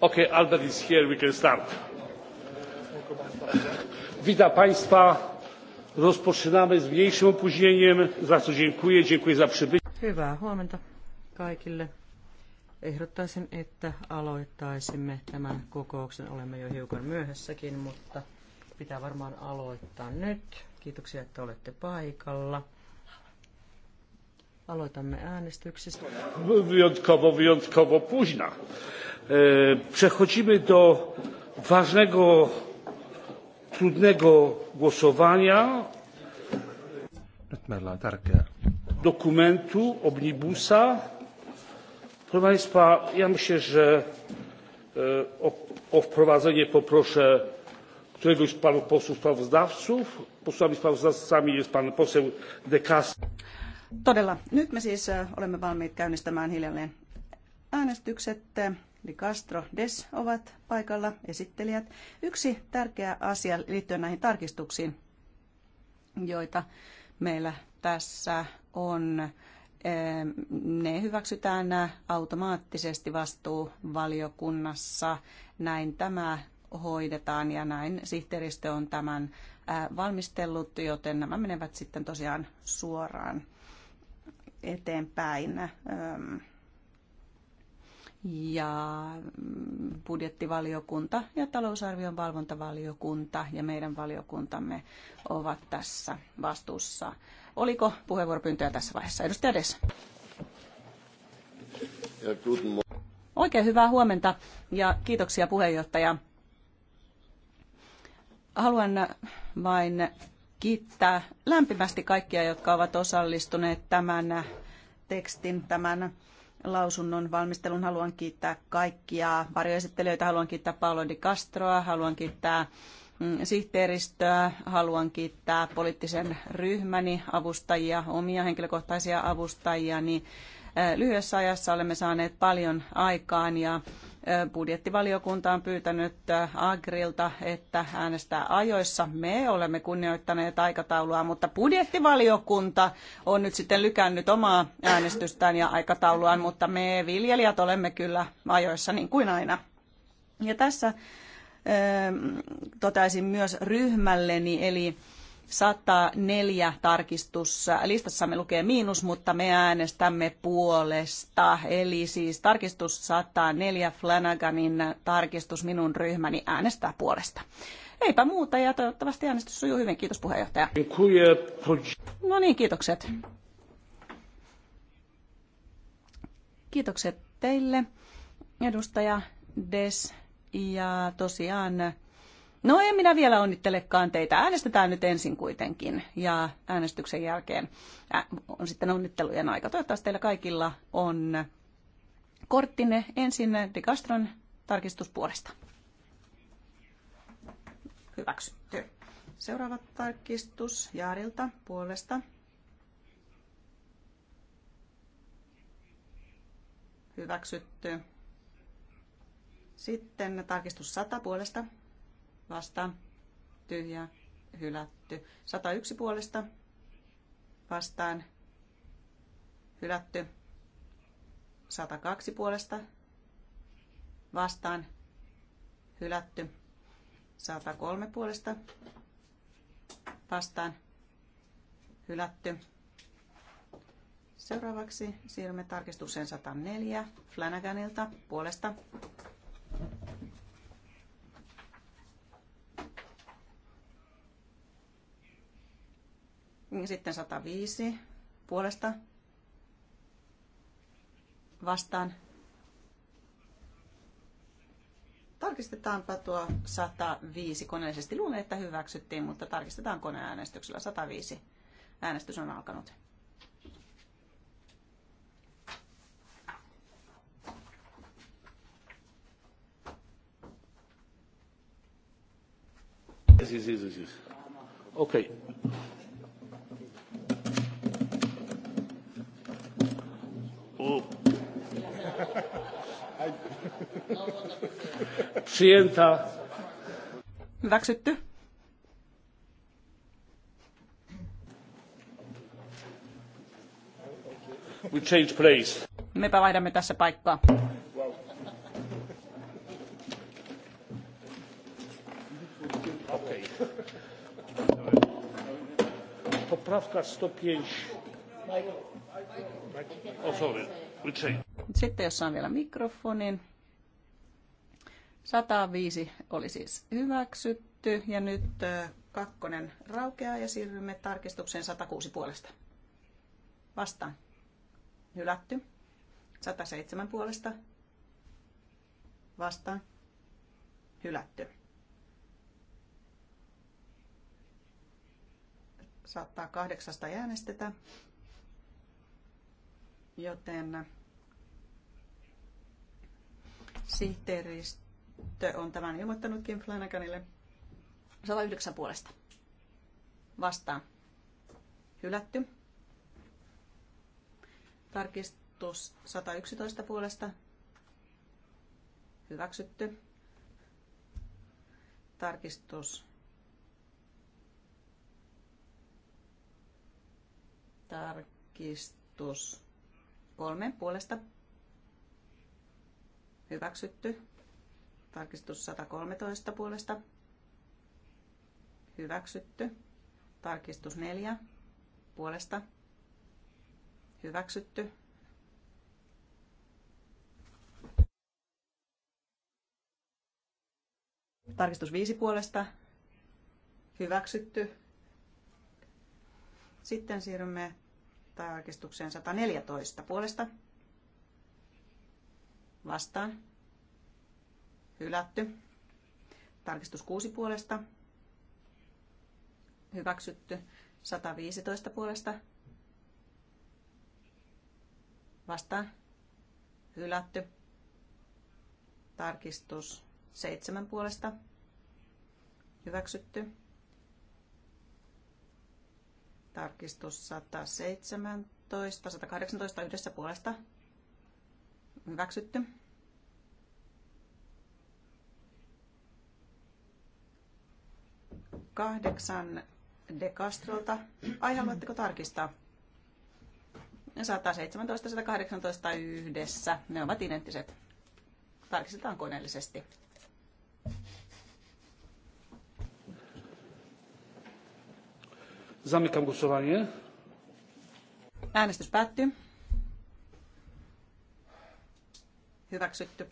Okay, Albert is here, we can start. Witam Państwa. Rozpoczynamy z mniejszym opóźnieniem, za co dziękuję. Dziękuję za przybycie. Hyvää huomenta kaikille. Ehdottaisin, että aloittaisimme tämän kokouksen. Olemme jo hiukan myöhässäkin, mutta pitää varmaan aloittaa nyt. Kiitoksia, että olette paikalla. Aloitamme äänestyksestä. Wyjątkowo, wyjątkowo późna. E, przechodzimy do ważnego, trudnego głosowania. Nyt meillä on tärkeä. Dokumentu, omnibusa. Proszę Państwa, ja myślę, że e, o, o wprowadzenie poproszę któregoś z panów posłów sprawozdawców. Posłami sprawozdawcami jest pan poseł De Castro. Todella, nyt me siis olemme valmiit käynnistämään hiljalleen äänestykset. Eli Castro Des ovat paikalla, esittelijät. Yksi tärkeä asia liittyen näihin tarkistuksiin, joita meillä tässä on. Ne hyväksytään automaattisesti vastuuvaliokunnassa. Näin tämä hoidetaan ja näin sihteeristö on tämän valmistellut, joten nämä menevät sitten tosiaan suoraan eteenpäin. Ähm, ja mm, budjettivaliokunta ja talousarvion valvontavaliokunta ja meidän valiokuntamme ovat tässä vastuussa. Oliko puheenvuoropyyntöjä tässä vaiheessa? Edustaja Des. Oikein hyvää huomenta ja kiitoksia puheenjohtaja. Haluan vain kiittää lämpimästi kaikkia, jotka ovat osallistuneet tämän tekstin, tämän lausunnon valmistelun. Haluan kiittää kaikkia varjoesittelijöitä, haluan kiittää Paolo Di Castroa, haluan kiittää mm, sihteeristöä, haluan kiittää poliittisen ryhmäni avustajia, omia henkilökohtaisia avustajia, niin eh, lyhyessä ajassa olemme saaneet paljon aikaan ja budjettivaliokunta on pyytänyt Agrilta, että äänestää ajoissa. Me olemme kunnioittaneet aikataulua, mutta budjettivaliokunta on nyt sitten lykännyt omaa äänestystään ja aikatauluaan, mutta me viljelijät olemme kyllä ajoissa niin kuin aina. Ja tässä toteaisin myös ryhmälleni, eli 104 tarkistussa. Listassamme lukee miinus, mutta me äänestämme puolesta. Eli siis tarkistus 104 Flanaganin tarkistus minun ryhmäni äänestää puolesta. Eipä muuta ja toivottavasti äänestys sujuu hyvin. Kiitos puheenjohtaja. No niin, kiitokset. Kiitokset teille, edustaja Des. Ja tosiaan No en minä vielä onnittelekaan teitä. Äänestetään nyt ensin kuitenkin ja äänestyksen jälkeen on sitten onnittelujen aika. Toivottavasti teillä kaikilla on korttine ensin Castron tarkistuspuolesta. Hyväksytty. Seuraava tarkistus Jaarilta puolesta. Hyväksytty. Sitten tarkistus 100 puolesta vastaan Tyhjä, hylätty. 101 puolesta vastaan hylätty. 102 puolesta vastaan hylätty. 103 puolesta vastaan hylätty. Seuraavaksi siirrymme tarkistukseen 104 Flanaganilta puolesta Sitten 105 puolesta vastaan. Tarkistetaanpa tuo 105 koneellisesti. Luulen, että hyväksyttiin, mutta tarkistetaan koneäänestyksellä. 105 äänestys on alkanut. Yes, yes, yes, yes. Okay. Przyjęta. Hyväksytty. We change place. Mepä vaihdamme tässä paikkaa. Okay. Poprawka 105. Oh, Sitten jos saan vielä mikrofonin. 105 oli siis hyväksytty ja nyt kakkonen raukeaa ja siirrymme tarkistukseen 106 puolesta. Vastaan. Hylätty. 107 puolesta. Vastaan. Hylätty. 108 äänestetä joten sihteeristö on tämän ilmoittanutkin Flanaganille. 109 puolesta. Vastaan. Hylätty. Tarkistus 111 puolesta. Hyväksytty. Tarkistus. Tarkistus. Kolme puolesta. Hyväksytty. Tarkistus 113 puolesta. Hyväksytty. Tarkistus 4 puolesta. Hyväksytty. Tarkistus 5 puolesta. Hyväksytty. Sitten siirrymme tarkistukseen 114 puolesta. Vastaan. Hylätty. Tarkistus 6 puolesta. Hyväksytty. 115 puolesta. Vastaan. Hylätty. Tarkistus 7 puolesta. Hyväksytty. Tarkistus 117, 118 yhdessä puolesta. Hyväksytty. Kahdeksan De Castrolta. Ai, haluatteko tarkistaa? 117, 118 yhdessä. Ne ovat identtiset. Tarkistetaan koneellisesti. Zamykam głosowanie. Äänestys päättyy. Hyväksytty.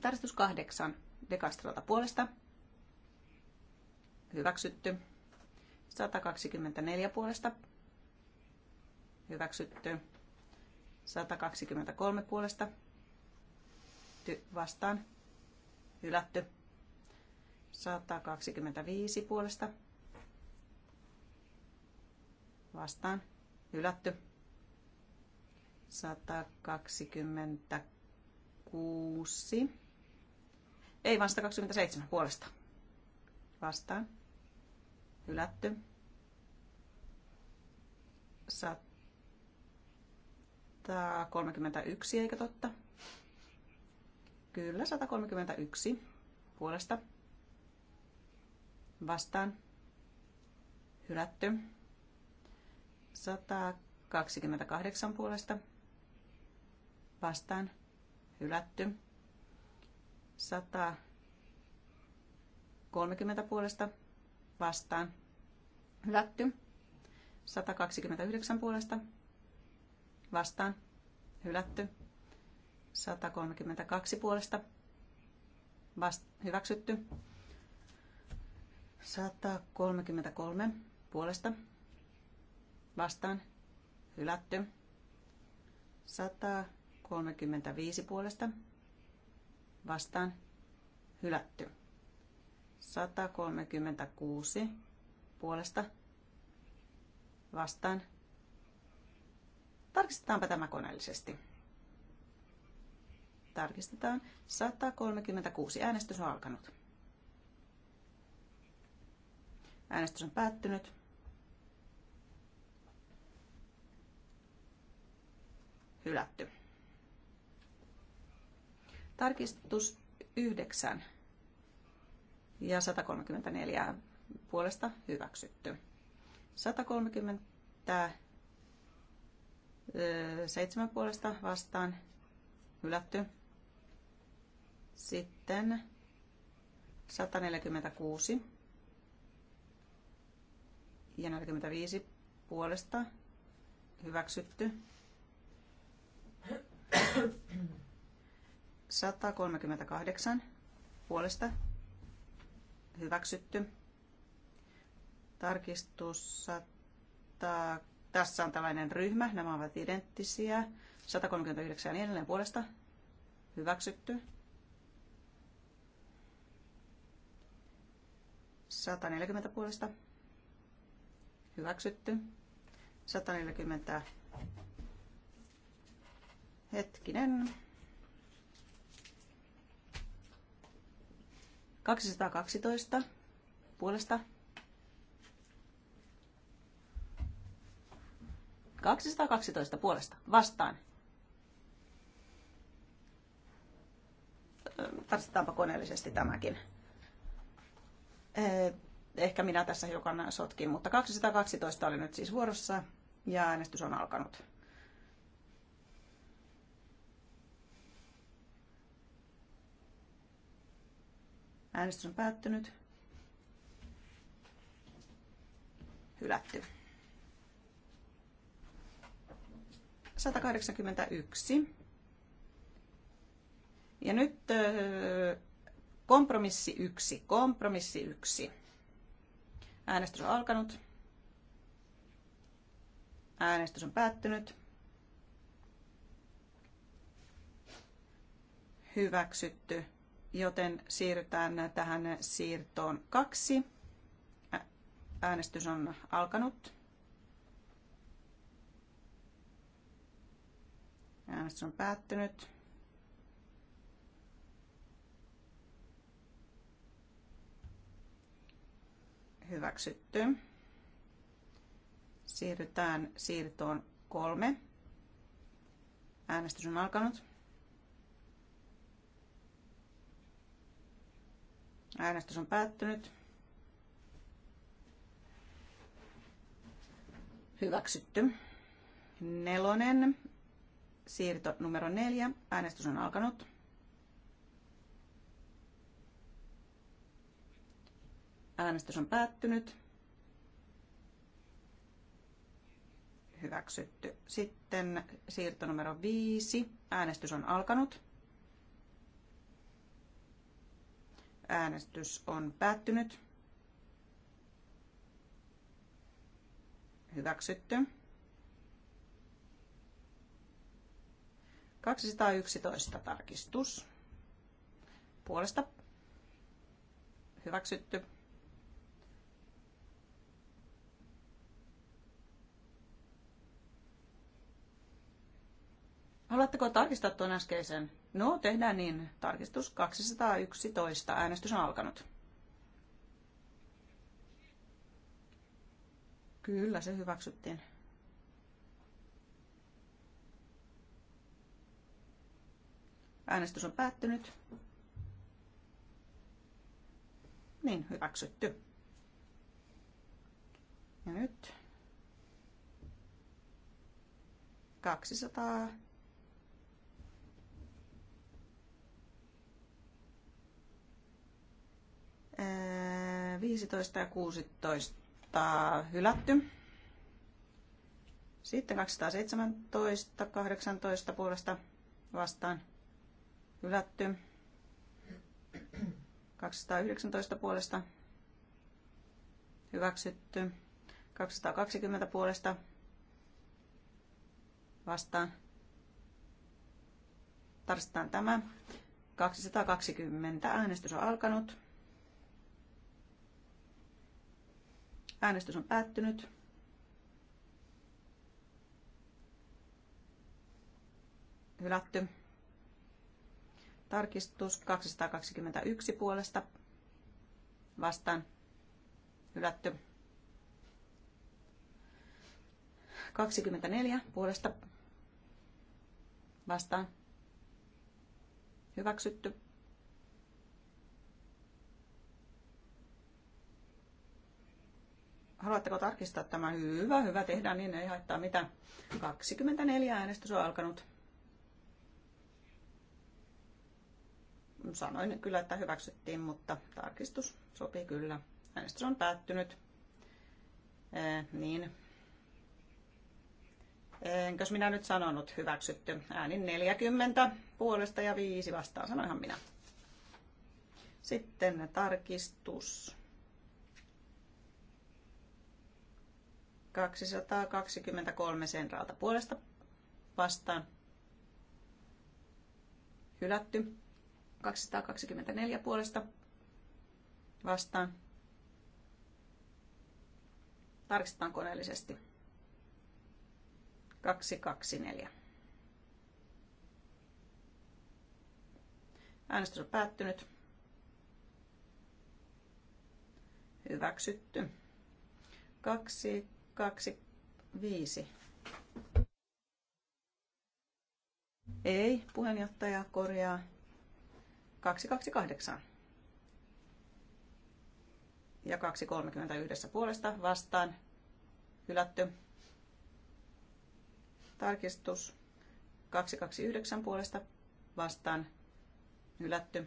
Tarkistus kahdeksan. Dekastrolta puolesta. Hyväksytty. 124 puolesta. Hyväksytty. 123 puolesta. Ty vastaan. Hylätty. 125 puolesta vastaan hylätty. 126. Ei vaan 127 puolesta. Vastaan. Hylätty. 131, eikö totta? Kyllä, 131 puolesta. Vastaan. Hylätty. 128 puolesta vastaan hylätty. 130 puolesta vastaan hylätty. 129 puolesta vastaan hylätty. 132 puolesta vast, hyväksytty. 133 puolesta vastaan hylätty. 135 puolesta vastaan hylätty. 136 puolesta vastaan. Tarkistetaanpa tämä koneellisesti. Tarkistetaan. 136. Äänestys on alkanut. Äänestys on päättynyt. hylätty. Tarkistus 9 ja 134 puolesta hyväksytty. 137 puolesta vastaan hylätty. Sitten 146 ja 45 puolesta hyväksytty. 138 puolesta hyväksytty. Tarkistus 100, tässä on tällainen ryhmä, nämä ovat identtisiä. 139 ja niin edelleen puolesta hyväksytty. 140 puolesta hyväksytty. 140 Hetkinen. 212 puolesta. 212 puolesta vastaan. Tarvitaanpa koneellisesti tämäkin. Ehkä minä tässä hiukan sotkin, mutta 212 oli nyt siis vuorossa ja äänestys on alkanut. Äänestys on päättynyt. Hylätty. 181. Ja nyt kompromissi 1. Kompromissi 1. Äänestys on alkanut. Äänestys on päättynyt. Hyväksytty joten siirrytään tähän siirtoon kaksi. Äänestys on alkanut. Äänestys on päättynyt. Hyväksytty. Siirrytään siirtoon kolme. Äänestys on alkanut. Äänestys on päättynyt. Hyväksytty. Nelonen. Siirto numero neljä. Äänestys on alkanut. Äänestys on päättynyt. Hyväksytty. Sitten siirto numero viisi. Äänestys on alkanut. Äänestys on päättynyt. Hyväksytty. 211 tarkistus. Puolesta hyväksytty. Haluatteko tarkistaa tuon äskeisen No, tehdään niin. Tarkistus 211. Äänestys on alkanut. Kyllä, se hyväksyttiin. Äänestys on päättynyt. Niin, hyväksytty. Ja nyt 200 15 ja 16 hylätty. Sitten 217, 18 puolesta vastaan hylätty. 219 puolesta hyväksytty. 220 puolesta vastaan. Tarkistetaan tämä. 220 äänestys on alkanut. Äänestys on päättynyt. Hylätty. Tarkistus 221 puolesta. Vastaan. Hylätty. 24 puolesta. Vastaan. Hyväksytty. Haluatteko tarkistaa tämä? Hyvä, hyvä, tehdään niin, ei haittaa mitä. 24 äänestys on alkanut. Sanoin kyllä, että hyväksyttiin, mutta tarkistus sopii kyllä. Äänestys on päättynyt. Ee, eh, niin. Enkös minä nyt sanonut hyväksytty? Äänin 40 puolesta ja 5 vastaan, sanoinhan minä. Sitten tarkistus 223 senraalta puolesta vastaan. Hylätty. 224 puolesta vastaan. Tarkistetaan koneellisesti. 224. Äänestys on päättynyt. Hyväksytty. 2, kaksi, viisi. Ei, puheenjohtaja korjaa 228. Ja 231 puolesta vastaan hylätty. Tarkistus 229 puolesta vastaan hylätty.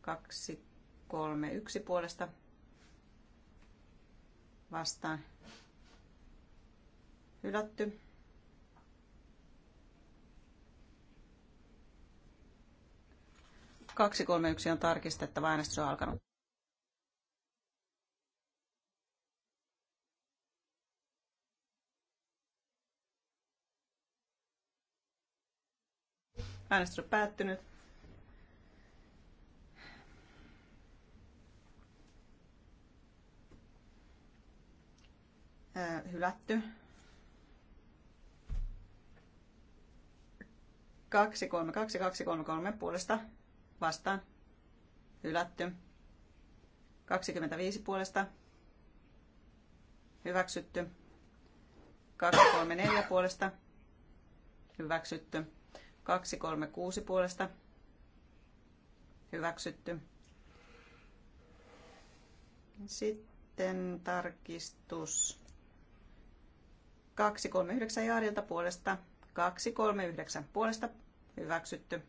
231 puolesta vastaan hylätty. Kaksi kolme yksi on tarkistettava. Äänestys on alkanut. Äänestys on päättynyt. hylätty. kaksi kolme kaksi kaksi kolme kolme puolesta vastaan hylätty. 25 puolesta hyväksytty. 234 puolesta hyväksytty. 236 puolesta hyväksytty. Sitten tarkistus 239 Jaarilta puolesta. 239 puolesta hyväksytty.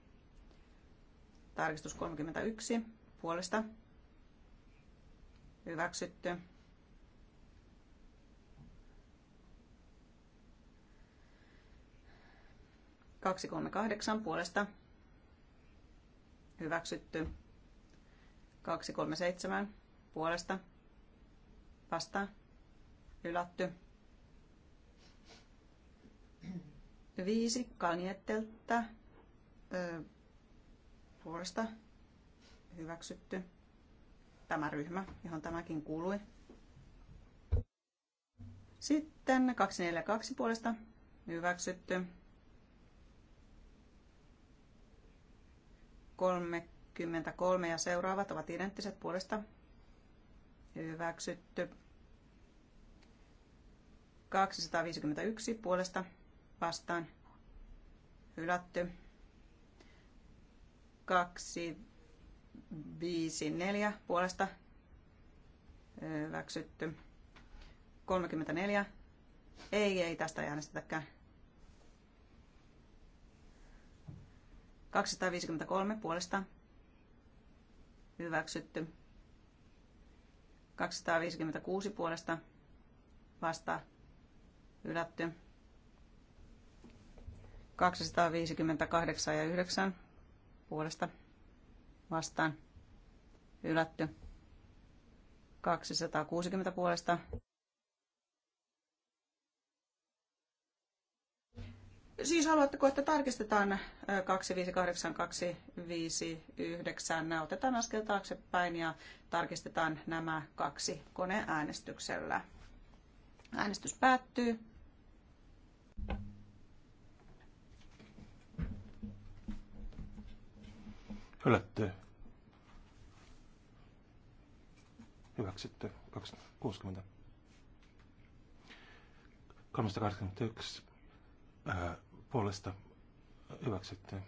Tarkistus 31 puolesta hyväksytty. Kaksi kolme kahdeksan puolesta hyväksytty. Kaksi kolme seitsemän puolesta vastaan hylätty. Viisi Kalnietteltä puolesta hyväksytty tämä ryhmä, johon tämäkin kuului. Sitten 242 puolesta hyväksytty. 33 ja seuraavat ovat identtiset puolesta hyväksytty. 251 puolesta vastaan hylätty. 2, 5, 4 puolesta hyväksytty. 34. Ei, ei tästä ei äänestetäkään. 253 puolesta hyväksytty. 256 puolesta vasta hylätty. 258 ja 9 puolesta vastaan hylätty. 260 puolesta Siis haluatteko, että tarkistetaan 258, 259, otetaan askel taaksepäin ja tarkistetaan nämä kaksi koneäänestyksellä. Äänestys päättyy. Hylätty. Hyväksytty. 60. 381 ää, puolesta hyväksytty.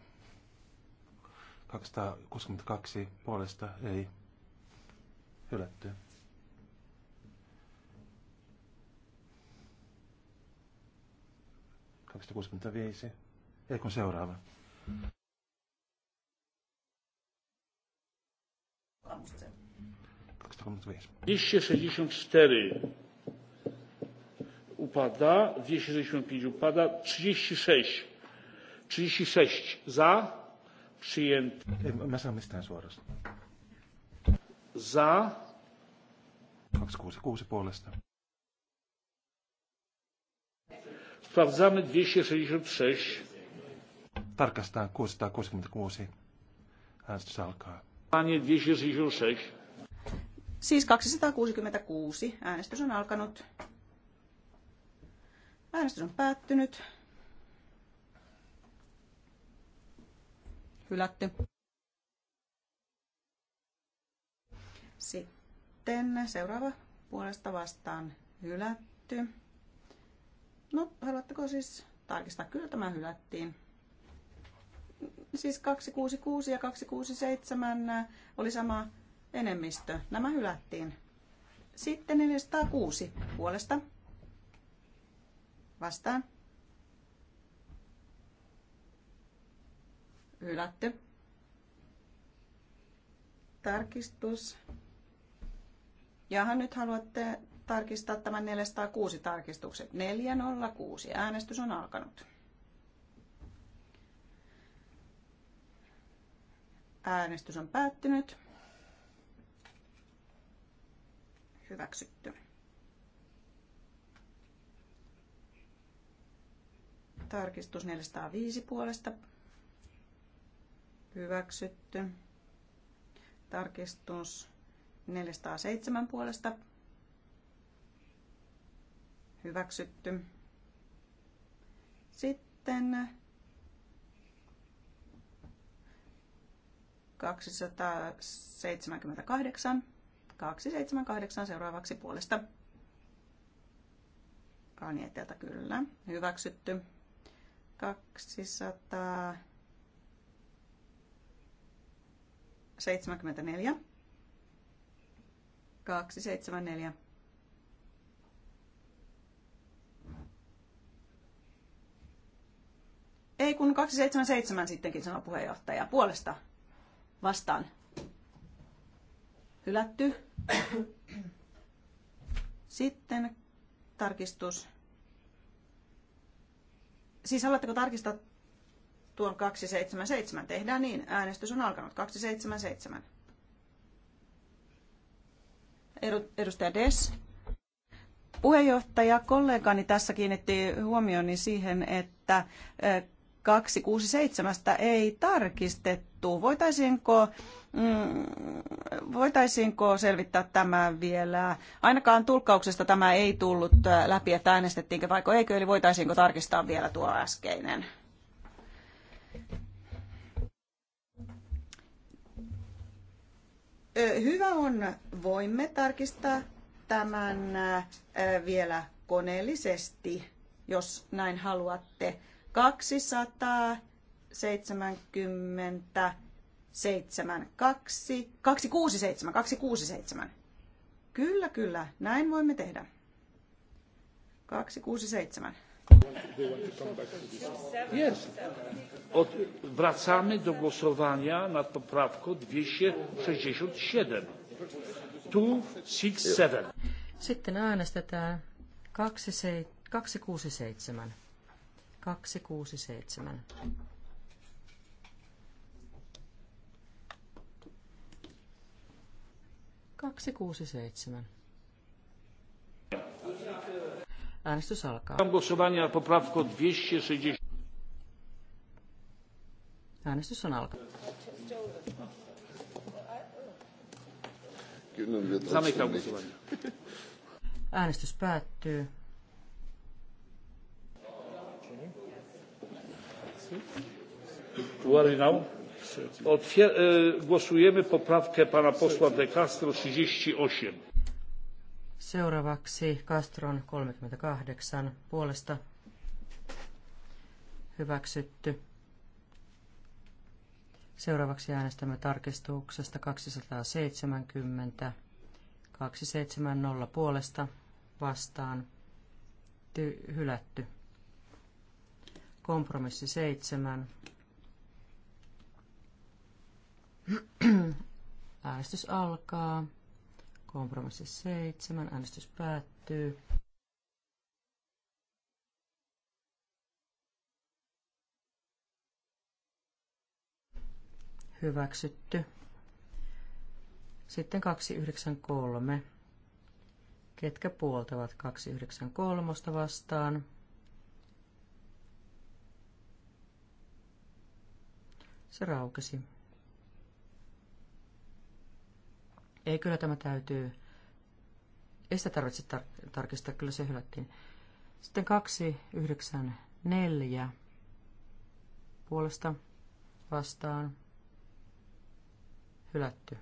262 puolesta ei hylätty. viisi. Ei kun seuraava. 264 upada, 265 upada, 36. 36 za, przyjęty. Mä saan mistään suorasta. Za. 266 puolesta. Sprawdzamy 266. Tarkastaa 666. Äänestys alkaa. Siis 266. Äänestys on alkanut. Äänestys on päättynyt. Hylätty. Sitten seuraava puolesta vastaan hylätty. No, haluatteko siis tarkistaa? Kyllä tämä hylättiin siis 266 ja 267 äh, oli sama enemmistö. Nämä hylättiin. Sitten 406 puolesta. Vastaan. Hylätty. Tarkistus. Jahan nyt haluatte tarkistaa tämän 406 tarkistukset. 406. Äänestys on alkanut. Äänestys on päättynyt. Hyväksytty. Tarkistus 405 puolesta. Hyväksytty. Tarkistus 407 puolesta. Hyväksytty. Sitten 278. 278 seuraavaksi puolesta. Kanieteltä kyllä. Hyväksytty. 274. 274. Ei kun 277 sittenkin sanoi puheenjohtaja puolesta vastaan hylätty. Sitten tarkistus. Siis haluatteko tarkistaa tuon 277? Tehdään niin. Äänestys on alkanut. 277. Edustaja Des. Puheenjohtaja, kollegani tässä kiinnitti huomioni siihen, että 267 ei tarkistettu. Voitaisiinko, mm, voitaisiinko selvittää tämä vielä? Ainakaan tulkkauksesta tämä ei tullut äh, läpi, että äänestettiinkö vaiko eikö, eli voitaisiinko tarkistaa vielä tuo äskeinen? Hyvä on, voimme tarkistaa tämän äh, vielä koneellisesti, jos näin haluatte. 277, 2, 267, 267. Kyllä, kyllä, näin voimme tehdä. 267. Jest. Od, wracamy do głosowania nad poprawką 267. Tu 67. Sitten äänestetään 267. 267. Kaksi, kuusi, seitsemän. Äänestys alkaa. Głosowania poprawko 260. Äänestys on alkanut. Äänestys päättyy. No. Głosujemy poprawkę pana posła De Castro 38. Seuraavaksi Castron 38 puolesta hyväksytty. Seuraavaksi äänestämme tarkistuksesta 270, 270 puolesta vastaan ty- hylätty. Kompromissi seitsemän. Äänestys alkaa. Kompromissi seitsemän. Äänestys päättyy. Hyväksytty. Sitten 293. Ketkä puoltavat 293 vastaan? Se raukesi. Ei, kyllä tämä täytyy. Ei sitä tarvitse tar- tarkistaa, kyllä se hylättiin. Sitten 294 puolesta vastaan hylätty.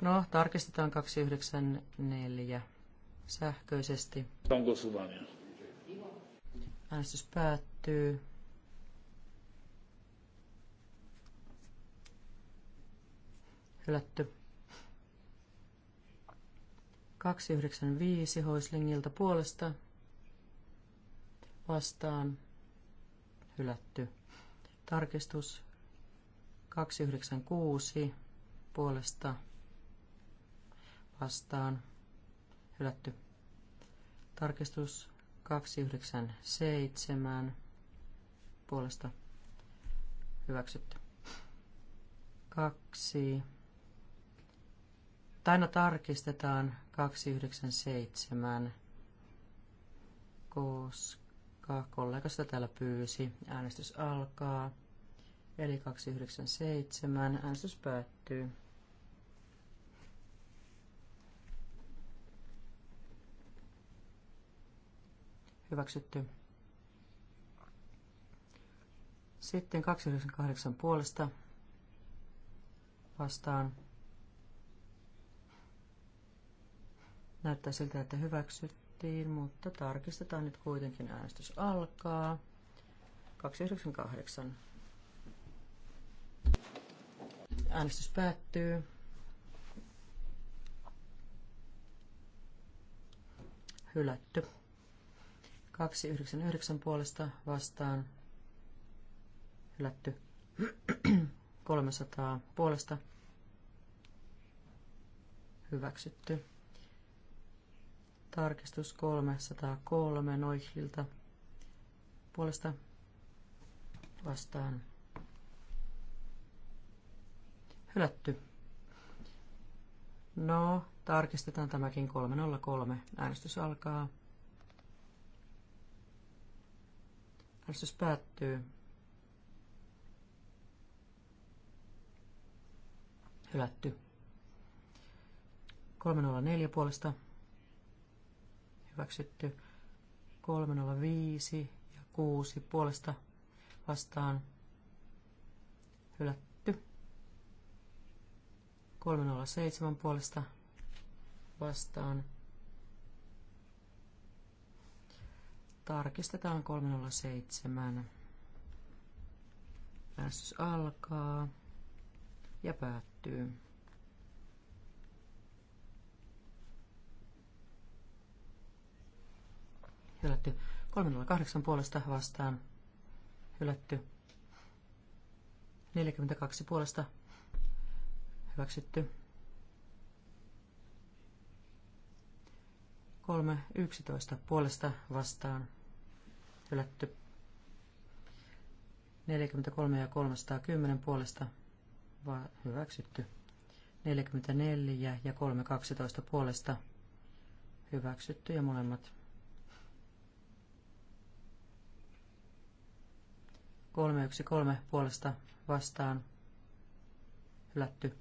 No, tarkistetaan 294 sähköisesti. Onko suvania? Äänestys päättyy. Hylätty. 295 Hoislingilta puolesta vastaan hylätty. Tarkistus 296 puolesta vastaan hylätty. Tarkistus 297 puolesta hyväksytty. Kaksi. Taina no, tarkistetaan 297, koska kollegasta täällä pyysi. Äänestys alkaa. Eli 297. Äänestys päättyy. Hyväksytty. Sitten 298 puolesta vastaan. Näyttää siltä, että hyväksyttiin, mutta tarkistetaan nyt kuitenkin. Äänestys alkaa. 298. Äänestys päättyy. Hylätty. 299 puolesta vastaan hylätty. 300 puolesta hyväksytty. Tarkistus 303 noihilta puolesta vastaan hylätty. No, tarkistetaan tämäkin 303. Äänestys alkaa. Äänestys päättyy. Hylätty. 304 puolesta hyväksytty. 305 ja 6 puolesta vastaan hylätty. 307 puolesta vastaan Tarkistetaan 307. Äänestys alkaa ja päättyy. Hylätty. 308 puolesta vastaan. Hylätty. 42 puolesta. Hyväksytty. 311 puolesta vastaan hylätty. 43 ja 310 puolesta vaan hyväksytty. 44 ja 312 puolesta hyväksytty ja molemmat 313 puolesta vastaan hylätty.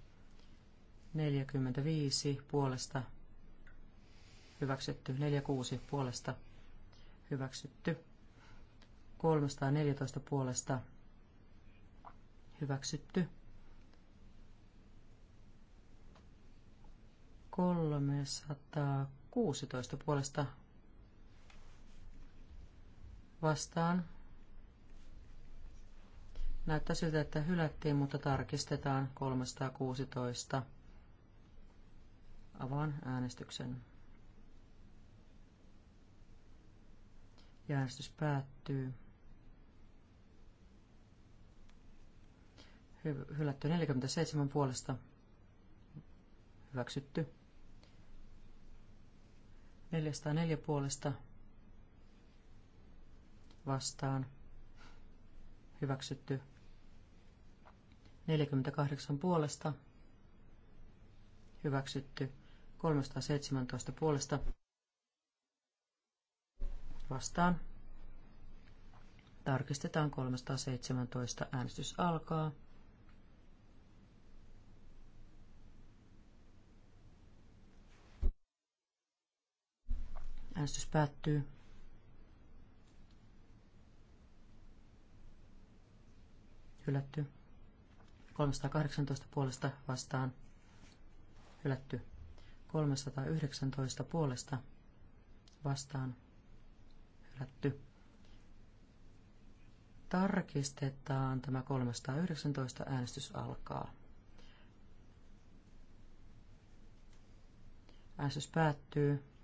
45 puolesta hyväksytty. 46 puolesta hyväksytty. 314 puolesta hyväksytty. 316 puolesta vastaan. Näyttää siltä, että hylättiin, mutta tarkistetaan 316. Avaan äänestyksen. Ja äänestys päättyy. hylätty 47 puolesta, hyväksytty 404 puolesta, vastaan, hyväksytty 48 puolesta, hyväksytty 317 puolesta, vastaan, Tarkistetaan 317. Äänestys alkaa. Äänestys päättyy. Hylätty. 318 puolesta vastaan. Hylätty. 319 puolesta vastaan. Hylätty. Tarkistetaan tämä 319 äänestys alkaa. Äänestys päättyy.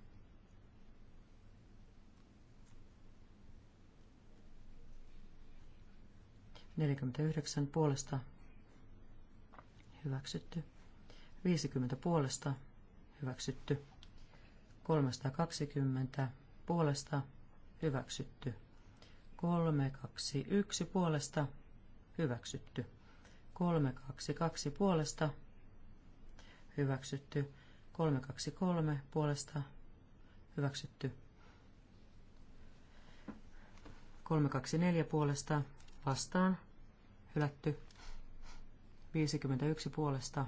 49 puolesta hyväksytty. 50 puolesta hyväksytty. 320 puolesta hyväksytty. 321 puolesta hyväksytty. 322 puolesta hyväksytty. 323 puolesta hyväksytty. 324 puolesta vastaan hylätty. 51 puolesta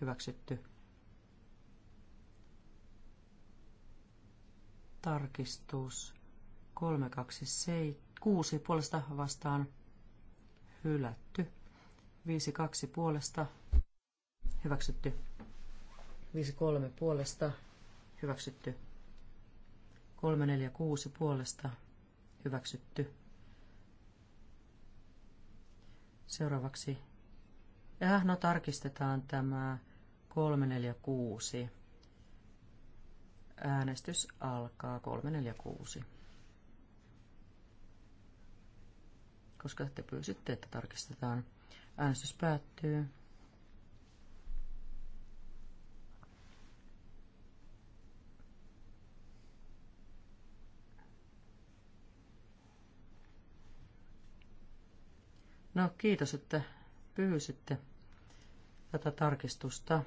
hyväksytty. Tarkistus 326 puolesta vastaan hylätty. 52 puolesta hyväksytty. 53 puolesta hyväksytty. 346 puolesta hyväksytty. Seuraavaksi. Ja no tarkistetaan tämä 346. Äänestys alkaa 346. Koska te pyysitte, että tarkistetaan. Äänestys päättyy. No kiitos, että pyysitte tätä tarkistusta.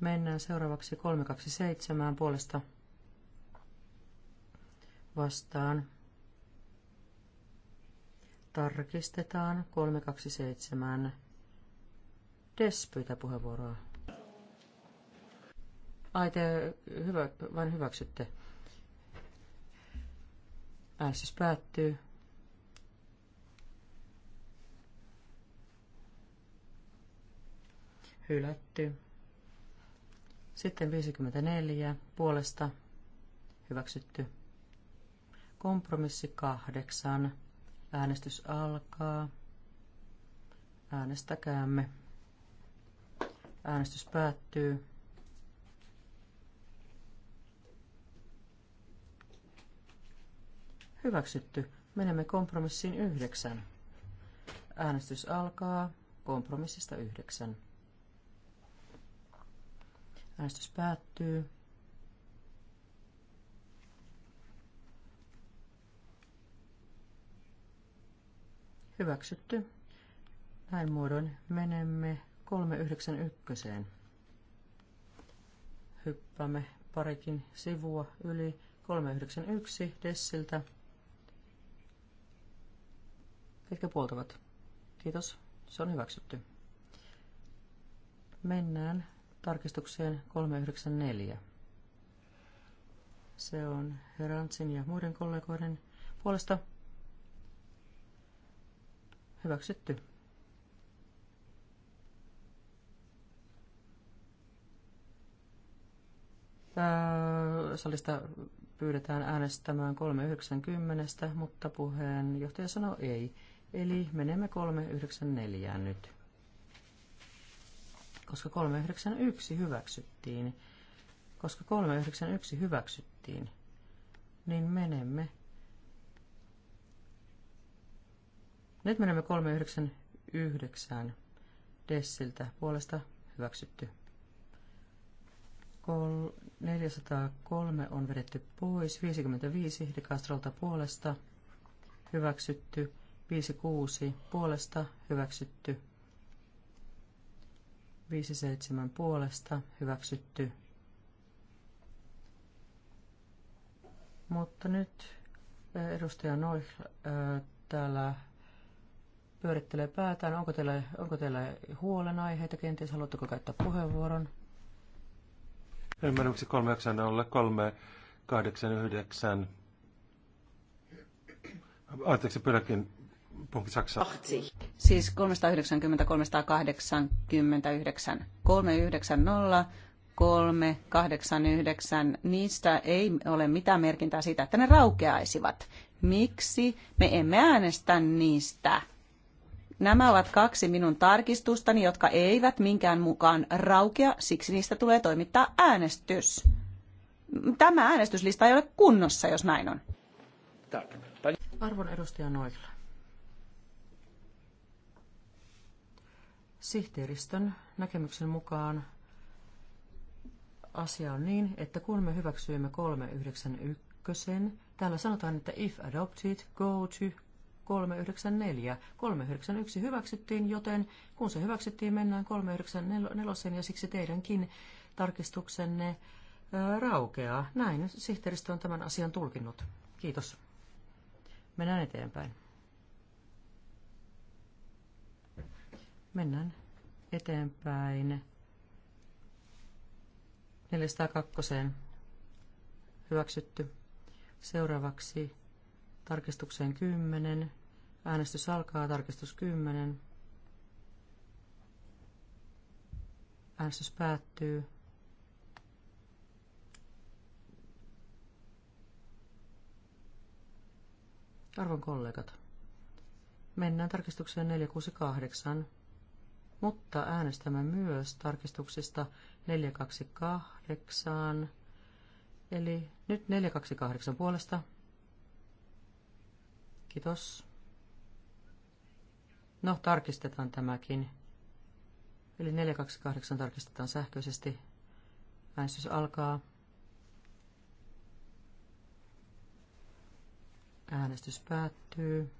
Mennään seuraavaksi 327 puolesta vastaan. Tarkistetaan 327. Des pyytää puheenvuoroa. Ai te hyvä, vain hyväksytte. Äänestys päättyy. hylätty. Sitten 54 puolesta hyväksytty. Kompromissi 8. Äänestys alkaa. Äänestäkäämme. Äänestys päättyy. Hyväksytty. Menemme kompromissiin 9. Äänestys alkaa kompromissista 9. Äänestys päättyy. Hyväksytty. Näin muodoin menemme 391. Hyppäämme parikin sivua yli 391 Dessiltä. Ketkä puoltavat? Kiitos, se on hyväksytty. Mennään tarkistukseen 394. Se on Herantsin ja muiden kollegoiden puolesta hyväksytty. salista pyydetään äänestämään 390, mutta puheenjohtaja sanoo ei. Eli menemme 394 nyt koska 391 hyväksyttiin, koska 391 hyväksyttiin, niin menemme. Nyt menemme 399 Dessiltä puolesta hyväksytty. 403 on vedetty pois, 55 De Castrolta puolesta hyväksytty, 56 puolesta hyväksytty, 57 puolesta hyväksytty. Mutta nyt edustaja Noih täällä pyörittelee päätään. Onko teillä, onko teillä huolenaiheita? Kenties haluatteko käyttää puheenvuoron? Ymmärrän, miksi 390, 389. Anteeksi, pyydänkin Punkti Saksa. Siis 390, 389, 390, 389. Niistä ei ole mitään merkintää siitä, että ne raukeaisivat. Miksi me emme äänestä niistä? Nämä ovat kaksi minun tarkistustani, jotka eivät minkään mukaan raukea, siksi niistä tulee toimittaa äänestys. Tämä äänestyslista ei ole kunnossa, jos näin on. Arvon edustaja Noikla. Sihteeristön näkemyksen mukaan asia on niin, että kun me hyväksyimme 391, täällä sanotaan, että if adopted, go to 394. 391 hyväksyttiin, joten kun se hyväksyttiin, mennään 394 ja siksi teidänkin tarkistuksenne raukeaa. Näin sihteeristö on tämän asian tulkinnut. Kiitos. Mennään eteenpäin. Mennään eteenpäin. 402. Hyväksytty. Seuraavaksi tarkistukseen 10. Äänestys alkaa. Tarkistus 10. Äänestys päättyy. Arvon kollegat, mennään tarkistukseen 468 mutta äänestämme myös tarkistuksista 428, eli nyt 428 puolesta. Kiitos. No, tarkistetaan tämäkin. Eli 428 tarkistetaan sähköisesti. Äänestys alkaa. Äänestys päättyy.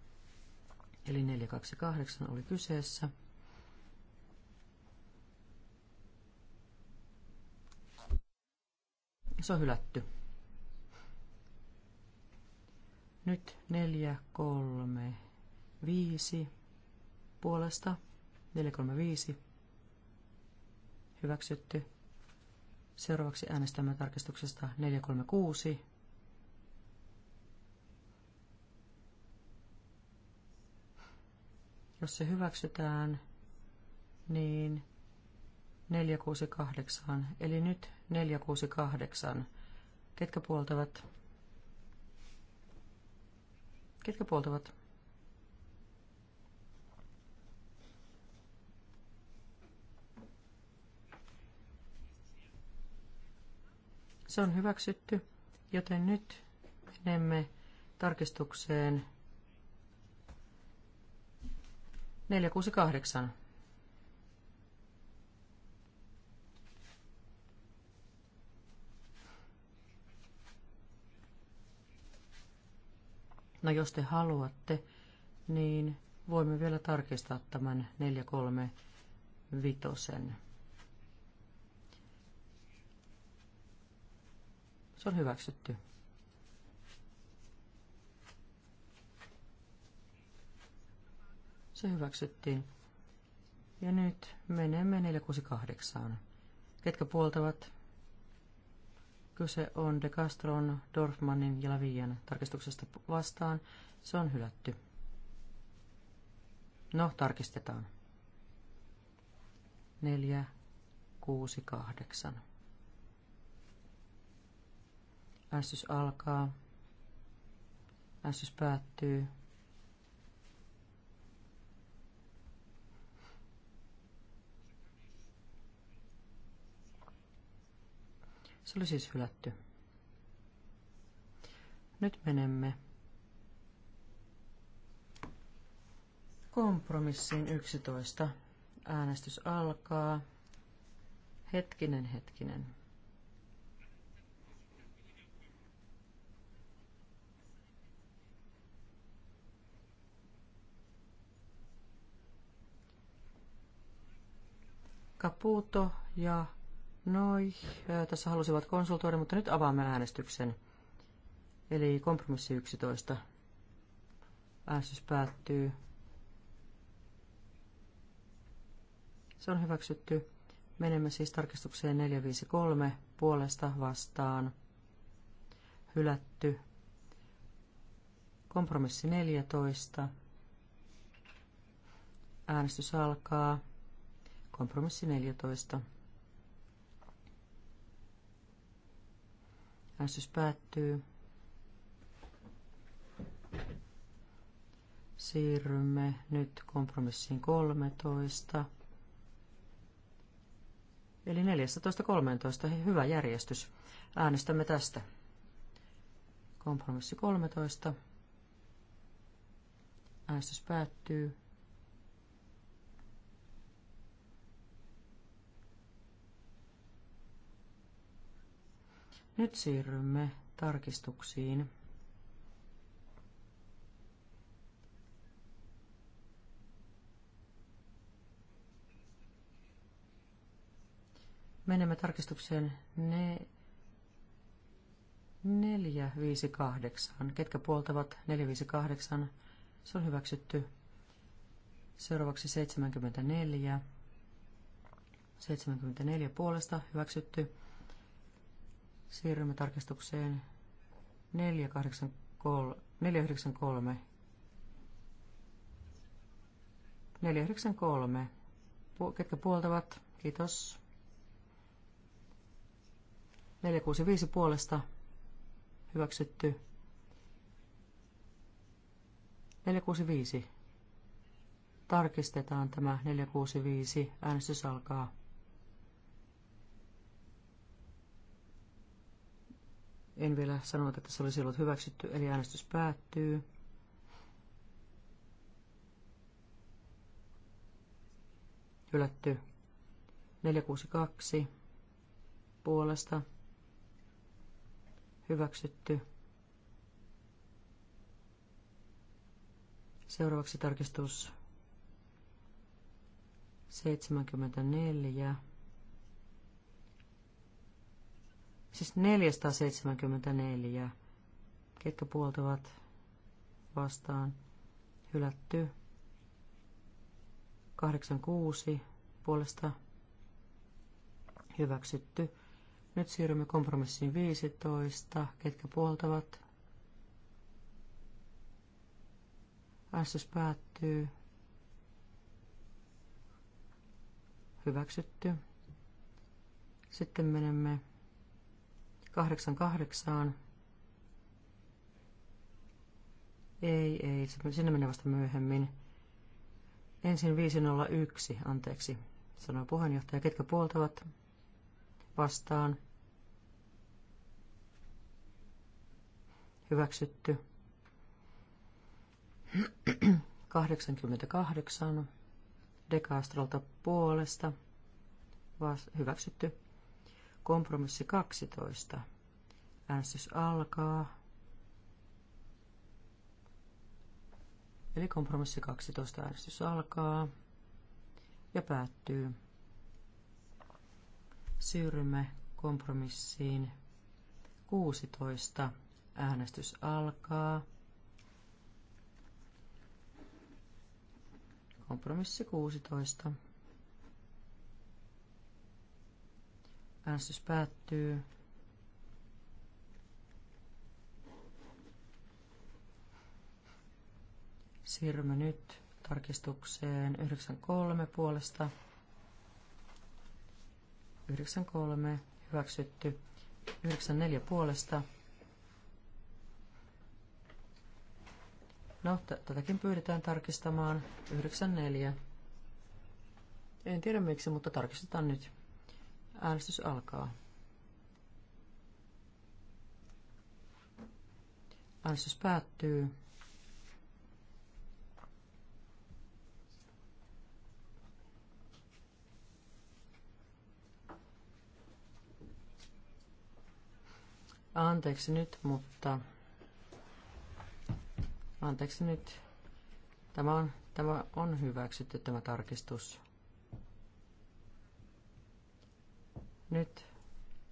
Eli 428 oli kyseessä. Se on hylätty. Nyt neljä, kolme, viisi puolesta. viisi Hyväksytty. Seuraavaksi äänestämme tarkistuksesta 436. Jos se hyväksytään, niin 468. Eli nyt 468. Ketkä puoltavat? Ketkä puoltavat? Se on hyväksytty, joten nyt menemme tarkistukseen 468. No jos te haluatte, niin voimme vielä tarkistaa tämän 435. Se on hyväksytty. Se hyväksyttiin. Ja nyt menemme 468. Ketkä puoltavat? Kyse on De Castron, Dorfmanin ja Lavian tarkistuksesta vastaan. Se on hylätty. No, tarkistetaan. 4, 6, 8. Ässys alkaa. Ässys päättyy. Se oli siis hylätty. Nyt menemme kompromissiin 11. Äänestys alkaa. Hetkinen, hetkinen. Caputo ja Noi tässä halusivat konsultoida, mutta nyt avaamme äänestyksen. Eli kompromissi 11. Äänestys päättyy. Se on hyväksytty. Menemme siis tarkistukseen 453 puolesta vastaan. Hylätty. Kompromissi 14. Äänestys alkaa. Kompromissi 14. Äänestys päättyy. Siirrymme nyt kompromissiin 13. Eli 14.13. Hyvä järjestys. Äänestämme tästä. Kompromissi 13. Äänestys päättyy. Nyt siirrymme tarkistuksiin. Menemme tarkistukseen ne 458. Ketkä puoltavat 458? Se on hyväksytty. Seuraavaksi 74. 74 puolesta hyväksytty. Siirrymme tarkistukseen 483. 493. 493. Ketkä puoltavat? Kiitos. 465 puolesta. Hyväksytty. 465. Tarkistetaan tämä 465. Äänestys alkaa. En vielä sanonut, että se olisi ollut hyväksytty, eli äänestys päättyy. Hylätty 462 puolesta. Hyväksytty. Seuraavaksi tarkistus 74. Siis 474. Ketkä puoltavat vastaan? Hylätty. 86 puolesta hyväksytty. Nyt siirrymme kompromissiin 15. Ketkä puoltavat? Äänestys päättyy. Hyväksytty. Sitten menemme 88. Ei, ei, sinne menee vasta myöhemmin. Ensin 501, anteeksi, sanoi puheenjohtaja. Ketkä puoltavat vastaan? Hyväksytty. 88. Dekastrolta puolesta. Vas- hyväksytty. Kompromissi 12. Äänestys alkaa. Eli kompromissi 12 äänestys alkaa ja päättyy. Siirrymme kompromissiin 16. Äänestys alkaa. Kompromissi 16. Äänestys päättyy. Siirrymme nyt tarkistukseen 93 puolesta. 93 hyväksytty. 94 puolesta. No, tätäkin pyydetään tarkistamaan. 94. En tiedä miksi, mutta tarkistetaan nyt. Äänestys alkaa. Äänestys päättyy. Anteeksi nyt, mutta... Anteeksi nyt. Tämä on, tämä on hyväksytty tämä tarkistus. Nyt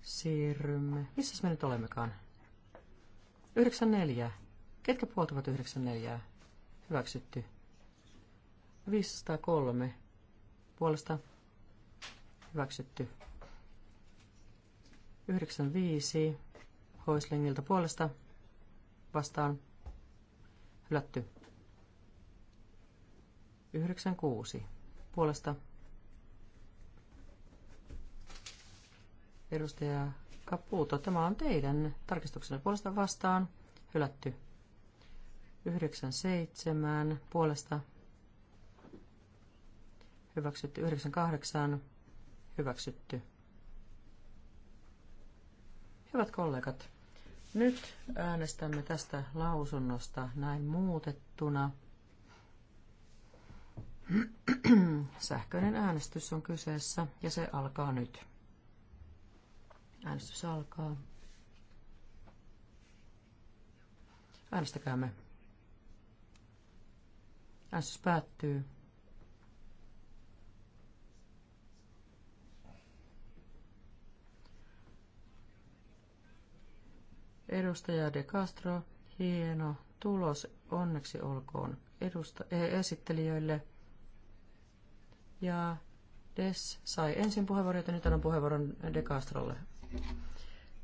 siirrymme. Missä me nyt olemmekaan? 94. Ketkä puoltavat 94? Hyväksytty. 503. Puolesta hyväksytty. 95. Hoislingilta puolesta vastaan hylätty. 96. Puolesta Edustaja Kapuuto, tämä on teidän tarkistuksenne puolesta vastaan. Hylätty. 97 puolesta. Hyväksytty. 98. Hyväksytty. Hyvät kollegat, nyt äänestämme tästä lausunnosta näin muutettuna. Sähköinen äänestys on kyseessä ja se alkaa nyt. Äänestys alkaa. Äänestäkäämme. Äänestys päättyy. Edustaja De Castro, hieno tulos, onneksi olkoon edusta- eh, esittelijöille. Ja Des sai ensin puheenvuoron, joten nyt annan puheenvuoron De Castrolle.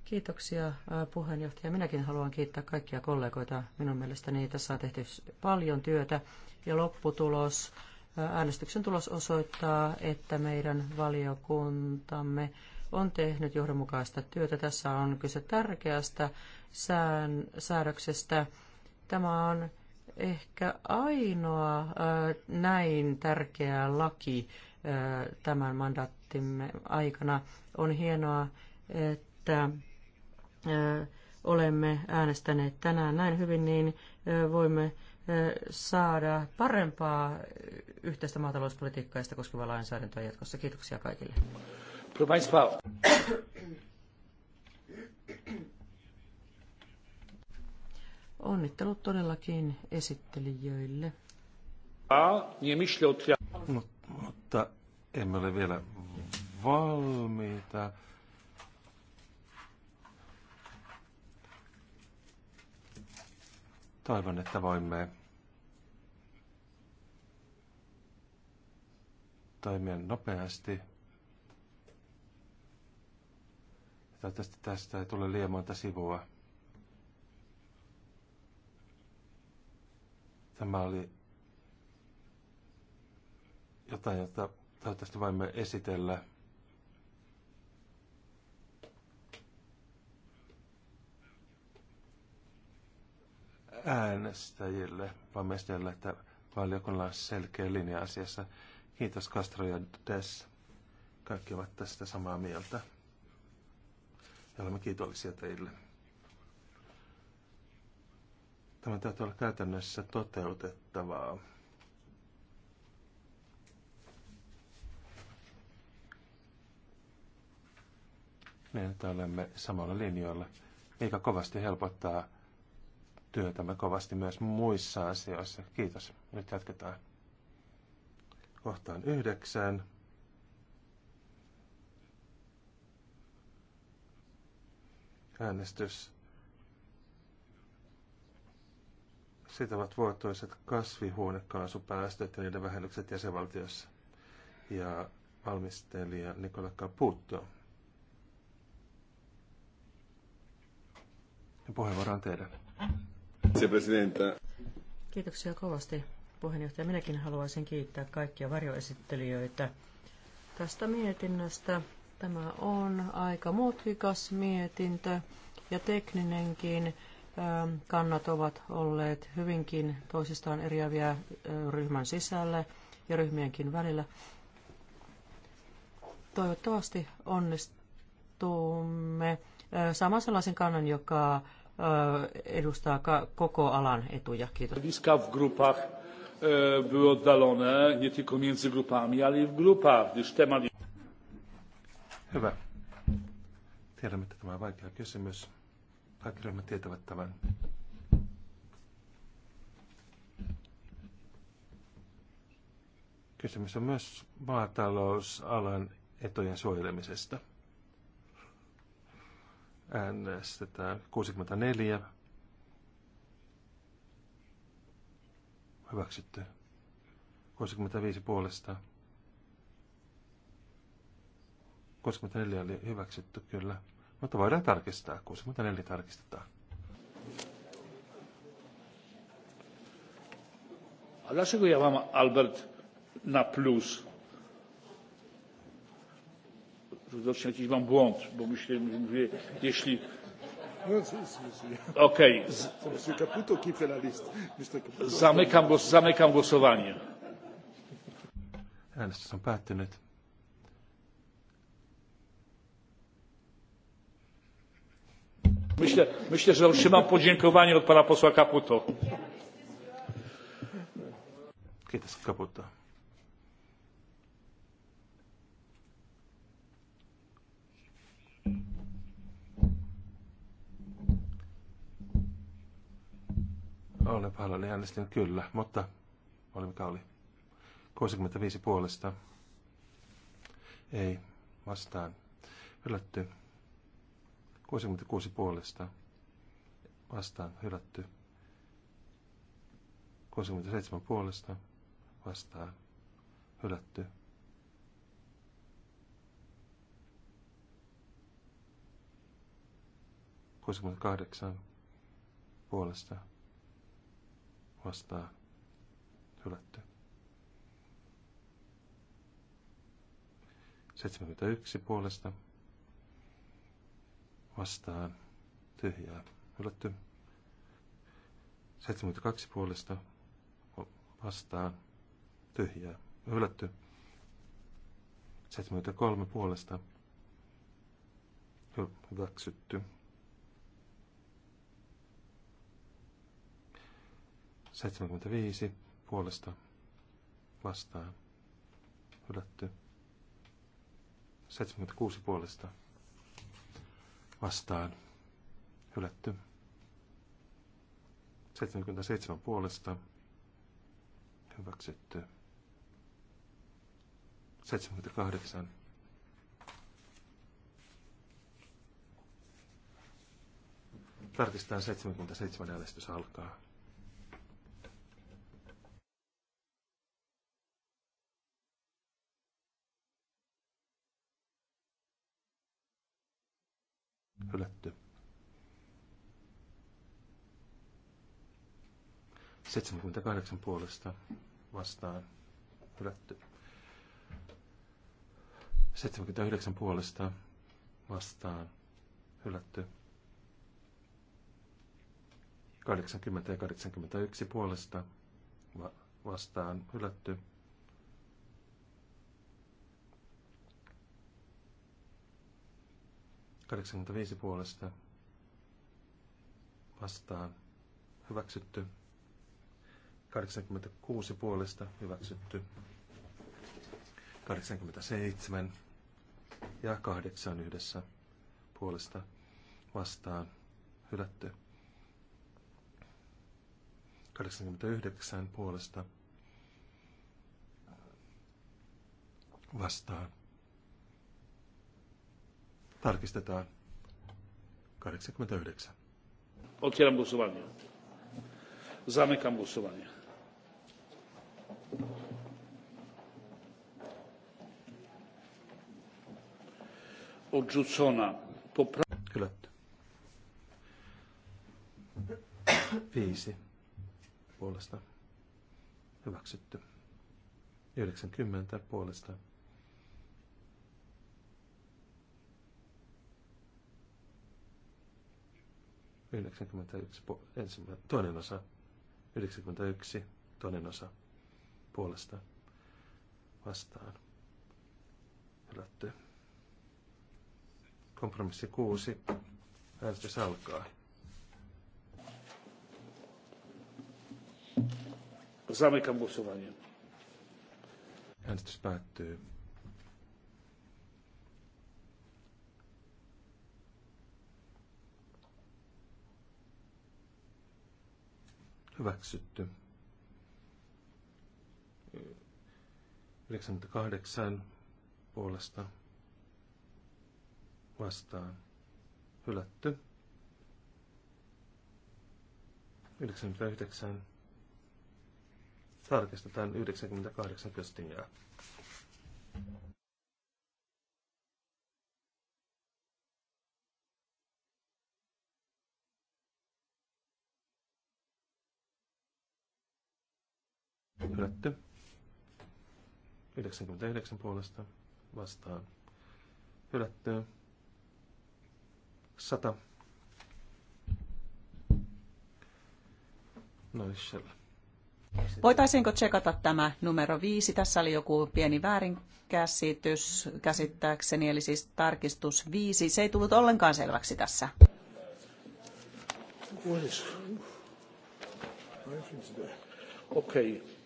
Kiitoksia äh, puheenjohtaja. Minäkin haluan kiittää kaikkia kollegoita. Minun mielestäni tässä on tehty paljon työtä ja lopputulos, äh, äänestyksen tulos osoittaa, että meidän valiokuntamme on tehnyt johdonmukaista työtä. Tässä on kyse tärkeästä sään, säädöksestä. Tämä on ehkä ainoa äh, näin tärkeä laki tämän mandaattimme aikana. On hienoa, että olemme äänestäneet tänään näin hyvin, niin voimme saada parempaa yhteistä maatalouspolitiikkaa ja sitä koskevaa lainsäädäntöä jatkossa. Kiitoksia kaikille. Onnittelut todellakin esittelijöille. Mutta emme ole vielä valmiita. Toivon, että voimme toimia nopeasti. Toivottavasti tästä ei tule liian monta sivua. Tämä oli jotain, jota toivottavasti voimme esitellä äänestäjille, vaan meistä että valiokunnalla on selkeä linja asiassa. Kiitos Castro ja Des. Kaikki ovat tästä samaa mieltä. Ja olemme kiitollisia teille. Tämä täytyy olla käytännössä toteutettavaa. Niin, että olemme samalla linjoilla, mikä kovasti helpottaa työtämme kovasti myös muissa asioissa. Kiitos. Nyt jatketaan kohtaan yhdeksään. Äänestys. Sitä ovat vuotuiset kasvihuonekaasupäästöt ja niiden vähennykset jäsenvaltiossa. Ja valmistelija Nikola Caputo. Ja puheenvuoro on teidän. Kiitoksia kovasti puheenjohtaja. Minäkin haluaisin kiittää kaikkia varjoesittelijöitä tästä mietinnöstä. Tämä on aika mutkikas mietintö ja tekninenkin. Ähm, kannat ovat olleet hyvinkin toisistaan eriäviä äh, ryhmän sisällä ja ryhmienkin välillä. Toivottavasti onnistumme äh, saamaan sellaisen kannan, joka edustaa koko alan etuja. Kiitos. w grupach e, były oddalone nie tylko między grupami, ale i w grupach, gdyż temat... Hyvä. Tiedämme, että tämä on vaikea kysymys. Kaikki ryhmät tietävät tämän. Kysymys on myös maatalousalan etujen suojelemisesta. Äänestetään 64. Hyväksytty. 65 puolesta. 64 oli hyväksytty kyllä. Mutta voidaan tarkistaa. 64 tarkistetaan. Dlaczego ja Albert na plus? widocznie jakiś mam błąd, bo myślę, że mówię, jeśli... No, Okej. Okay. Zamykam, głos, zamykam głosowanie. Äänestys on päättynyt. Myślę, myślę, że otrzymam podziękowanie od pana posła Kaputo. jest Kaputo. Olen pahoillani, äänestin kyllä, mutta mikä oli 65 puolesta. Ei, vastaan. Hylätty. 66 puolesta. Vastaan, hylätty. 67 puolesta. Vastaan, hylätty. kahdeksan puolesta vastaa hylätty. 71 puolesta vastaan tyhjää hylätty. 72 puolesta vastaan tyhjää hylätty. 73 puolesta hyväksytty. 75 puolesta vastaan hylätty. 76 puolesta vastaan hylätty. 77 puolesta hyväksytty. 78 Tarkistetaan 77 äänestys alkaa. hylätty. Seitsemänkymmentäkahdeksan puolesta vastaan hylätty. 79 puolesta vastaan hylätty. 80 ja 81 puolesta vastaan hylätty. 85 puolesta vastaan hyväksytty. 86 puolesta hyväksytty. 87 ja 8 yhdessä puolesta vastaan hylätty. 89 puolesta vastaan Tarkistetaan. 89. Otwieram głosowanie. Zamykam głosowanie. Odrzucona. Popra- Hylätty. Viisi. Puolesta. Hyväksytty. 90 puolesta 91, toinen osa, 91, toinen osa puolesta vastaan. Hylätty. Kompromissi 6. Äänestys alkaa. Zamykam głosowanie. Äänestys päättyy. hyväksytty. 98 puolesta vastaan hylätty. 99 tarkistetaan 98 köstingää. Hylätty. 99 puolesta vastaan. Hylätty. 100. Noin Voitaisiinko tsekata tämä numero viisi? Tässä oli joku pieni väärinkäsitys käsittääkseni, eli siis tarkistus viisi. Se ei tullut ollenkaan selväksi tässä. Okei. Okay.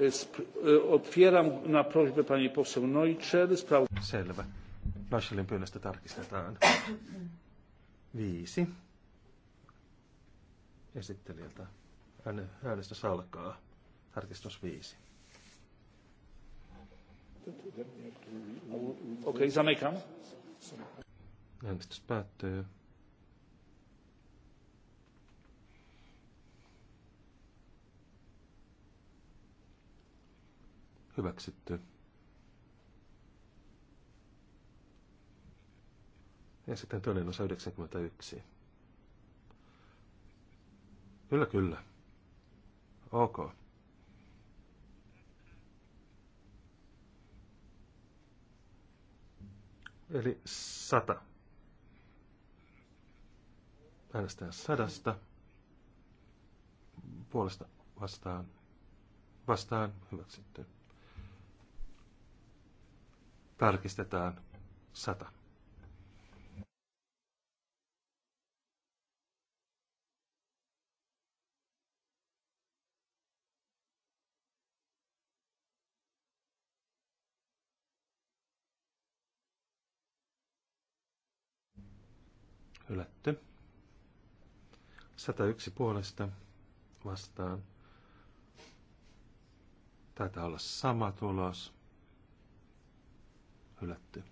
E, otwieram na prośbę pani poseł Neutscher. Spraw... Selvä. Naschelin pyynnöstä tarkistetaan. Viisi. Esittelijältä äänestys alkaa. Tarkistus viisi. Okei, okay, zamykam. Äänestys päättyy. Hyväksytty. Ja sitten toinen osa 91. Kyllä, kyllä. Ok. Eli sata. Äänestetään sadasta. Puolesta vastaan. Vastaan hyväksytty. Tarkistetaan sata. hylätty. 101 puolesta vastaan. Taitaa olla sama tulos hylätty.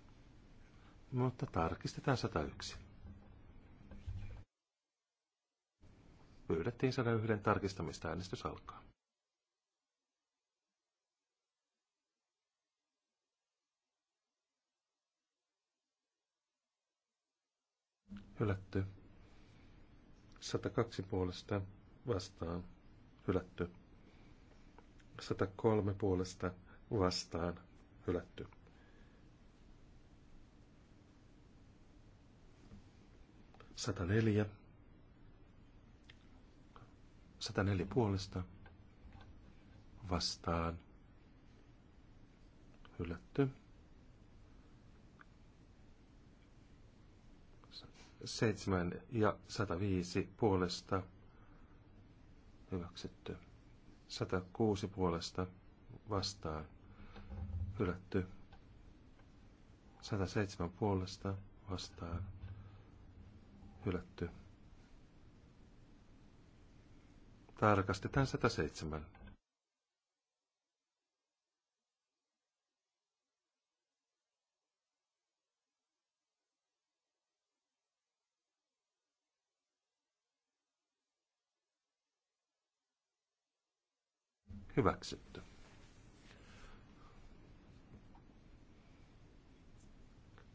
Mutta tarkistetaan 101. Pyydettiin 101 tarkistamista. Äänestys alkaa. Hylätty. 102 puolesta vastaan. Hylätty. 103 puolesta vastaan. Hylätty. 104. 104 puolesta vastaan hylätty. Seitsemän ja 105 puolesta hyväksytty. 106 puolesta vastaan hylätty. 107 puolesta vastaan hylätty. Tarkastetaan 107. Hyväksytty.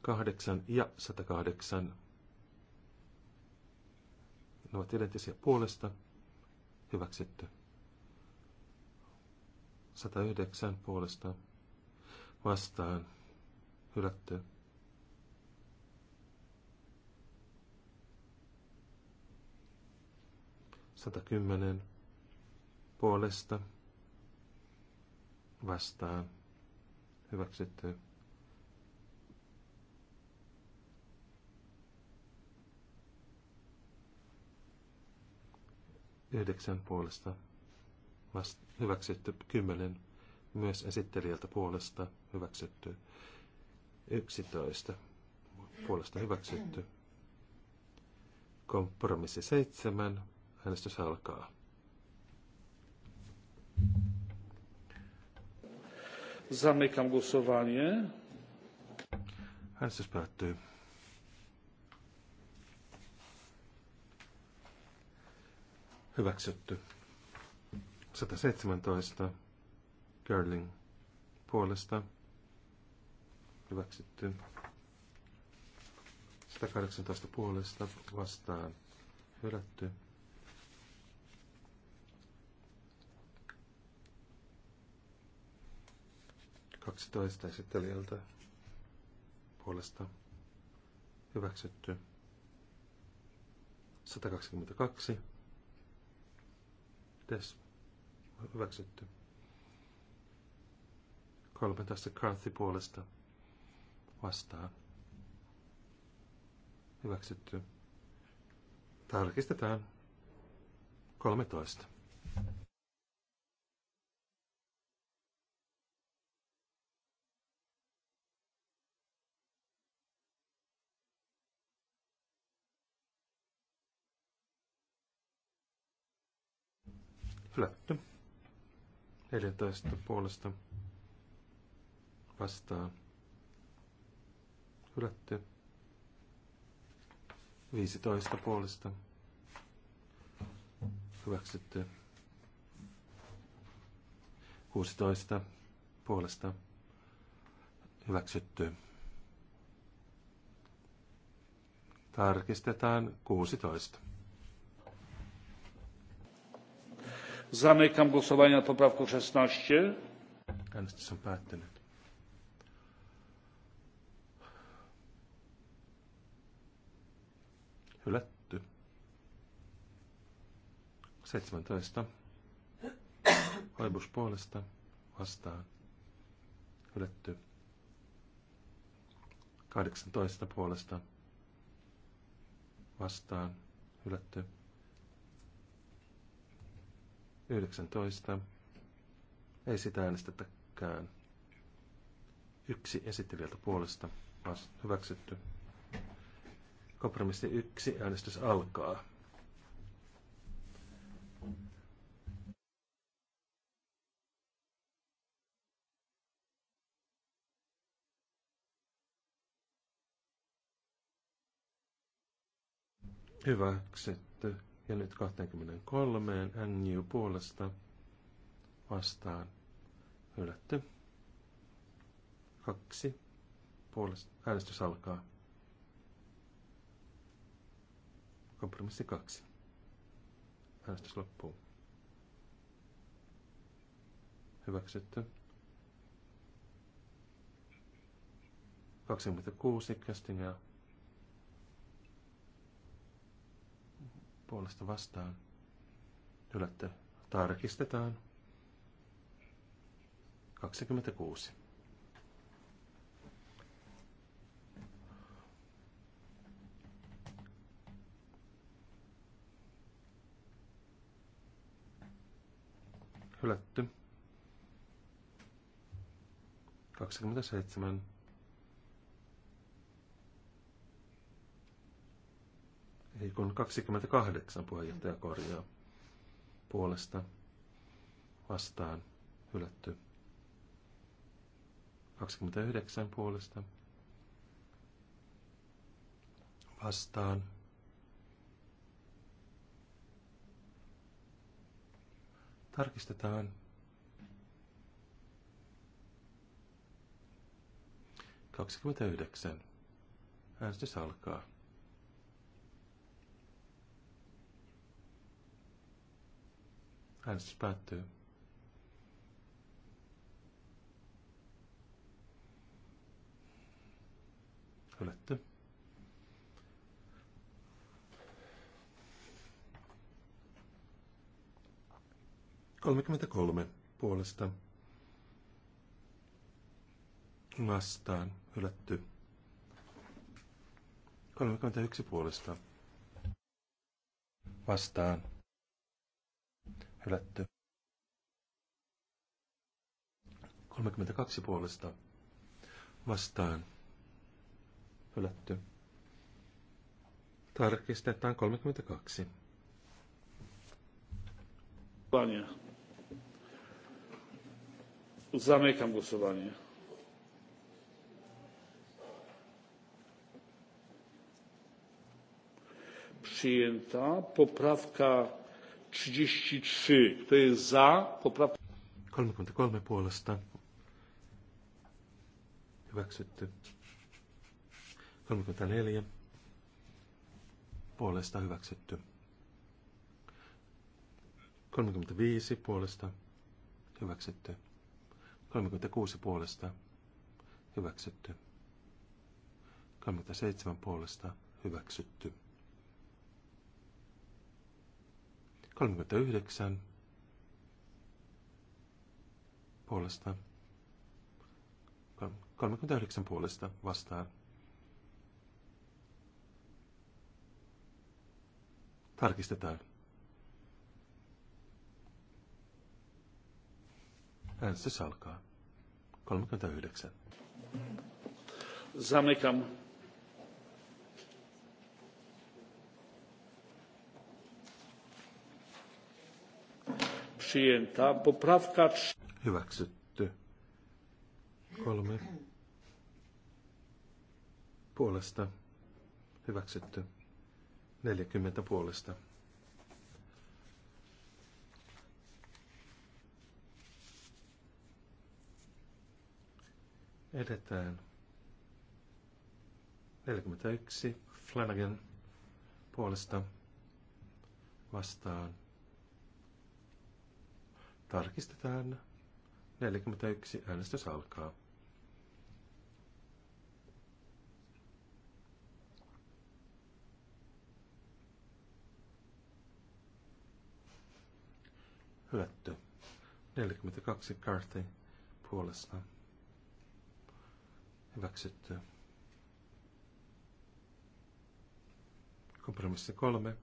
Kahdeksan ja satakahdeksan ne ovat identtisiä puolesta. Hyväksytty. 109 puolesta. Vastaan. Hylätty. kymmenen puolesta vastaan hyväksytty. yhdeksän puolesta vast, hyväksytty, kymmenen myös esittelijältä puolesta hyväksytty, yksitoista puolesta hyväksytty, kompromissi seitsemän äänestys alkaa. Zamykam głosowanie. Äänestys päättyy. Hyväksytty. 117. Görling puolesta. Hyväksytty. 118 puolesta vastaan. Hylätty. Kaksitoista esittelijältä puolesta hyväksytty. 122 Mites Hyväksytty. Kolme tässä Carthy puolesta vastaa. Hyväksytty. Tarkistetaan. 13. Hylätty. 14 puolesta vastaan. Hylätty. 15 puolesta hyväksytty. 16 puolesta hyväksytty. Tarkistetaan 16. Zamykam głosowanie nad poprawką 16. Äänestys Hylätty. 17. Hoibus puolesta vastaan. Hylätty. 18 puolesta vastaan. Hylätty. 19. Ei sitä äänestetäkään. Yksi esittelijältä puolesta. Hyväksytty. Kompromissi 1. Äänestys alkaa. Hyväksytty. Ja nyt 23 NU puolesta vastaan hylätty. Kaksi puolesta äänestys alkaa. Kompromissi kaksi. Äänestys loppuu. Hyväksytty. 26 Köstinger puolesta vastaan. Hylätty. Tarkistetaan. 26. Hylätty. 27. ei kun 28 puheenjohtaja korjaa puolesta vastaan hylätty. 29 puolesta vastaan tarkistetaan 29. Äänestys alkaa. Äänestys päättyy. Hylätty. kolme puolesta vastaan hylätty. yksi puolesta vastaan hylätty. 32 puolesta vastaan hylätty. Tarkistetaan 32. Panie. Zamykam głosowanie. Przyjęta poprawka 33. Kto jest za? Poprawka. 33 puolesta. Hyväksytty. 34. Puolesta hyväksytty. 35 puolesta hyväksytty. 36 puolesta hyväksytty. 37 puolesta hyväksytty. 39 puolesta. 39 puolesta vastaan. Tarkistetaan. Äänestys alkaa. 39. Zamykam przyjęta. Poprawka... Hyväksytty. Kolme. Puolesta. Hyväksytty. 40 puolesta. Edetään. 41 Flanagan puolesta vastaan Tarkistetaan. 41. Äänestys alkaa. Hylätty. 42 Carthy puolesta. Hyväksytty. Kompromissi kolme.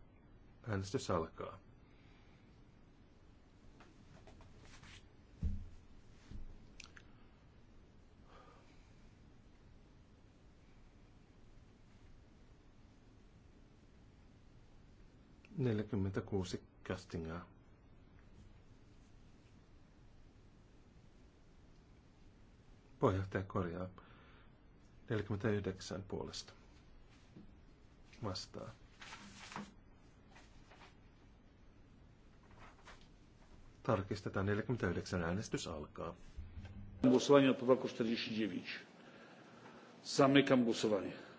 Äänestys alkaa. 46 castingaa. Puheenjohtaja korjaa 49 puolesta vastaan. Tarkistetaan 49 äänestys alkaa. Głosowanie pod 49. Zamykam głosowanie.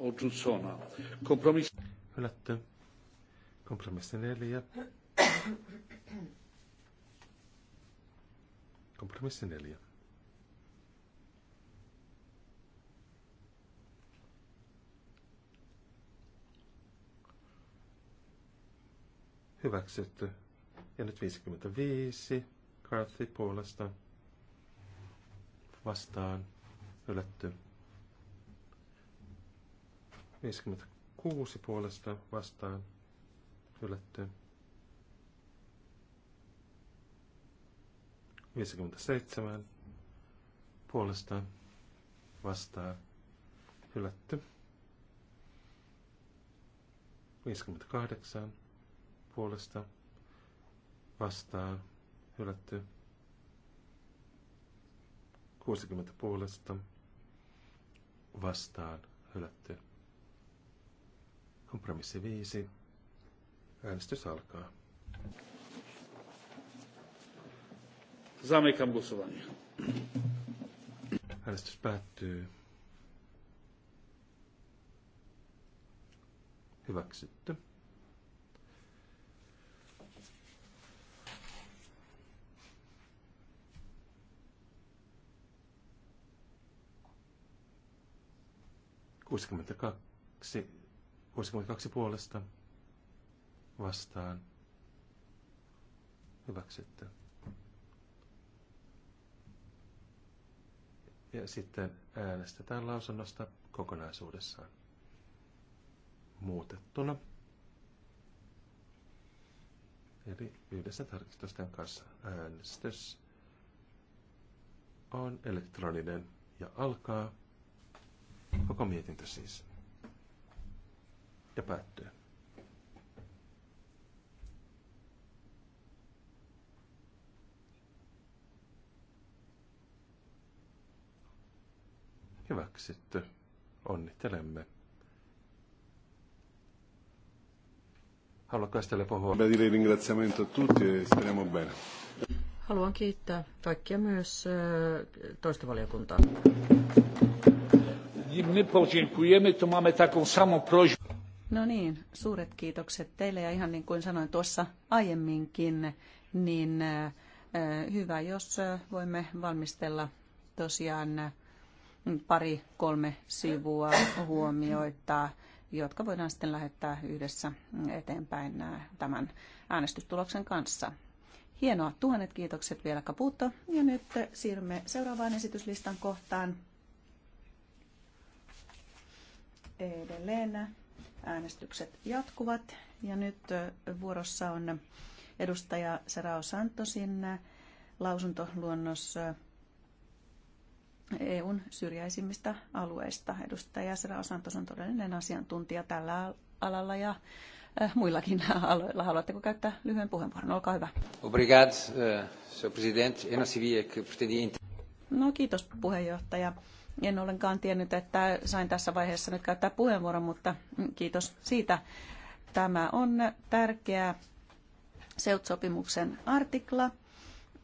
odrzucona. Kompromis... Hylätty. Kompromissi neljä. Kompromissi neljä. Hyväksytty. Ja nyt 55. Carthy puolesta vastaan. Hylätty. 56 puolesta vastaan hylätty. 57 puolesta vastaan hylätty. 58 puolesta vastaan hylätty. 60 puolesta vastaan hylätty. Kompromissi 5. Äänestys alkaa. Zamykam głosowanie. Äänestys päättyy. Hyväksytty. Kuusikymmentäkaksi 62 puolesta vastaan hyväksytty. Ja sitten äänestetään lausunnosta kokonaisuudessaan muutettuna. Eli yhdessä tarkistusten kanssa äänestys on elektroninen ja alkaa koko mietintö siis ja päättyy. Hyväksytty. Onnittelemme. Haluatko Estelle puhua? E Haluan kiittää kaikkia myös äh, toista valiokuntaa. My podziękujemy, to mamy taką samą prośbę. No niin, suuret kiitokset teille ja ihan niin kuin sanoin tuossa aiemminkin, niin hyvä, jos voimme valmistella tosiaan pari kolme sivua huomioita, jotka voidaan sitten lähettää yhdessä mm, eteenpäin tämän äänestystuloksen kanssa. Hienoa, tuhannet kiitokset vielä Kaputo. Ja nyt siirrymme seuraavaan esityslistan kohtaan. Edelleen Äänestykset jatkuvat ja nyt vuorossa on edustaja Serao Santosin lausuntoluonnos EUn syrjäisimmistä alueista. Edustaja Serao Santos on todellinen asiantuntija tällä alalla ja muillakin aloilla. Haluatteko käyttää lyhyen puheenvuoron? Olkaa hyvä. Obrigado, senhor presidente. Eu No kiitos puheenjohtaja. En ollenkaan tiennyt, että sain tässä vaiheessa nyt käyttää puheenvuoron, mutta kiitos siitä. Tämä on tärkeä seutsopimuksen artikla.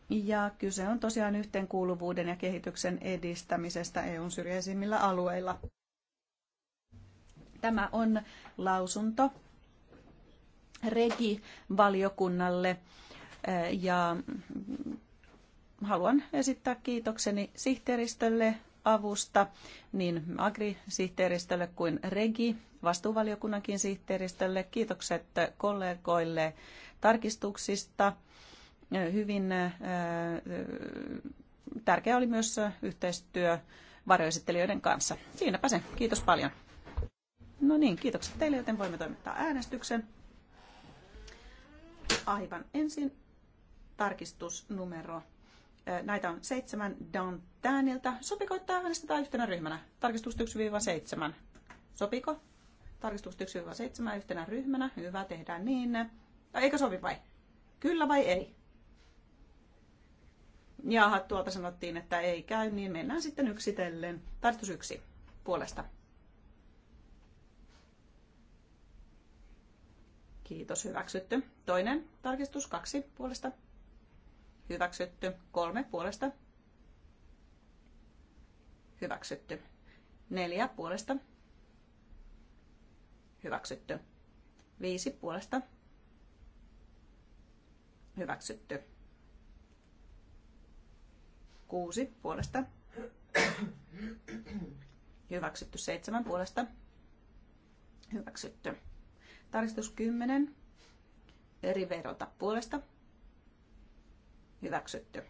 Ja kyse on tosiaan yhteenkuuluvuuden ja kehityksen edistämisestä EUn syrjäisimmillä alueilla. Tämä on lausunto Regi-valiokunnalle eh, ja haluan esittää kiitokseni sihteeristölle avusta niin Agri-sihteeristölle kuin Regi, vastuuvaliokunnankin sihteeristölle. Kiitokset kollegoille tarkistuksista. Hyvin tärkeä oli myös yhteistyö varjoesittelijöiden kanssa. Siinäpä se. Kiitos paljon. No niin, kiitokset teille, joten voimme toimittaa äänestyksen. Aivan ensin tarkistus numero Näitä on seitsemän Dantanilta. Sopiko, että äänestetään yhtenä ryhmänä? Tarkistus 1-7. Sopiko? Tarkistus 1-7 yhtenä ryhmänä. Hyvä, tehdään niin. Äh, eikö sovi vai? Kyllä vai ei? Jaha, tuolta sanottiin, että ei käy, niin mennään sitten yksitellen. Tarkistus 1 puolesta. Kiitos, hyväksytty. Toinen tarkistus, kaksi puolesta hyväksytty. Kolme puolesta, hyväksytty. Neljä puolesta, hyväksytty. Viisi puolesta, hyväksytty. Kuusi puolesta, hyväksytty. Seitsemän puolesta, hyväksytty. Tarkistus 10. Eri verota puolesta, Hyväksytty.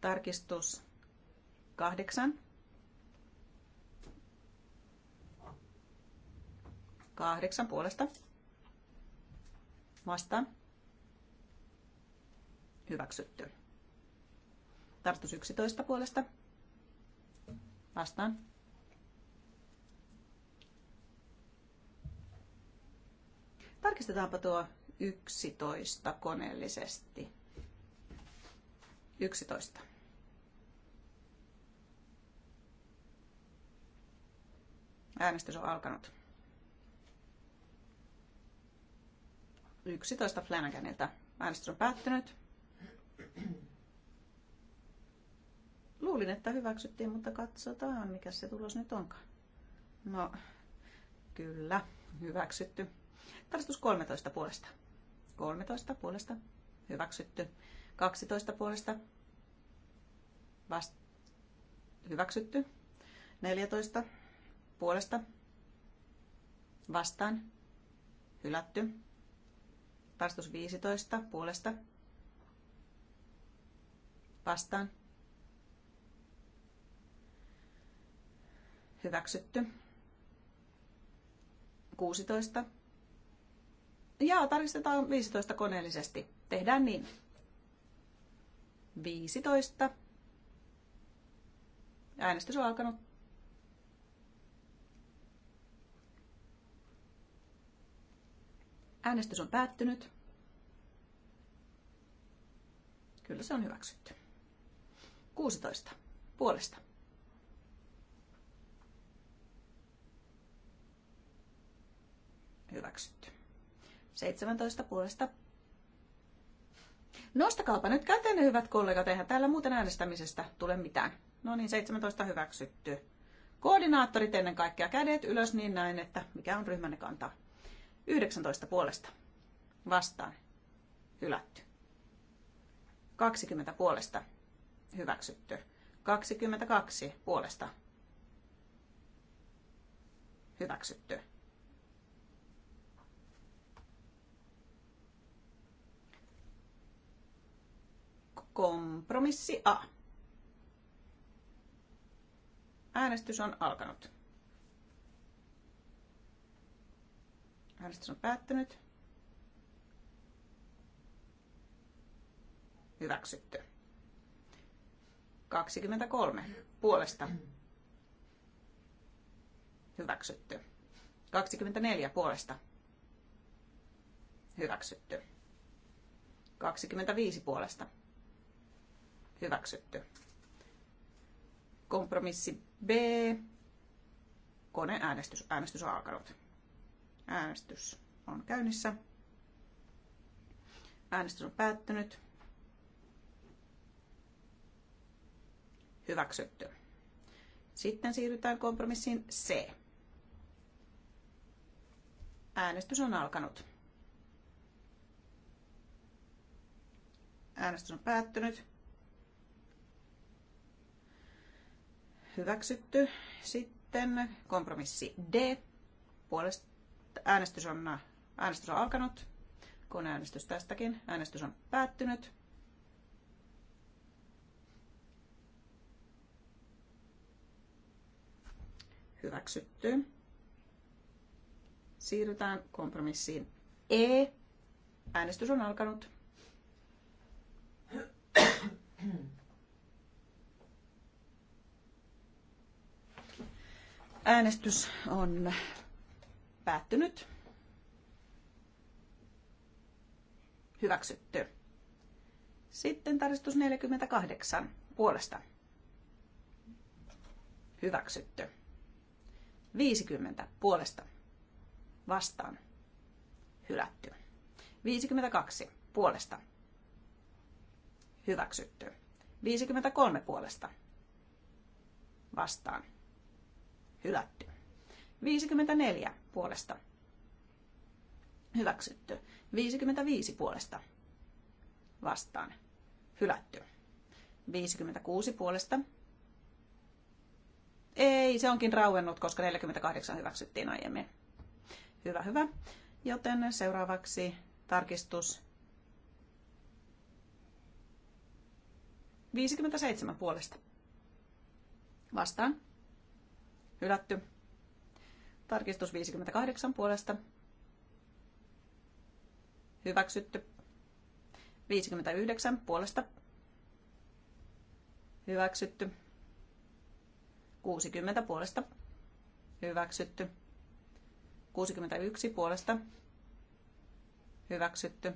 Tarkistus kahdeksan. Kahdeksan puolesta. Vasta. Hyväksytty. Tarkistus yksitoista puolesta. Vastaan. Tarkistetaanpa tuo 11 koneellisesti. 11. Äänestys on alkanut. 11 Flanaganilta. Äänestys on päättynyt. Luulin, että hyväksyttiin, mutta katsotaan, mikä se tulos nyt onkaan. No, kyllä, hyväksytty. Tarkastus 13 puolestaan. 13 puolesta hyväksytty. 12 puolesta vast- hyväksytty. 14 puolesta vastaan hylätty. Vastus 15 puolesta vastaan hyväksytty. 16 Jaa, tarkistetaan 15 koneellisesti. Tehdään niin. 15. Äänestys on alkanut. Äänestys on päättynyt. Kyllä se on hyväksytty. 16. Puolesta. Hyväksytty. 17 puolesta. Nostakaapa nyt käteen, hyvät kollegat, eihän täällä muuten äänestämisestä tule mitään. No niin, 17 hyväksytty. Koordinaattorit ennen kaikkea kädet ylös niin näin, että mikä on ryhmänne kantaa. 19 puolesta. Vastaan. Hylätty. 20 puolesta. Hyväksytty. 22 puolesta. Hyväksytty. Kompromissi A. Äänestys on alkanut. Äänestys on päättynyt. Hyväksytty. 23 puolesta. Hyväksytty. 24 puolesta. Hyväksytty. 25 puolesta hyväksytty. Kompromissi B. Koneäänestys. Äänestys on alkanut. Äänestys on käynnissä. Äänestys on päättynyt. Hyväksytty. Sitten siirrytään kompromissiin C. Äänestys on alkanut. Äänestys on päättynyt. hyväksytty. Sitten kompromissi D. Puolesta äänestys on, äänestys on alkanut. Kun äänestys tästäkin. Äänestys on päättynyt. Hyväksytty. Siirrytään kompromissiin E. Äänestys on alkanut. Äänestys on päättynyt. Hyväksytty. Sitten tarkistus 48 puolesta. Hyväksytty. 50 puolesta. Vastaan. Hylätty. 52 puolesta. Hyväksytty. 53 puolesta. Vastaan hylätty. 54 puolesta hyväksytty. 55 puolesta vastaan hylätty. 56 puolesta ei, se onkin rauennut, koska 48 hyväksyttiin aiemmin. Hyvä, hyvä. Joten seuraavaksi tarkistus 57 puolesta. Vastaan. Hylätty. Tarkistus 58 puolesta. Hyväksytty. 59 puolesta. Hyväksytty. 60 puolesta. Hyväksytty. 61 puolesta. Hyväksytty.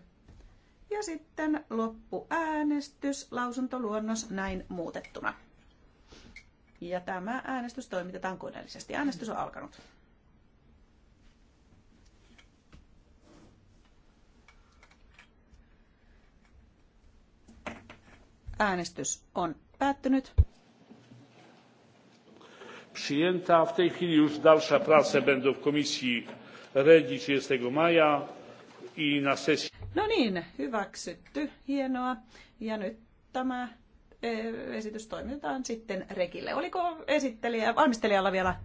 Ja sitten loppuäänestys, lausuntoluonnos näin muutettuna. Ja tämä äänestys toimitetaan koneellisesti. Äänestys on alkanut. Äänestys on päättynyt. Przyjęta. W tej chwili już dalsza prace będą w komisji Regi 30 maja i na sesji. No niin, hyväksytty. Hienoa. Ja nyt tämä Eh, esitys toimitetaan sitten Rekille. Oliko esittelijä, valmistelijalla vielä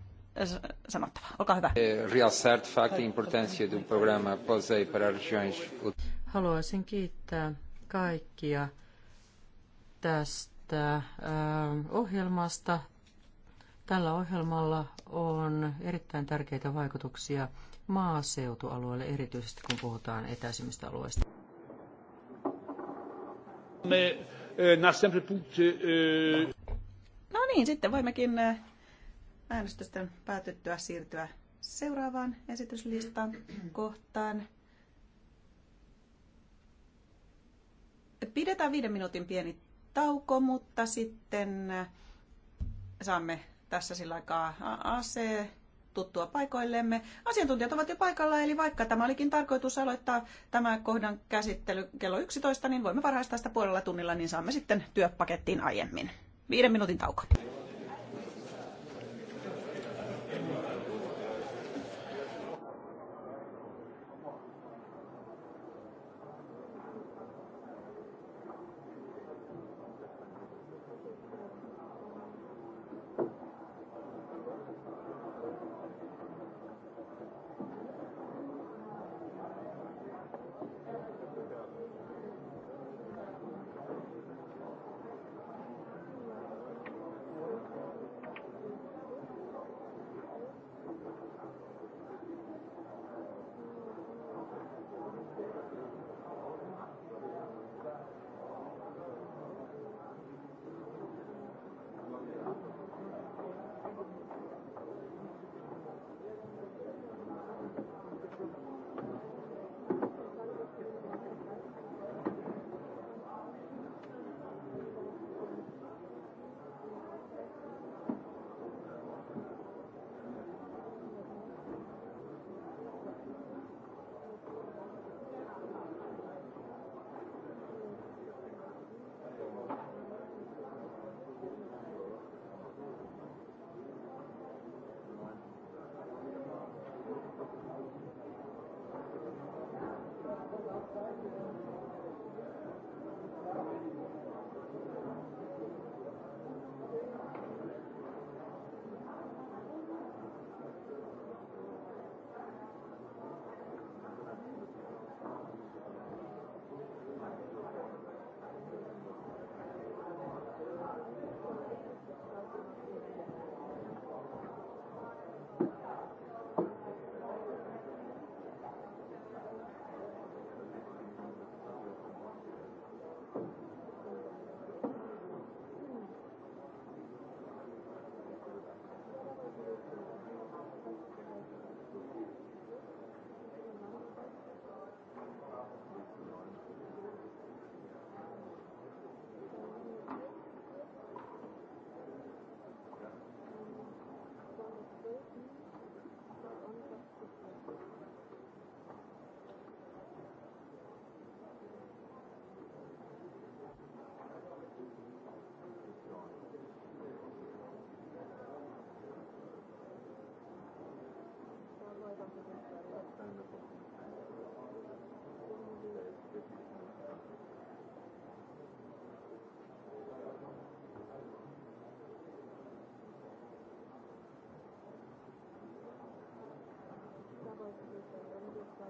sanottava? Olkaa hyvä. Eh, Haluaisin kiittää kaikkia tästä eh, ohjelmasta. Tällä ohjelmalla on erittäin tärkeitä vaikutuksia maaseutualueelle, erityisesti kun puhutaan etäisimmistä alueista. Me Następny punkt... No niin, sitten voimmekin äänestysten päätyttyä siirtyä seuraavaan esityslistan kohtaan. Pidetään viiden minuutin pieni tauko, mutta sitten saamme tässä sillä aikaa AC tuttua paikoillemme. Asiantuntijat ovat jo paikalla, eli vaikka tämä olikin tarkoitus aloittaa tämä kohdan käsittely kello 11, niin voimme varhaistaa sitä puolella tunnilla, niin saamme sitten työpakettiin aiemmin. Viiden minuutin tauko.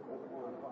Thank you.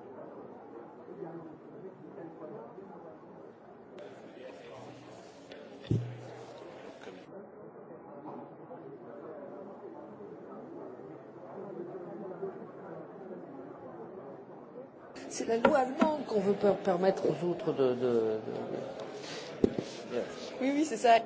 la loi allemande qu'on veut permettre aux autres de. de, de... Oui, oui, c'est ça.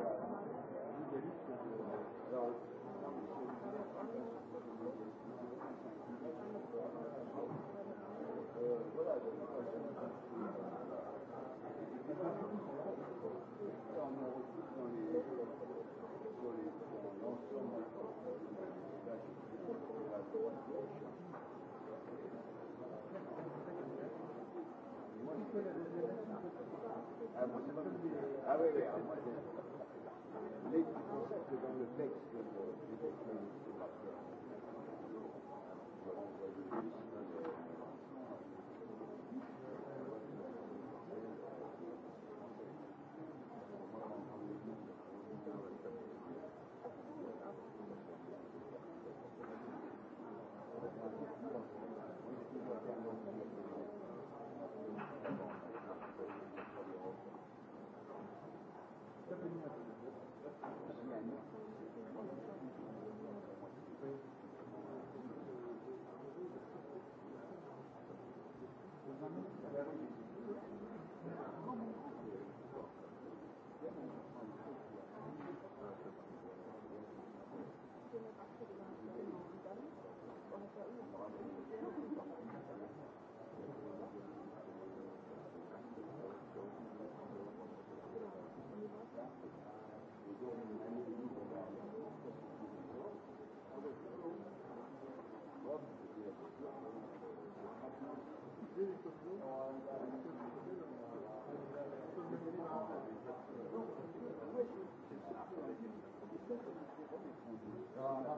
Ja,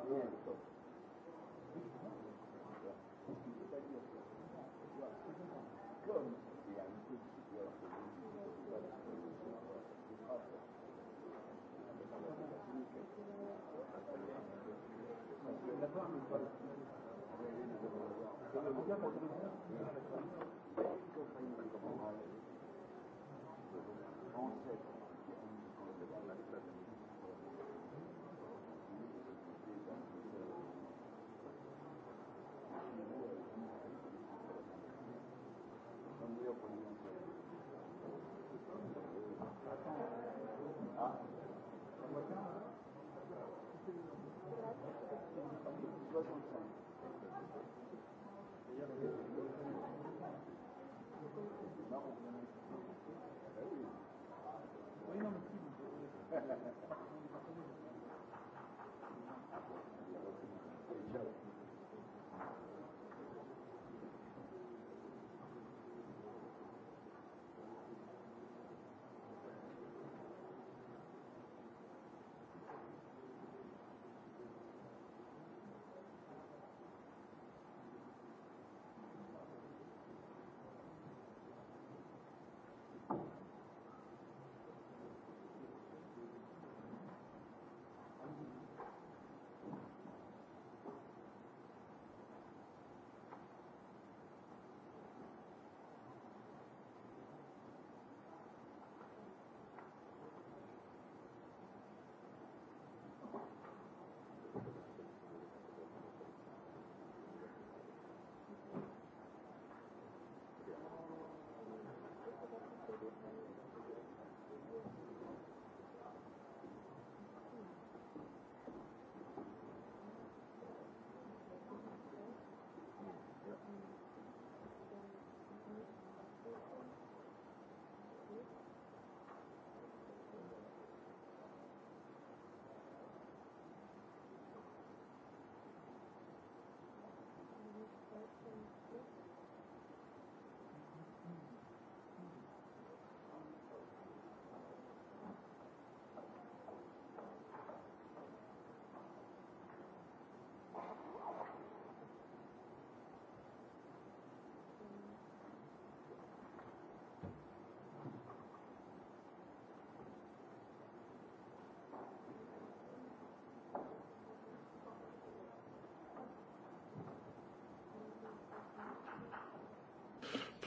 Thank you.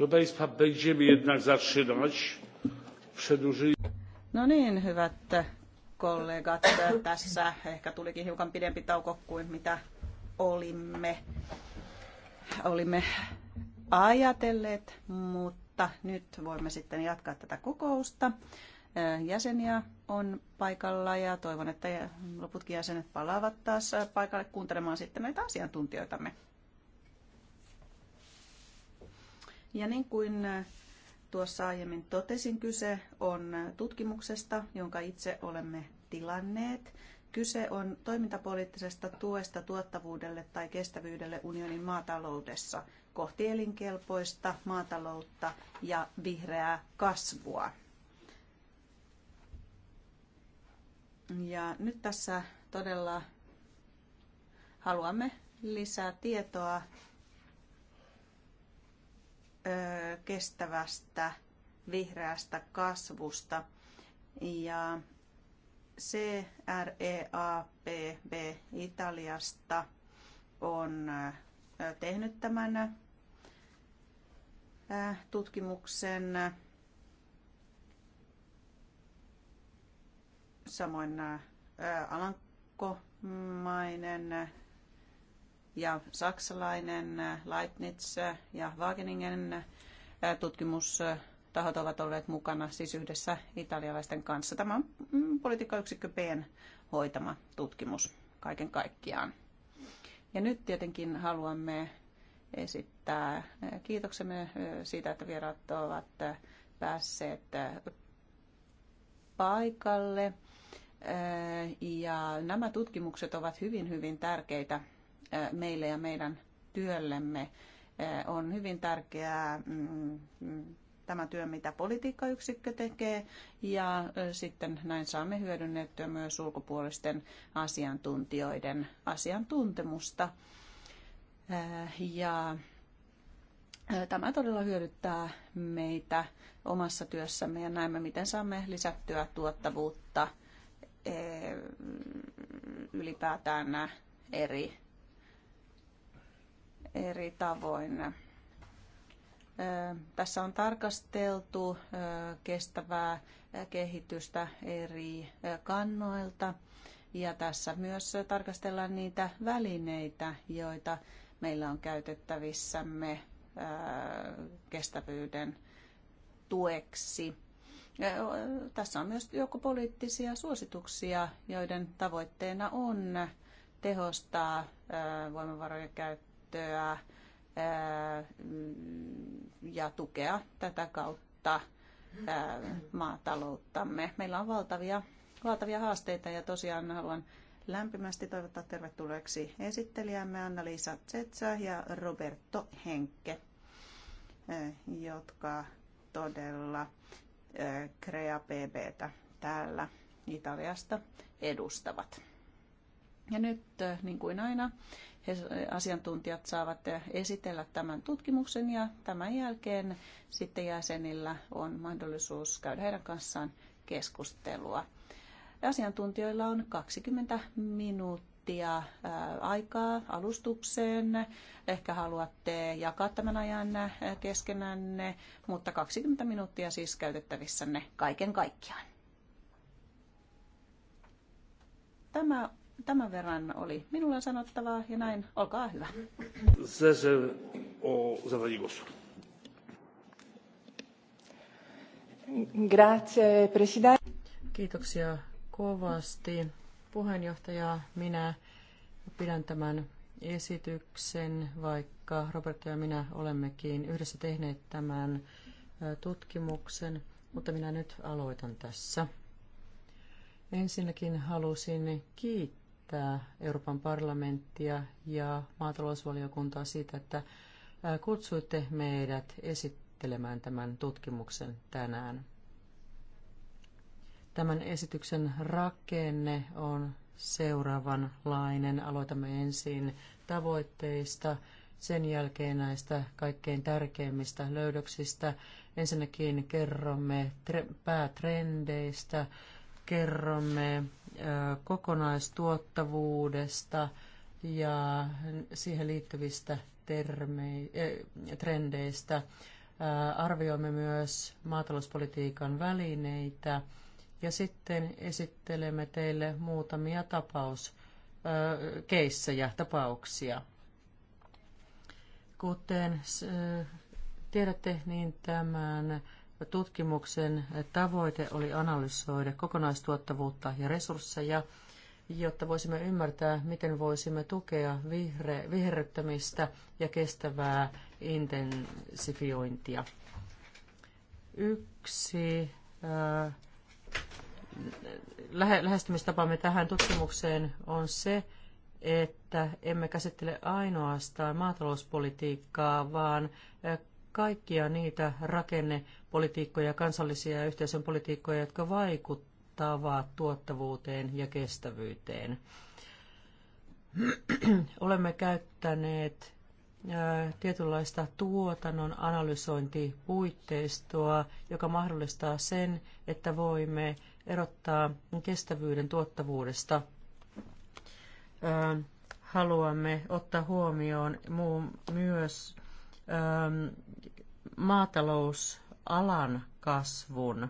Proszę Państwa, będziemy jednak zatrzymać. Przedłużyli... No niin, hyvät kollegat. Tässä ehkä tulikin hiukan pidempi tauko kuin mitä olimme, olimme ajatelleet, mutta nyt voimme sitten jatkaa tätä kokousta. Äh, jäseniä on paikalla ja toivon, että loputkin jäsenet palaavat taas paikalle kuuntelemaan sitten näitä asiantuntijoitamme. Ja niin kuin tuossa aiemmin totesin, kyse on tutkimuksesta, jonka itse olemme tilanneet. Kyse on toimintapoliittisesta tuesta tuottavuudelle tai kestävyydelle unionin maataloudessa kohti elinkelpoista maataloutta ja vihreää kasvua. Ja nyt tässä todella haluamme lisää tietoa kestävästä vihreästä kasvusta. Ja CREAPB Italiasta on tehnyt tämän tutkimuksen. Samoin Alankomainen ja saksalainen Leibniz ja Wageningen äh, tutkimustahot ovat olleet mukana siis yhdessä italialaisten kanssa. Tämä on mm, politiikkayksikkö Bn hoitama tutkimus kaiken kaikkiaan. Ja nyt tietenkin haluamme esittää äh, kiitoksemme äh, siitä, että vieraat ovat päässeet paikalle. Ja nämä tutkimukset ovat hyvin, hyvin tärkeitä meille ja meidän työllemme. On hyvin tärkeää mm, mm, tämä työ, mitä politiikkayksikkö tekee, ja sitten näin saamme hyödynnettyä myös ulkopuolisten asiantuntijoiden asiantuntemusta. Ja Tämä todella hyödyttää meitä omassa työssämme ja näemme, miten saamme lisättyä tuottavuutta ylipäätään eri eri tavoin. Tässä on tarkasteltu kestävää kehitystä eri kannoilta ja tässä myös tarkastellaan niitä välineitä, joita meillä on käytettävissämme kestävyyden tueksi. Tässä on myös joko poliittisia suosituksia, joiden tavoitteena on tehostaa voimavarojen käyttöä käyttöä ja tukea tätä kautta maatalouttamme. Meillä on valtavia, valtavia haasteita ja tosiaan haluan lämpimästi toivottaa tervetulleeksi esittelijämme Anna-Liisa Zetsä ja Roberto Henke, jotka todella Crea PBtä täällä Italiasta edustavat. Ja nyt, niin kuin aina, asiantuntijat saavat esitellä tämän tutkimuksen ja tämän jälkeen sitten jäsenillä on mahdollisuus käydä heidän kanssaan keskustelua. Asiantuntijoilla on 20 minuuttia aikaa alustukseen. Ehkä haluatte jakaa tämän ajan keskenänne, mutta 20 minuuttia siis käytettävissänne kaiken kaikkiaan. Tämä Tämän verran oli minulla sanottavaa ja näin, olkaa hyvä. Grazie, presidente. Kiitoksia kovasti. Puheenjohtaja, minä pidän tämän esityksen, vaikka Roberto ja minä olemmekin yhdessä tehneet tämän tutkimuksen, mutta minä nyt aloitan tässä. Ensinnäkin halusin kiittää kiittää Euroopan parlamenttia ja maatalousvaliokuntaa siitä, että kutsuitte meidät esittelemään tämän tutkimuksen tänään. Tämän esityksen rakenne on seuraavanlainen. Aloitamme ensin tavoitteista, sen jälkeen näistä kaikkein tärkeimmistä löydöksistä. Ensinnäkin kerromme päätrendeistä, kerromme kokonaistuottavuudesta ja siihen liittyvistä termei, trendeistä. arvioimme myös maatalouspolitiikan välineitä ja sitten esittelemme teille muutamia tapaus, keissejä, tapauksia. Kuten tiedätte, niin tämän Tutkimuksen tavoite oli analysoida kokonaistuottavuutta ja resursseja, jotta voisimme ymmärtää, miten voisimme tukea vihre- viherryttämistä ja kestävää intensifiointia. Yksi äh, lähestymistapamme tähän tutkimukseen on se, että emme käsittele ainoastaan maatalouspolitiikkaa, vaan kaikkia niitä rakennepolitiikkoja, kansallisia ja yhteisön politiikkoja, jotka vaikuttavat tuottavuuteen ja kestävyyteen. Olemme käyttäneet tietynlaista tuotannon analysointipuitteistoa, joka mahdollistaa sen, että voimme erottaa kestävyyden tuottavuudesta. Haluamme ottaa huomioon myös Ähm, maatalousalan kasvun.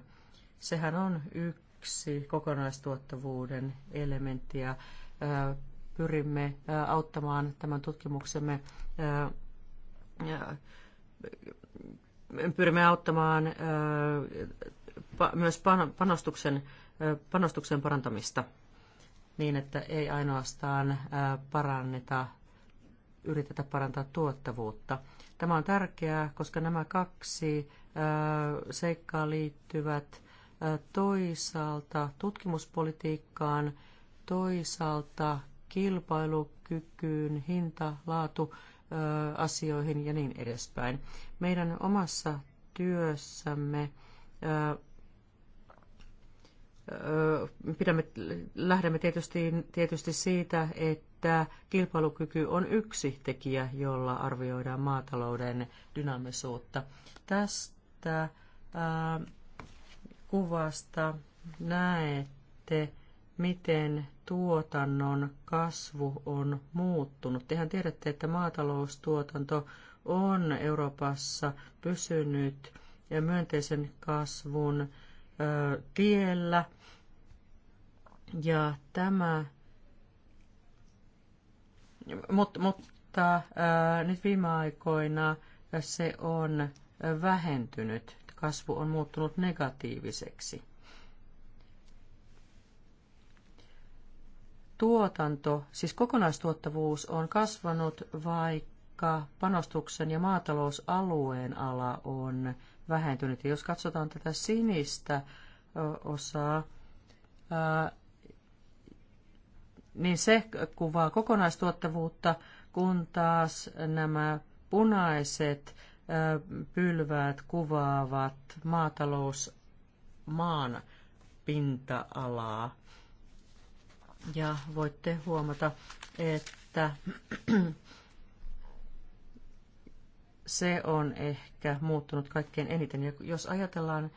Sehän on yksi kokonaistuottavuuden elementti ja äh, pyrimme äh, auttamaan tämän tutkimuksemme äh, pyrimme auttamaan myös panostuksen, panostuksen parantamista niin, että ei ainoastaan paranneta, yritetä parantaa tuottavuutta. Tämä on tärkeää, koska nämä kaksi seikkaa liittyvät toisaalta tutkimuspolitiikkaan, toisaalta kilpailukykyyn, hinta, laatu, asioihin ja niin edespäin. Meidän omassa työssämme pidämme, lähdemme tietysti, tietysti siitä, että että kilpailukyky on yksi tekijä, jolla arvioidaan maatalouden dynaamisuutta. Tästä ää, äh, kuvasta näette, miten tuotannon kasvu on muuttunut. Tehän tiedätte, että maataloustuotanto on Euroopassa pysynyt ja myönteisen kasvun äh, tiellä. Ja tämä Mut, mutta äh, nyt viime aikoina se on vähentynyt. Kasvu on muuttunut negatiiviseksi. Tuotanto, siis kokonaistuottavuus on kasvanut, vaikka panostuksen ja maatalousalueen ala on vähentynyt. Ja jos katsotaan tätä sinistä osaa, niin se kuvaa kokonaistuottavuutta, kun taas nämä punaiset pylväät kuvaavat maatalousmaan pinta-alaa. Ja voitte huomata, että se on ehkä muuttunut kaikkein eniten. Ja jos ajatellaan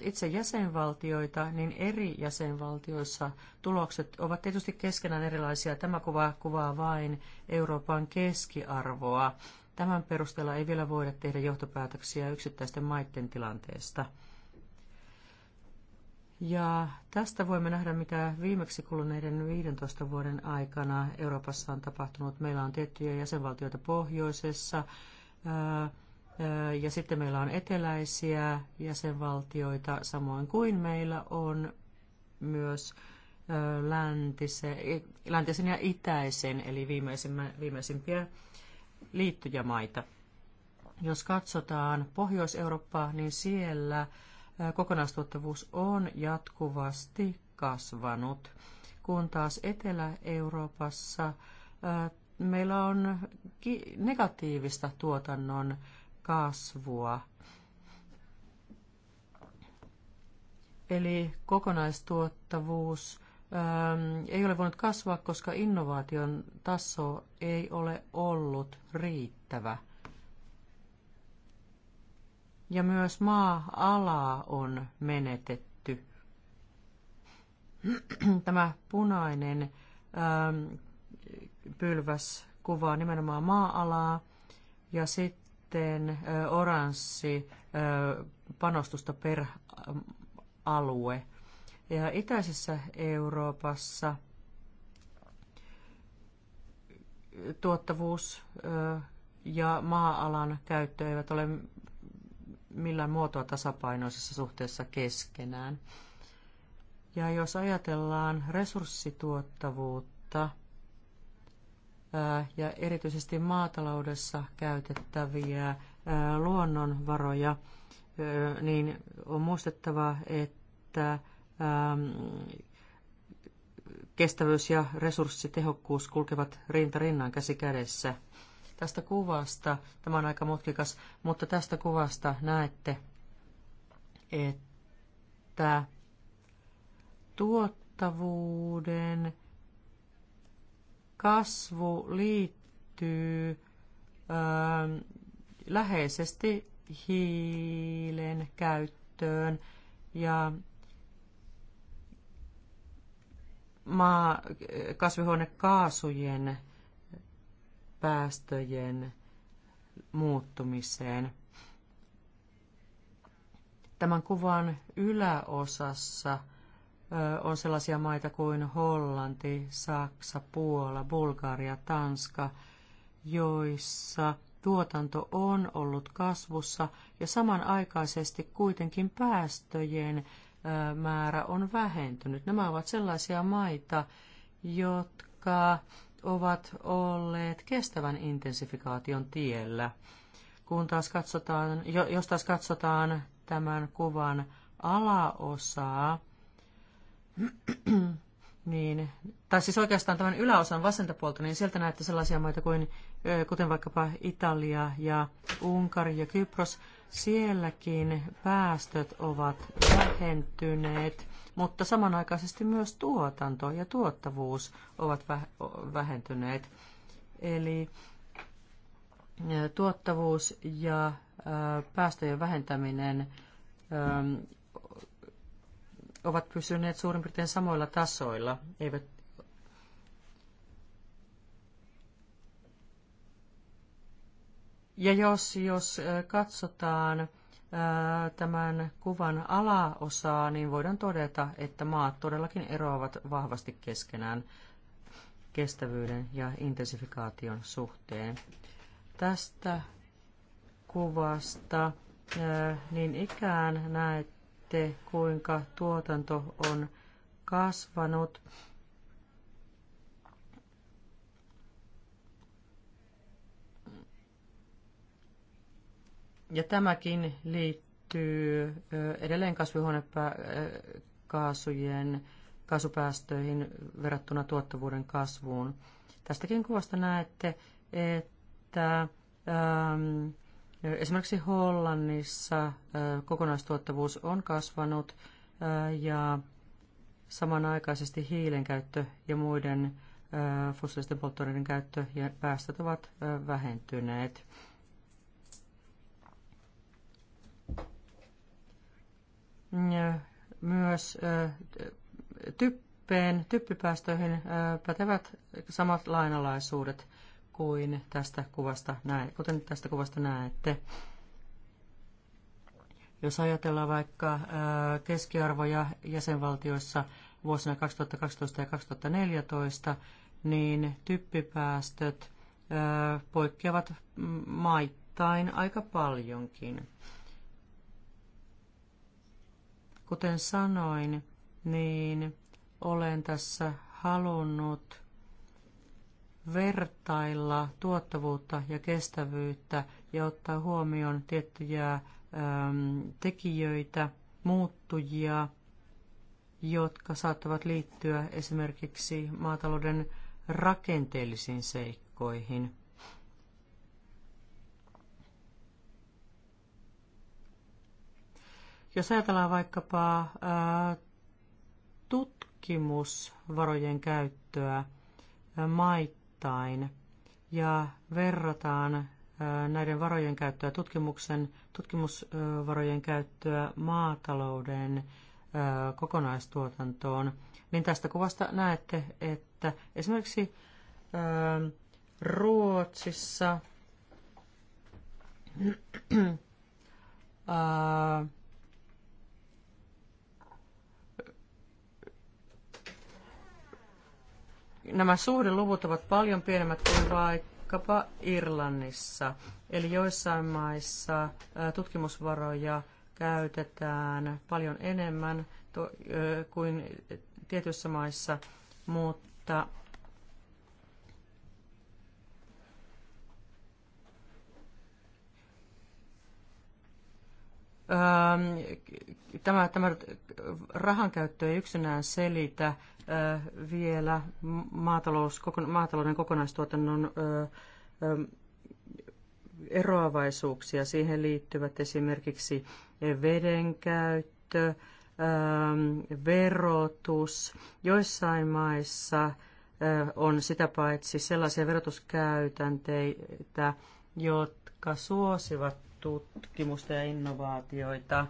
itse jäsenvaltioita, niin eri jäsenvaltioissa tulokset ovat tietysti keskenään erilaisia. Tämä kuva kuvaa vain Euroopan keskiarvoa. Tämän perusteella ei vielä voida tehdä johtopäätöksiä yksittäisten maiden tilanteesta. Ja tästä voimme nähdä, mitä viimeksi kuluneiden 15 vuoden aikana Euroopassa on tapahtunut. Meillä on tiettyjä jäsenvaltioita pohjoisessa, ja sitten meillä on eteläisiä jäsenvaltioita, samoin kuin meillä on myös läntisen, läntisen ja itäisen, eli viimeisimpiä liittyjämaita. Jos katsotaan Pohjois-Eurooppaa, niin siellä kokonaistuottavuus on jatkuvasti kasvanut, kun taas Etelä-Euroopassa meillä on negatiivista tuotannon kasvua. Eli kokonaistuottavuus äm, ei ole voinut kasvaa, koska innovaation taso ei ole ollut riittävä. Ja myös maa-alaa on menetetty. Tämä punainen äm, pylväs kuvaa nimenomaan maa-alaa ja sitten sitten oranssi panostusta per alue. Ja itäisessä Euroopassa tuottavuus ja maa-alan käyttö eivät ole millään muotoa tasapainoisessa suhteessa keskenään. Ja jos ajatellaan resurssituottavuutta, ja erityisesti maataloudessa käytettäviä luonnonvaroja, niin on muistettava, että kestävyys ja resurssitehokkuus kulkevat rinta rinnan käsi kädessä. Tästä kuvasta, tämä on aika mutkikas, mutta tästä kuvasta näette, että tuottavuuden kasvu liittyy ö, ähm, läheisesti hiilen käyttöön ja maa, kasvihuonekaasujen päästöjen muuttumiseen. Tämän kuvan yläosassa – on sellaisia maita kuin Hollanti, Saksa, Puola, Bulgaria, Tanska, joissa tuotanto on ollut kasvussa ja samanaikaisesti kuitenkin päästöjen määrä on vähentynyt. Nämä ovat sellaisia maita, jotka ovat olleet kestävän intensifikaation tiellä. Kun taas katsotaan, jos taas katsotaan tämän kuvan alaosaa, niin, tai siis oikeastaan tämän yläosan vasenta puolta, niin sieltä näette sellaisia maita kuin, kuten vaikkapa Italia ja Unkari ja Kypros. Sielläkin päästöt ovat vähentyneet, mutta samanaikaisesti myös tuotanto ja tuottavuus ovat vähentyneet. Eli tuottavuus ja päästöjen vähentäminen ovat pysyneet suurin piirtein samoilla tasoilla, eivät Ja jos, jos katsotaan tämän kuvan alaosaa, niin voidaan todeta, että maat todellakin eroavat vahvasti keskenään kestävyyden ja intensifikaation suhteen. Tästä kuvasta niin ikään näet näette, kuinka tuotanto on kasvanut. Ja tämäkin liittyy edelleen kasvihuonekaasujen kasupäästöihin verrattuna tuottavuuden kasvuun. Tästäkin kuvasta näette, että ähm, Esimerkiksi Hollannissa kokonaistuottavuus on kasvanut ja samanaikaisesti hiilen käyttö ja muiden fossiilisten polttoaineiden käyttö ja päästöt ovat vähentyneet. Myös typpeen, typpipäästöihin pätevät samat lainalaisuudet kuin tästä kuvasta näet, kuten tästä kuvasta näette. Jos ajatellaan vaikka keskiarvoja jäsenvaltioissa vuosina 2012 ja 2014, niin typpipäästöt poikkeavat maittain aika paljonkin. Kuten sanoin, niin olen tässä halunnut vertailla tuottavuutta ja kestävyyttä ja ottaa huomioon tiettyjä äm, tekijöitä, muuttujia, jotka saattavat liittyä esimerkiksi maatalouden rakenteellisiin seikkoihin. Jos ajatellaan vaikkapa ää, tutkimusvarojen käyttöä maita, jotain ja verrataan näiden varojen käyttöä, tutkimuksen, tutkimusvarojen käyttöä maatalouden kokonaistuotantoon, niin tästä kuvasta näette, että esimerkiksi Ruotsissa nämä suhdeluvut ovat paljon pienemmät kuin vaikkapa Irlannissa. Eli joissain maissa tutkimusvaroja käytetään paljon enemmän kuin tietyissä maissa, mutta Tämä, tämä rahankäyttö ei yksinään selitä vielä maatalous, maatalouden kokonaistuotannon ö, ö, eroavaisuuksia. Siihen liittyvät esimerkiksi vedenkäyttö ö, verotus. Joissain maissa ö, on sitä paitsi sellaisia verotuskäytänteitä, jotka suosivat tutkimusta ja innovaatioita.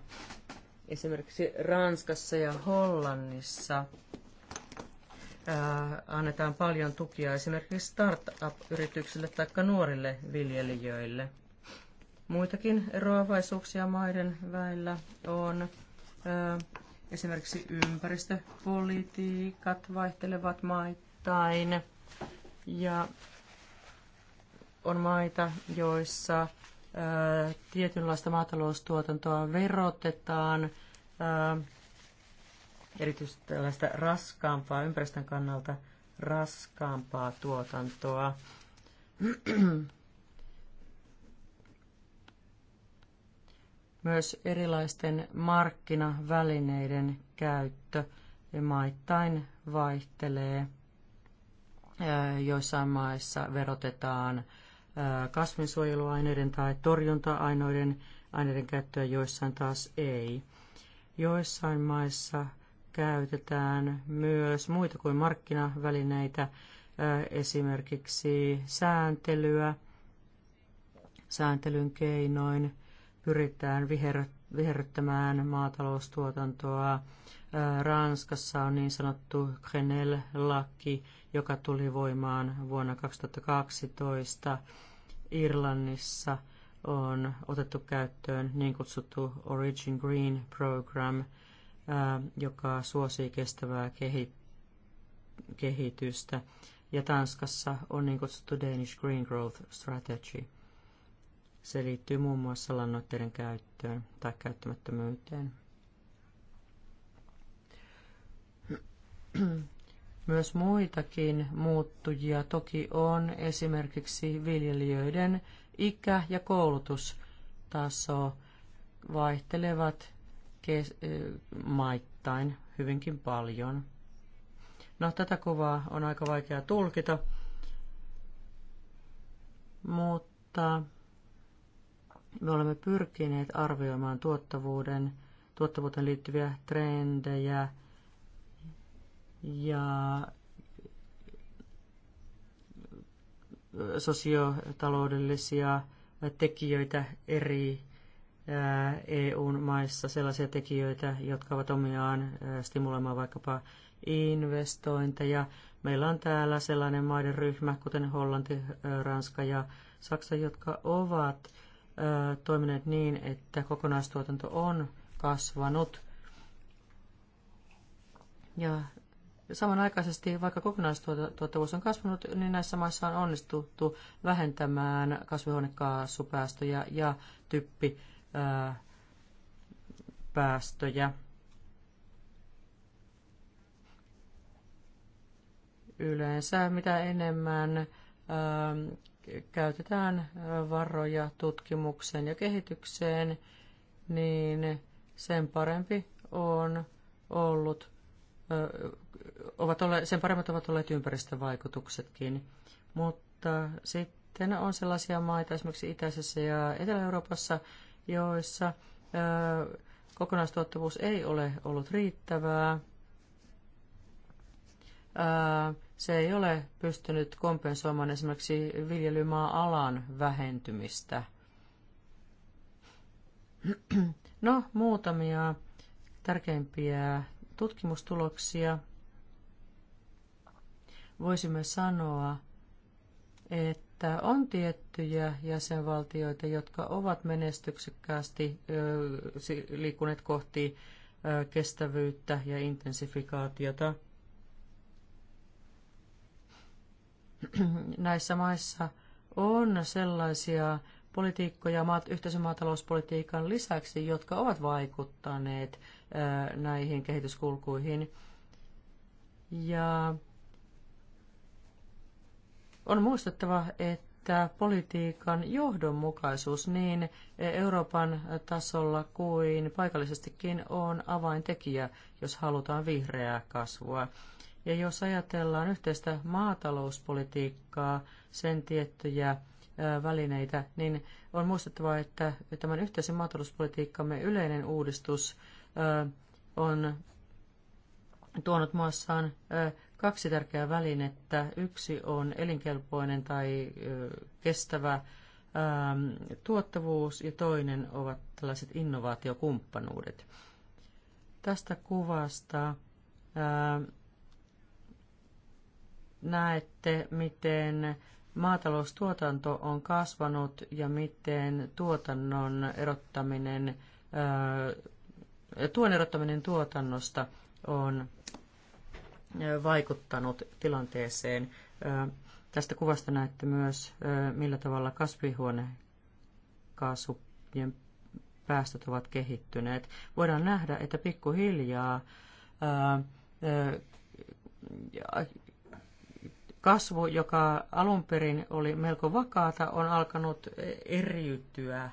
Esimerkiksi Ranskassa ja Hollannissa annetaan paljon tukia esimerkiksi startup-yrityksille tai nuorille viljelijöille. Muitakin eroavaisuuksia maiden väillä on. Esimerkiksi ympäristöpolitiikat vaihtelevat maittain ja on maita, joissa tietynlaista maataloustuotantoa verotetaan erityisesti tällaista raskaampaa, ympäristön kannalta raskaampaa tuotantoa. Myös erilaisten markkinavälineiden käyttö maittain vaihtelee. Joissain maissa verotetaan kasvinsuojeluaineiden tai torjunta-aineiden aineiden käyttöä, joissain taas ei. Joissain maissa käytetään myös muita kuin markkinavälineitä, esimerkiksi sääntelyä. Sääntelyn keinoin pyritään viherryttämään maataloustuotantoa. Ranskassa on niin sanottu Grenelle-laki, joka tuli voimaan vuonna 2012. Irlannissa on otettu käyttöön niin kutsuttu Origin Green Program – joka suosii kestävää kehitystä. Ja Tanskassa on niin kutsuttu Danish Green Growth Strategy. Se liittyy muun muassa lannoitteiden käyttöön tai käyttämättömyyteen. Myös muitakin muuttujia toki on esimerkiksi viljelijöiden ikä ja koulutustaso vaihtelevat kes- maittain hyvinkin paljon. No, tätä kuvaa on aika vaikea tulkita, mutta me olemme pyrkineet arvioimaan tuottavuuden, tuottavuuteen liittyviä trendejä ja sosiotaloudellisia tekijöitä eri eu maissa sellaisia tekijöitä, jotka ovat omiaan stimuloimaan vaikkapa investointeja. Meillä on täällä sellainen maiden ryhmä, kuten Hollanti, Ranska ja Saksa, jotka ovat toimineet niin, että kokonaistuotanto on kasvanut. Ja samanaikaisesti, vaikka kokonaistuottavuus on kasvanut, niin näissä maissa on onnistuttu vähentämään kasvihuonekaasupäästöjä ja typpi päästöjä. Yleensä mitä enemmän käytetään varoja tutkimukseen ja kehitykseen, niin sen parempi on ollut, ovat olleet, sen paremmat ovat olleet ympäristövaikutuksetkin. Mutta sitten on sellaisia maita esimerkiksi Itäisessä ja Etelä-Euroopassa, joissa kokonaistuottavuus ei ole ollut riittävää. Se ei ole pystynyt kompensoimaan esimerkiksi viljelymaa-alan vähentymistä. No, muutamia tärkeimpiä tutkimustuloksia. Voisimme sanoa, että että on tiettyjä jäsenvaltioita, jotka ovat menestyksekkäästi liikkuneet kohti kestävyyttä ja intensifikaatiota. Näissä maissa on sellaisia politiikkoja maat, yhteisen maatalouspolitiikan lisäksi, jotka ovat vaikuttaneet näihin kehityskulkuihin. Ja on muistettava, että politiikan johdonmukaisuus niin Euroopan tasolla kuin paikallisestikin on avaintekijä, jos halutaan vihreää kasvua. Ja jos ajatellaan yhteistä maatalouspolitiikkaa, sen tiettyjä välineitä, niin on muistettava, että tämän yhteisen maatalouspolitiikkamme yleinen uudistus on tuonut muassaan kaksi tärkeää välinettä. Yksi on elinkelpoinen tai kestävä ähm, tuottavuus ja toinen ovat tällaiset innovaatiokumppanuudet. Tästä kuvasta ähm, näette, miten maataloustuotanto on kasvanut ja miten tuotannon erottaminen, äh, tuen erottaminen tuotannosta on vaikuttanut tilanteeseen. Tästä kuvasta näette myös, millä tavalla kasvihuonekaasujen päästöt ovat kehittyneet. Voidaan nähdä, että pikkuhiljaa kasvu, joka alun perin oli melko vakaata, on alkanut eriytyä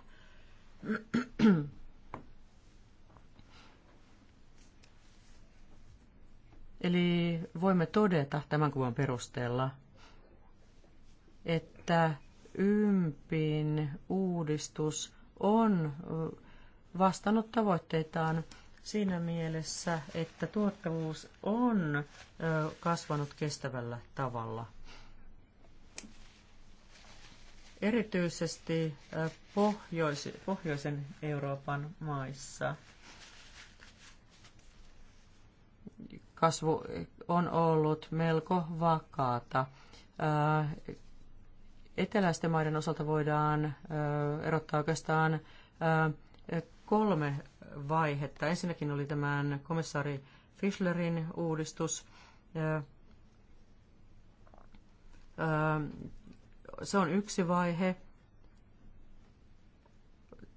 Eli voimme todeta tämän kuvan perusteella, että ympin uudistus on vastannut tavoitteitaan siinä mielessä, että tuottavuus on kasvanut kestävällä tavalla. Erityisesti pohjois- pohjoisen Euroopan maissa kasvu on ollut melko vakaata. Eteläisten maiden osalta voidaan erottaa oikeastaan kolme vaihetta. Ensinnäkin oli tämän komissaari Fischlerin uudistus. Se on yksi vaihe.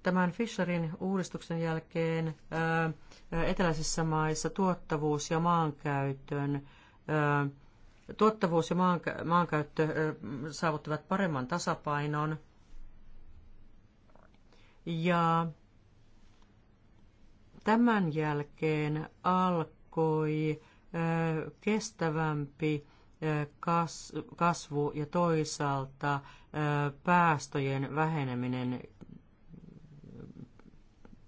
Tämän Fisherin uudistuksen jälkeen eteläisissä maissa tuottavuus ja maankäytön tuottavuus ja maankäyttö saavuttivat paremman tasapainon. Ja tämän jälkeen alkoi kestävämpi kasvu ja toisaalta päästöjen väheneminen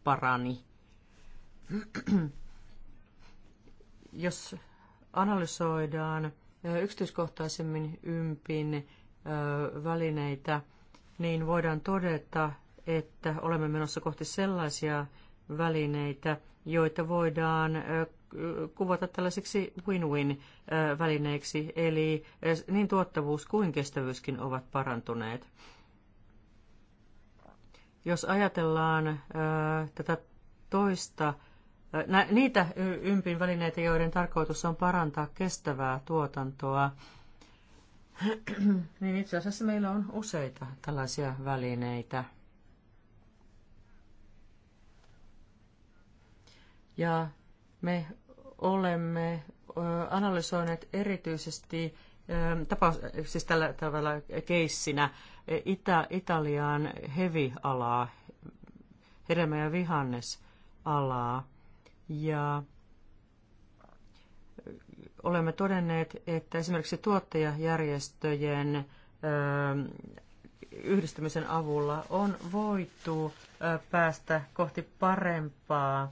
parani. Jos analysoidaan yksityiskohtaisemmin ympin välineitä, niin voidaan todeta, että olemme menossa kohti sellaisia välineitä, joita voidaan kuvata tällaisiksi win-win-välineiksi, eli niin tuottavuus kuin kestävyyskin ovat parantuneet. Jos ajatellaan tätä toista, niitä ympin välineitä, joiden tarkoitus on parantaa kestävää tuotantoa, niin itse asiassa meillä on useita tällaisia välineitä. Ja me olemme analysoineet erityisesti tapaus, siis tällä tavalla keissinä Itä- Italiaan hevialaa, hedelmä- ja vihannesalaa. Ja olemme todenneet, että esimerkiksi tuottajajärjestöjen yhdistymisen avulla on voitu päästä kohti parempaa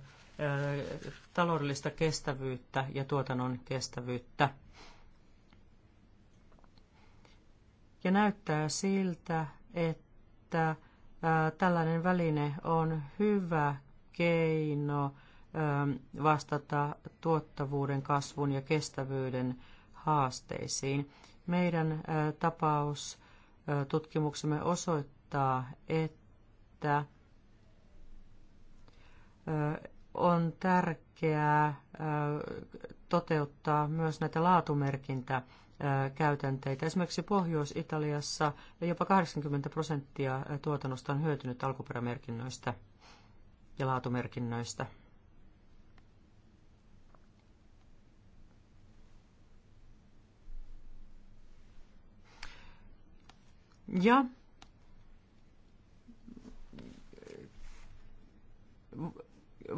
taloudellista kestävyyttä ja tuotannon kestävyyttä. Ja näyttää siltä, että tällainen väline on hyvä keino vastata tuottavuuden kasvun ja kestävyyden haasteisiin. Meidän tapaustutkimuksemme osoittaa, että on tärkeää toteuttaa myös näitä laatumerkintä käytänteitä. Esimerkiksi Pohjois-Italiassa jopa 80 prosenttia tuotannosta on hyötynyt alkuperämerkinnöistä ja laatumerkinnöistä. Ja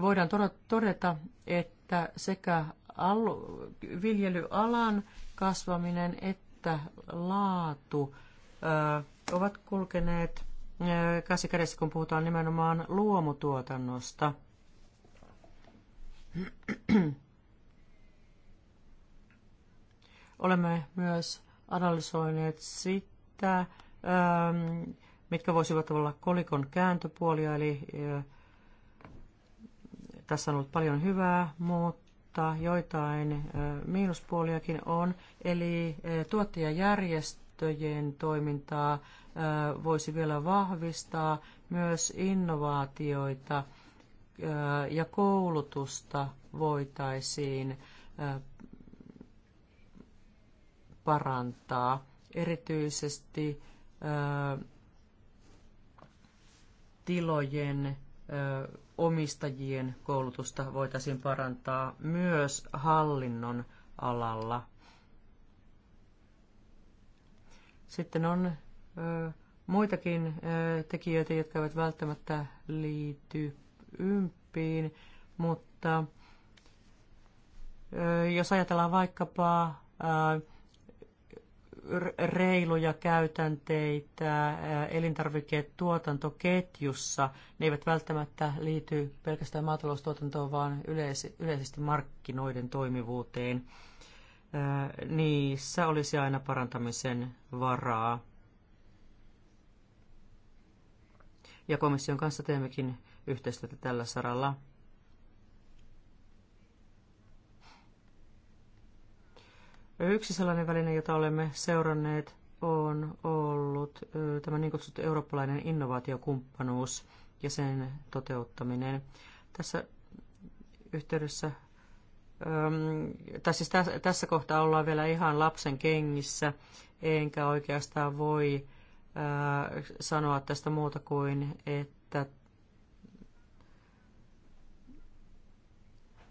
voidaan todeta, että sekä viljelyalan kasvaminen että laatu ovat kulkeneet käsi kädessä, kun puhutaan nimenomaan luomutuotannosta. Olemme myös analysoineet sitä, mitkä voisivat olla kolikon kääntöpuolia, eli tässä on ollut paljon hyvää, mutta mutta joitain miinuspuoliakin on. Eli tuottajajärjestöjen toimintaa voisi vielä vahvistaa, myös innovaatioita ja koulutusta voitaisiin parantaa. Erityisesti tilojen omistajien koulutusta voitaisiin parantaa myös hallinnon alalla. Sitten on ö, muitakin ö, tekijöitä, jotka eivät välttämättä liity ympiin, mutta ö, jos ajatellaan vaikkapa ö, reiluja käytänteitä elintarviketuotantoketjussa. Ne eivät välttämättä liity pelkästään maataloustuotantoon, vaan yleisesti markkinoiden toimivuuteen. Niissä olisi aina parantamisen varaa. Ja komission kanssa teemmekin yhteistyötä tällä saralla. Yksi sellainen väline, jota olemme seuranneet, on ollut tämä niin kutsuttu eurooppalainen innovaatiokumppanuus ja sen toteuttaminen. Tässä yhteydessä, tässä, siis tässä kohtaa ollaan vielä ihan lapsen kengissä, enkä oikeastaan voi sanoa tästä muuta kuin, että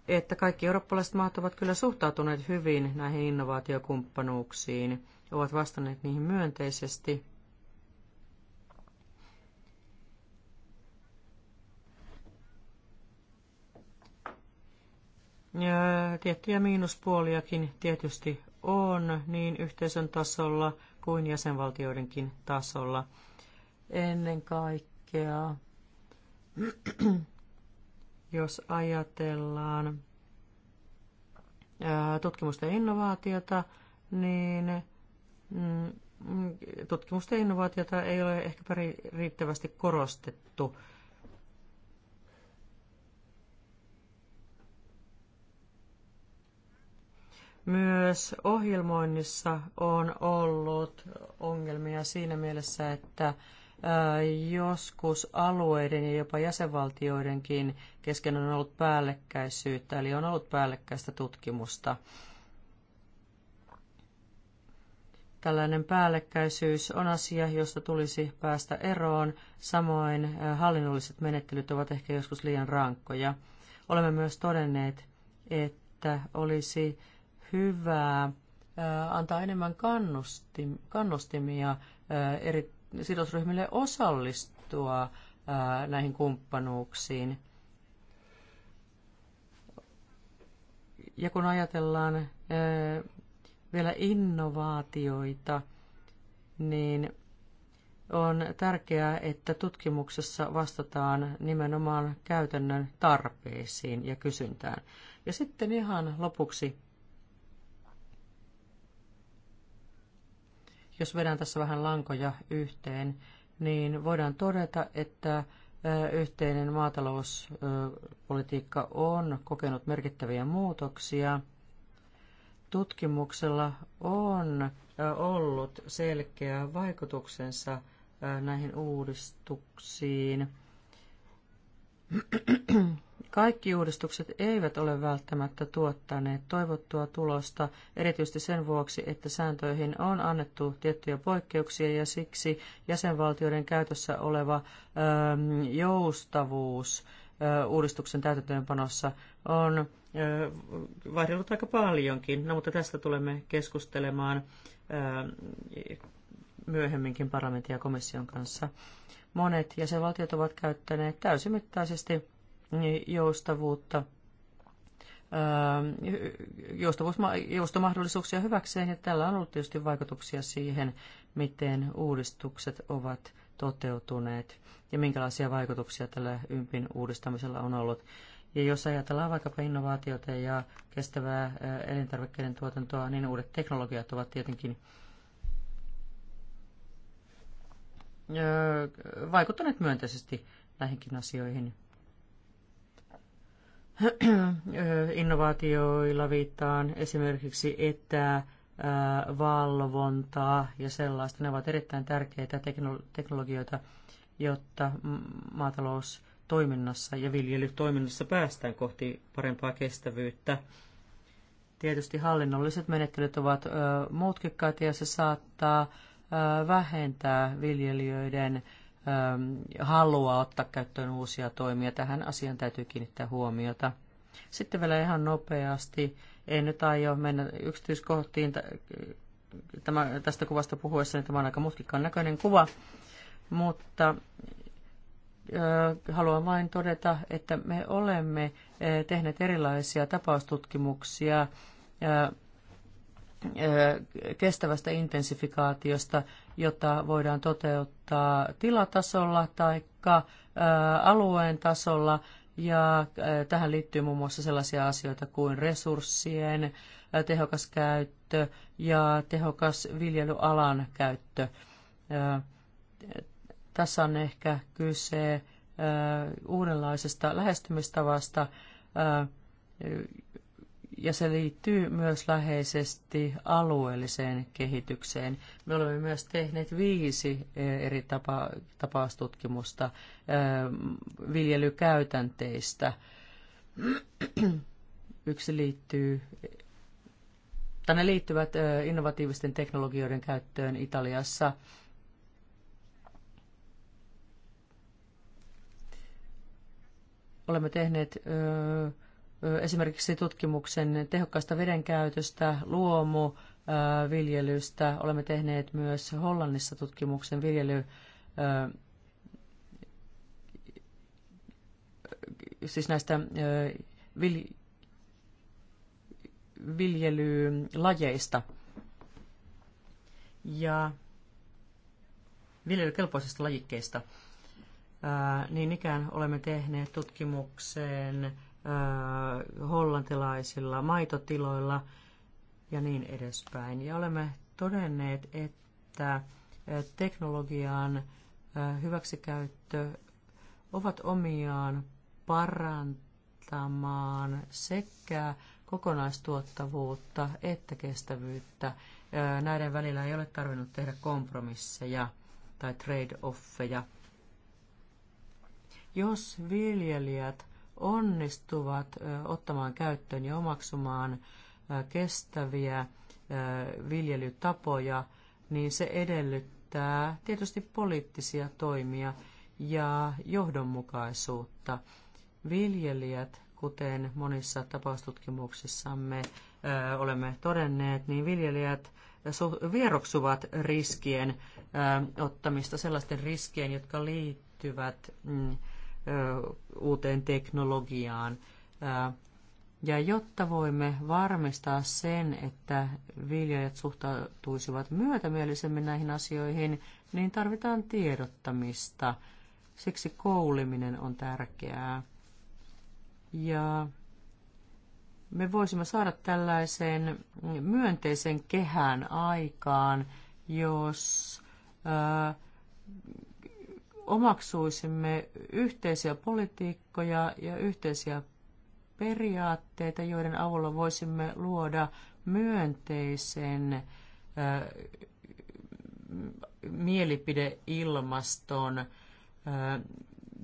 että kaikki eurooppalaiset maat ovat kyllä suhtautuneet hyvin näihin innovaatiokumppanuuksiin, ovat vastanneet niihin myönteisesti. Ja tiettyjä miinuspuoliakin tietysti on niin yhteisön tasolla kuin jäsenvaltioidenkin tasolla. Ennen kaikkea jos ajatellaan tutkimusta ja innovaatiota, niin mm, tutkimusta ja innovaatiota ei ole ehkä riittävästi korostettu. Myös ohjelmoinnissa on ollut ongelmia siinä mielessä, että joskus alueiden ja jopa jäsenvaltioidenkin kesken on ollut päällekkäisyyttä, eli on ollut päällekkäistä tutkimusta. Tällainen päällekkäisyys on asia, josta tulisi päästä eroon. Samoin hallinnolliset menettelyt ovat ehkä joskus liian rankkoja. Olemme myös todenneet, että olisi hyvä antaa enemmän kannustimia eri sidosryhmille osallistua näihin kumppanuuksiin. Ja kun ajatellaan vielä innovaatioita, niin on tärkeää, että tutkimuksessa vastataan nimenomaan käytännön tarpeisiin ja kysyntään. Ja sitten ihan lopuksi Jos vedän tässä vähän lankoja yhteen, niin voidaan todeta, että yhteinen maatalouspolitiikka on kokenut merkittäviä muutoksia. Tutkimuksella on ollut selkeä vaikutuksensa näihin uudistuksiin. Kaikki uudistukset eivät ole välttämättä tuottaneet toivottua tulosta, erityisesti sen vuoksi, että sääntöihin on annettu tiettyjä poikkeuksia ja siksi jäsenvaltioiden käytössä oleva ähm, joustavuus äh, uudistuksen täytäntöönpanossa on äh, vaihdellut aika paljonkin, no, mutta tästä tulemme keskustelemaan äh, myöhemminkin parlamentin ja komission kanssa. Monet jäsenvaltiot ovat käyttäneet täysimittaisesti joustavuutta, joustomahdollisuuksia hyväkseen, ja tällä on ollut tietysti vaikutuksia siihen, miten uudistukset ovat toteutuneet ja minkälaisia vaikutuksia tällä ympin uudistamisella on ollut. Ja jos ajatellaan vaikkapa innovaatiota ja kestävää elintarvikkeiden tuotantoa, niin uudet teknologiat ovat tietenkin vaikuttaneet myönteisesti näihinkin asioihin innovaatioilla viittaan esimerkiksi etävalvontaa ja sellaista. Ne ovat erittäin tärkeitä teknologioita, jotta maataloustoiminnassa ja viljelytoiminnassa päästään kohti parempaa kestävyyttä. Tietysti hallinnolliset menettelyt ovat mutkikkaita ja se saattaa vähentää viljelijöiden Ähm, halua ottaa käyttöön uusia toimia. Tähän asiaan täytyy kiinnittää huomiota. Sitten vielä ihan nopeasti. En nyt aio mennä yksityiskohtiin tämä, tästä kuvasta puhuessa, niin tämä on aika mutkikkaan näköinen kuva, mutta haluan vain todeta, että me olemme tehneet erilaisia tapaustutkimuksia kestävästä intensifikaatiosta, jota voidaan toteuttaa tilatasolla tai alueen tasolla. Ja tähän liittyy muun muassa sellaisia asioita kuin resurssien tehokas käyttö ja tehokas viljelyalan käyttö. Tässä on ehkä kyse uudenlaisesta lähestymistavasta ja se liittyy myös läheisesti alueelliseen kehitykseen. Me olemme myös tehneet viisi e, eri tapa, tapaustutkimusta e, viljelykäytänteistä. Yksi liittyy, tai ne liittyvät e, innovatiivisten teknologioiden käyttöön Italiassa. Olemme tehneet ö, esimerkiksi tutkimuksen tehokkaasta vedenkäytöstä, luomu, viljelystä. Olemme tehneet myös Hollannissa tutkimuksen viljely, siis näistä vil, viljelylajeista ja viljelykelpoisista lajikkeista. Niin ikään olemme tehneet tutkimuksen hollantilaisilla maitotiloilla ja niin edespäin. Ja olemme todenneet, että teknologian hyväksikäyttö ovat omiaan parantamaan sekä kokonaistuottavuutta että kestävyyttä. Näiden välillä ei ole tarvinnut tehdä kompromisseja tai trade-offeja. Jos viljelijät onnistuvat ottamaan käyttöön ja omaksumaan kestäviä viljelytapoja, niin se edellyttää tietysti poliittisia toimia ja johdonmukaisuutta. Viljelijät, kuten monissa tapaustutkimuksissamme olemme todenneet, niin viljelijät vieroksuvat riskien ottamista, sellaisten riskien, jotka liittyvät mm, uuteen teknologiaan. Ja jotta voimme varmistaa sen, että viljelijät suhtautuisivat myötämielisemmin näihin asioihin, niin tarvitaan tiedottamista. Siksi kouliminen on tärkeää. Ja me voisimme saada tällaisen myönteisen kehän aikaan, jos ää, omaksuisimme yhteisiä politiikkoja ja yhteisiä periaatteita, joiden avulla voisimme luoda myönteisen mielipideilmaston,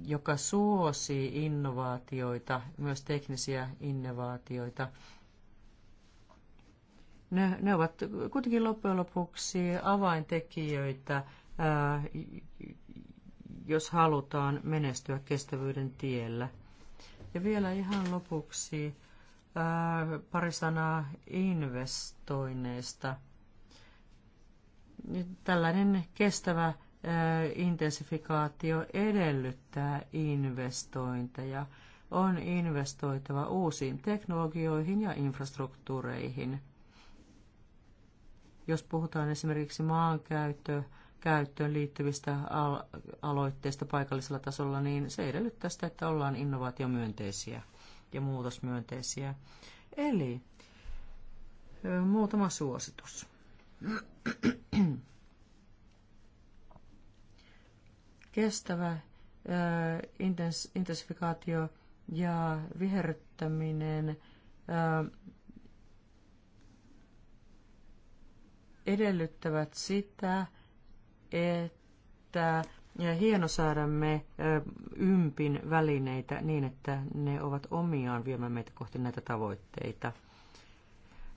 joka suosii innovaatioita, myös teknisiä innovaatioita. Ne, ne ovat kuitenkin loppujen lopuksi avaintekijöitä jos halutaan menestyä kestävyyden tiellä. Ja vielä ihan lopuksi ää, äh, pari sanaa investoinneista. Tällainen kestävä ää, äh, intensifikaatio edellyttää investointeja. On investoitava uusiin teknologioihin ja infrastruktuureihin. Jos puhutaan esimerkiksi maankäyttö, käyttöön liittyvistä aloitteista paikallisella tasolla, niin se edellyttää sitä, että ollaan innovaatiomyönteisiä ja muutosmyönteisiä. Eli muutama suositus. Kestävä intensifikaatio ja viherryttäminen edellyttävät sitä, että hienosäädämme ympin välineitä niin, että ne ovat omiaan viemään meitä kohti näitä tavoitteita.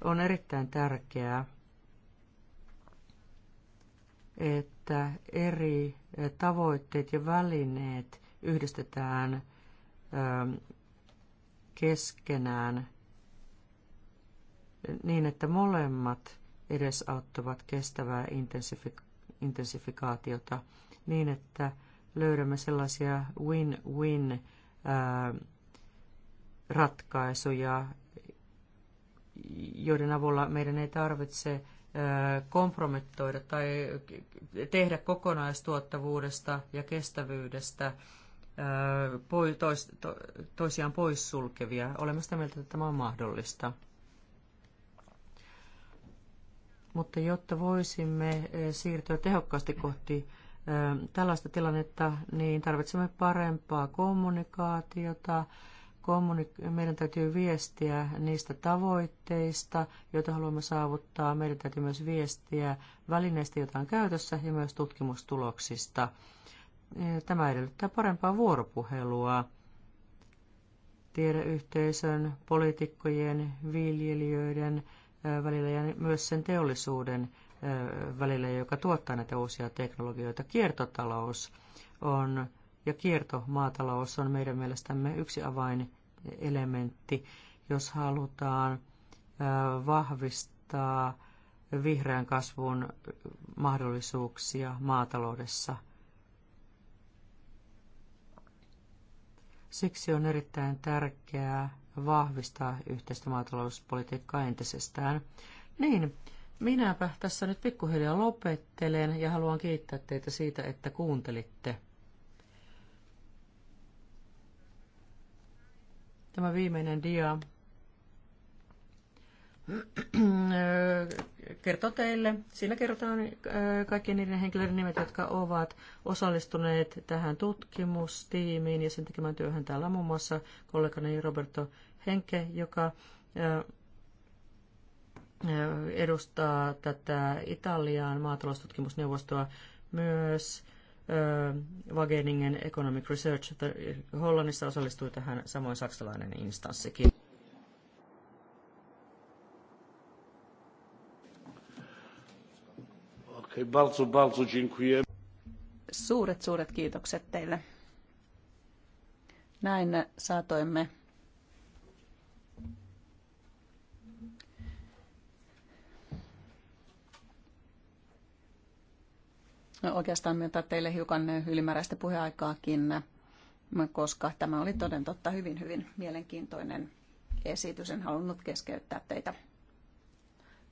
On erittäin tärkeää, että eri tavoitteet ja välineet yhdistetään keskenään niin, että molemmat edesauttavat kestävää intensifikaatiota intensifikaatiota niin, että löydämme sellaisia win-win ratkaisuja, joiden avulla meidän ei tarvitse kompromittoida tai tehdä kokonaistuottavuudesta ja kestävyydestä toisiaan poissulkevia. Olemme sitä mieltä, että tämä on mahdollista. Mutta jotta voisimme e, siirtyä tehokkaasti kohti e, tällaista tilannetta, niin tarvitsemme parempaa kommunikaatiota. meidän täytyy viestiä niistä tavoitteista, joita haluamme saavuttaa. Meidän täytyy myös viestiä välineistä, joita on käytössä, ja myös tutkimustuloksista. E, tämä edellyttää parempaa vuoropuhelua tiedeyhteisön, poliitikkojen, viljelijöiden, välillä ja myös sen teollisuuden välillä, joka tuottaa näitä uusia teknologioita. Kiertotalous on, ja kiertomaatalous on meidän mielestämme yksi avainelementti, jos halutaan vahvistaa vihreän kasvun mahdollisuuksia maataloudessa. Siksi on erittäin tärkeää vahvistaa yhteistä maatalouspolitiikkaa entisestään. Niin, minäpä tässä nyt pikkuhiljaa lopettelen ja haluan kiittää teitä siitä, että kuuntelitte. Tämä viimeinen dia kertoo teille. Siinä kerrotaan äh, kaikkien niiden henkilöiden nimet, jotka ovat osallistuneet tähän tutkimustiimiin ja sen tekemään työhön. Täällä muun muassa kollegani Roberto Henke, joka edustaa tätä Italian maataloustutkimusneuvostoa myös Wageningen Economic Research Hollannissa osallistui tähän samoin saksalainen instanssikin. Okay, bardzo, bardzo dziękuję. Suuret, suuret kiitokset teille. Näin saatoimme oikeastaan myöntää teille hiukan ylimääräistä puheaikaakin, koska tämä oli toden totta hyvin, hyvin mielenkiintoinen esitys. En halunnut keskeyttää teitä.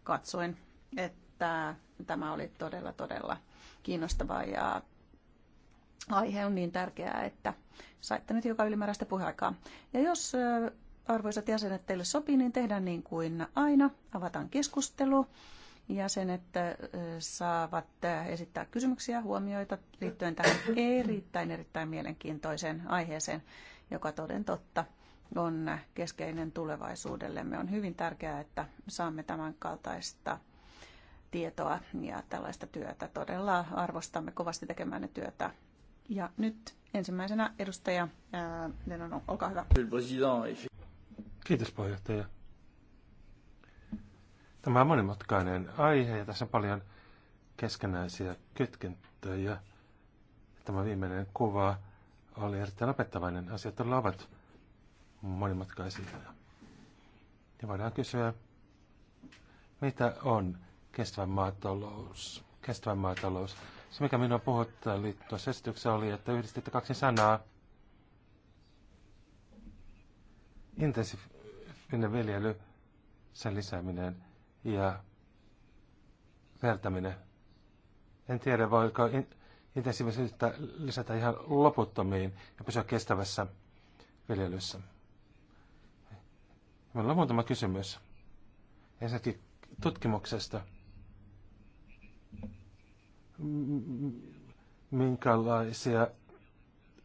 katsoen, että tämä oli todella, todella kiinnostavaa ja aihe on niin tärkeää, että saitte nyt hiukan ylimääräistä puheaikaa. Ja jos arvoisat jäsenet teille sopii, niin tehdään niin kuin aina. Avataan keskustelu jäsenet saavat esittää kysymyksiä, huomioita liittyen tähän erittäin, erittäin mielenkiintoiseen aiheeseen, joka toden totta on keskeinen tulevaisuudellemme. On hyvin tärkeää, että saamme tämän kaltaista tietoa ja tällaista työtä. Todella arvostamme kovasti tekemään työtä. Ja nyt ensimmäisenä edustaja Lennon, olkaa hyvä. Kiitos puheenjohtaja. Tämä on monimutkainen aihe ja tässä on paljon keskenäisiä kytkentöjä. Tämä viimeinen kuva oli erittäin opettavainen. Asiat todella ovat monimutkaisia. Ja voidaan kysyä, mitä on kestävä maatalous? Kestävä maatalous. Se, mikä minua puhuttaa liittyvässä esityksessä oli, että yhdistitte kaksi sanaa. Intensiivinen viljely, sen lisääminen ja vertaminen. En tiedä, voiko intensiivisyyttä lisätä ihan loputtomiin ja pysyä kestävässä viljelyssä. Meillä on muutama kysymys. Ensinnäkin tutkimuksesta. Minkälaisia,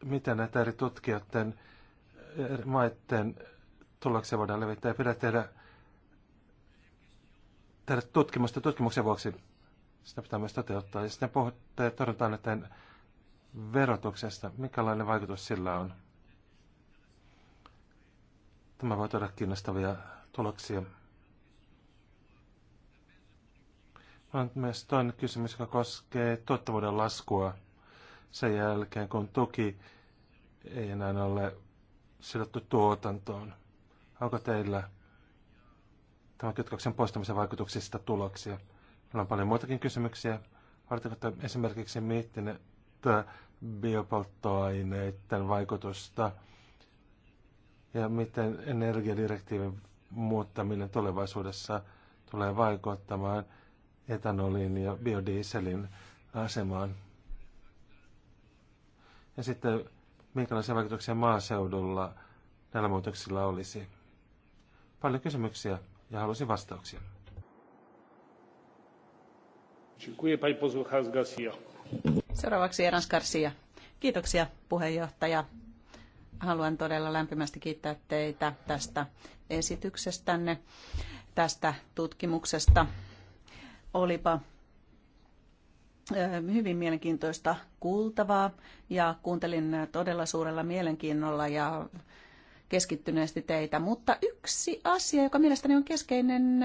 miten näitä eri tutkijoiden eri maiden tuloksia voidaan levittää? pidä tehdä tehdä tutkimusta tutkimuksen vuoksi. Sitä pitää myös toteuttaa. Ja sitten puhutte todetaan että verotuksesta. Mikälainen vaikutus sillä on? Tämä voi tuoda kiinnostavia tuloksia. On myös toinen kysymys, joka koskee tuottavuuden laskua sen jälkeen, kun tuki ei enää ole sidottu tuotantoon. Onko teillä tämän kytköksen poistamisen vaikutuksista tuloksia. Meillä on paljon muitakin kysymyksiä. Oletteko esimerkiksi miettineet biopolttoaineiden vaikutusta ja miten energiadirektiivin muuttaminen tulevaisuudessa tulee vaikuttamaan etanolin ja biodieselin asemaan? Ja sitten minkälaisia vaikutuksia maaseudulla näillä muutoksilla olisi? Paljon kysymyksiä ja haluaisin vastauksia. Seuraavaksi Erans Garcia. Kiitoksia puheenjohtaja. Haluan todella lämpimästi kiittää teitä tästä esityksestänne, tästä tutkimuksesta. Olipa hyvin mielenkiintoista kuultavaa ja kuuntelin todella suurella mielenkiinnolla ja keskittyneesti teitä, mutta yksi asia, joka mielestäni on keskeinen,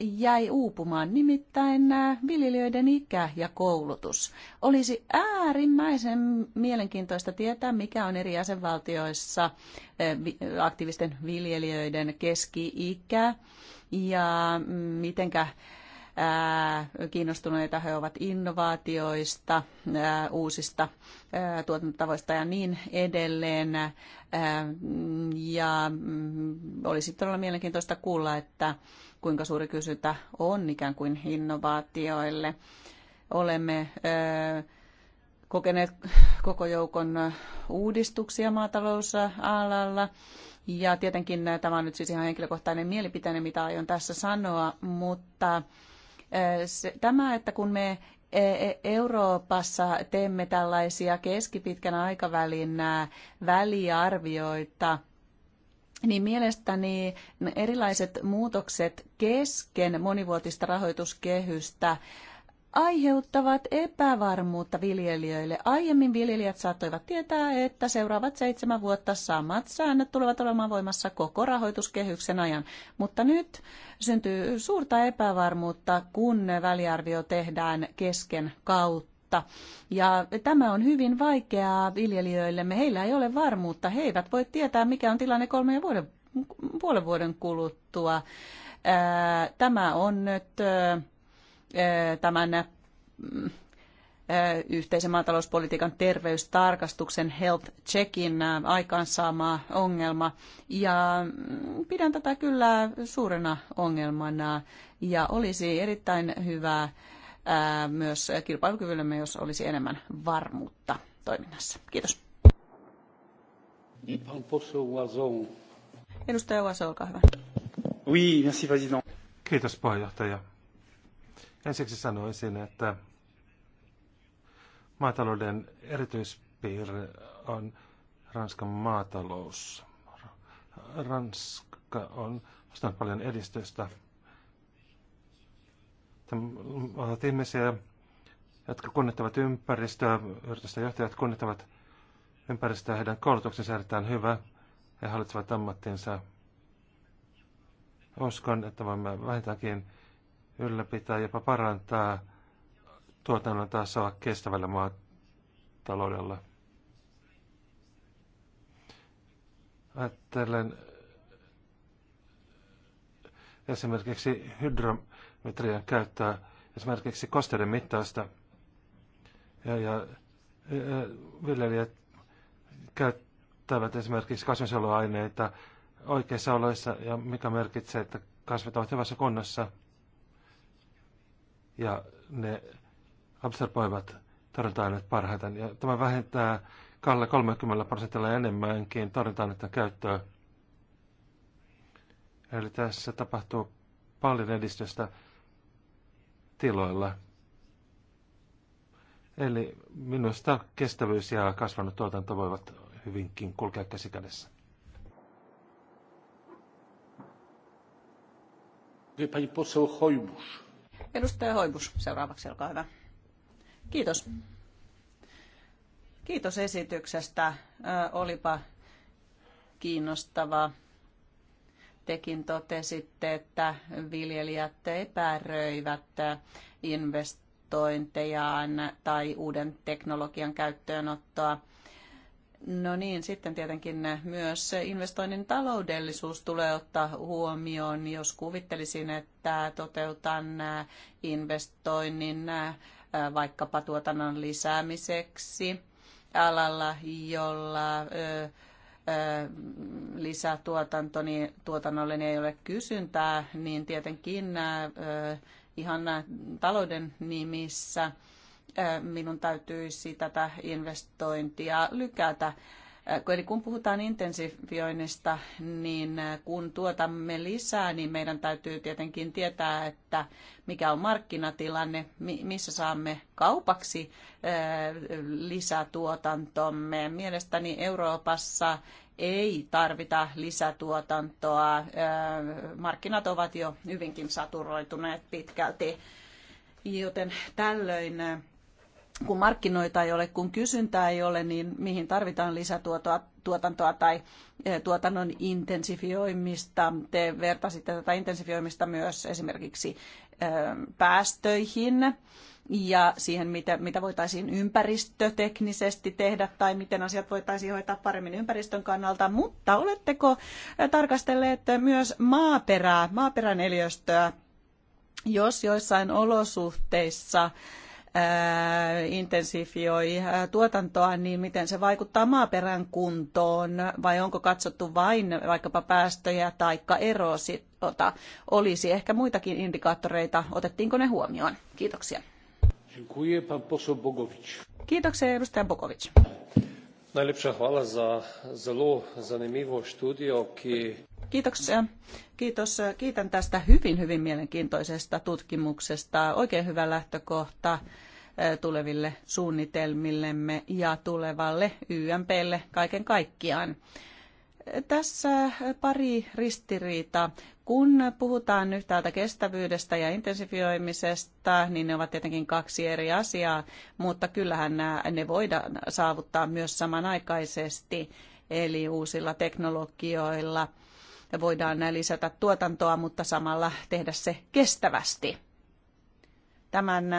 jäi uupumaan, nimittäin viljelijöiden ikä ja koulutus. Olisi äärimmäisen mielenkiintoista tietää, mikä on eri jäsenvaltioissa aktiivisten viljelijöiden keski-ikä ja mm, mitenkä kiinnostuneita he ovat innovaatioista, uusista tuotantotavoista ja niin edelleen. Ja mm, olisi todella mielenkiintoista kuulla, että kuinka suuri kysyntä on ikään kuin innovaatioille. Olemme kokeneet koko joukon uudistuksia maatalousalalla. Ja tietenkin tämä on nyt siis ihan henkilökohtainen mielipiteinen, mitä aion tässä sanoa, mutta tämä, että kun me e, e, Euroopassa teemme tällaisia keskipitkän aikavälin väliarvioita, niin mielestäni erilaiset muutokset kesken monivuotista rahoituskehystä aiheuttavat epävarmuutta viljelijöille. Aiemmin viljelijät saattoivat tietää, että seuraavat seitsemän vuotta samat säännöt tulevat olemaan voimassa koko rahoituskehyksen ajan. Mutta nyt syntyy suurta epävarmuutta, kun väliarvio tehdään kesken kautta Ja tämä on hyvin vaikeaa viljelijöillemme. Heillä ei ole varmuutta. He eivät voi tietää, mikä on tilanne kolme ja vuoden, puolen vuoden kuluttua. Tämä on nyt tämän mm, yhteisen maatalouspolitiikan terveystarkastuksen health checkin aikaansaama ongelma. Ja mm, pidän tätä kyllä suurena ongelmana ja olisi erittäin hyvä myös kilpailukyvyllemme, jos olisi enemmän varmuutta toiminnassa. Kiitos. Edustaja Oaso, olkaa hyvä. Oui, merci, Kiitos puheenjohtaja. Ensiksi sanoisin, että maatalouden erityispiirre on Ranskan maatalous. Ranska on ostanut paljon edistystä. Olet ihmisiä, jotka kunnittavat ympäristöä, yritysten johtajat kunnittavat ympäristöä, heidän koulutuksensa erittäin hyvä, he hallitsevat ammattinsa. Uskon, että voimme vähintäänkin ylläpitää, jopa parantaa tuotannon tasoa kestävällä maataloudella. Ajattelen esimerkiksi hydrometrian käyttöä, esimerkiksi kosteiden mittausta. Ja, ja, ja viljelijät käyttävät esimerkiksi kasvinsuojeluaineita oikeissa oloissa, ja mikä merkitsee, että kasvit ovat hyvässä kunnossa – ja ne absorboivat torjunta-aineet parhaiten. Ja tämä vähentää Kalle 30 prosentilla enemmänkin torjunta käyttöä. Eli tässä tapahtuu paljon edistystä tiloilla. Eli minusta kestävyys ja kasvanut tuotanto voivat hyvinkin kulkea käsikädessä. Pani poseł Hojbusz. Edustaja Hoibus, seuraavaksi, olkaa hyvä. Kiitos. Kiitos esityksestä. olipa kiinnostavaa. Tekin totesitte, että viljelijät epäröivät investointejaan tai uuden teknologian käyttöönottoa No niin, sitten tietenkin myös investoinnin taloudellisuus tulee ottaa huomioon. Jos kuvittelisin, että toteutan investoinnin vaikkapa tuotannon lisäämiseksi alalla, jolla lisätuotanto, niin tuotannolle ei ole kysyntää, niin tietenkin ihan talouden nimissä – minun täytyisi tätä investointia lykätä. Eli kun puhutaan intensifioinnista, niin kun tuotamme lisää, niin meidän täytyy tietenkin tietää, että mikä on markkinatilanne, missä saamme kaupaksi lisätuotantomme. Mielestäni Euroopassa ei tarvita lisätuotantoa. Markkinat ovat jo hyvinkin saturoituneet pitkälti, joten tällöin kun markkinoita ei ole, kun kysyntää ei ole, niin mihin tarvitaan lisätuotantoa tai eh, tuotannon intensifioimista. Te vertasitte tätä intensifioimista myös esimerkiksi eh, päästöihin ja siihen, mitä, mitä voitaisiin ympäristöteknisesti tehdä tai miten asiat voitaisiin hoitaa paremmin ympäristön kannalta. Mutta oletteko eh, tarkastelleet myös maaperää, maaperän eliöstöä, jos joissain olosuhteissa – Äh, intensifioi äh, tuotantoa, niin miten se vaikuttaa maaperän kuntoon, vai onko katsottu vain vaikkapa päästöjä tai erosiota? Olisi ehkä muitakin indikaattoreita, otettiinko ne huomioon? Kiitoksia. Kiitoksia, edustaja Bokovic. Najlepša hvala za zelo zanimivo studio, ki... Kiitoksia. Kiitos. Kiitän tästä hyvin, hyvin mielenkiintoisesta tutkimuksesta. Oikein hyvä lähtökohta eh, tuleville suunnitelmillemme ja tulevalle YMPlle kaiken kaikkiaan. Tässä pari ristiriita. Kun puhutaan yhtäältä kestävyydestä ja intensifioimisesta, niin ne ovat tietenkin kaksi eri asiaa, mutta kyllähän nämä, ne voidaan saavuttaa myös samanaikaisesti, eli uusilla teknologioilla voidaan lisätä tuotantoa, mutta samalla tehdä se kestävästi. Tämän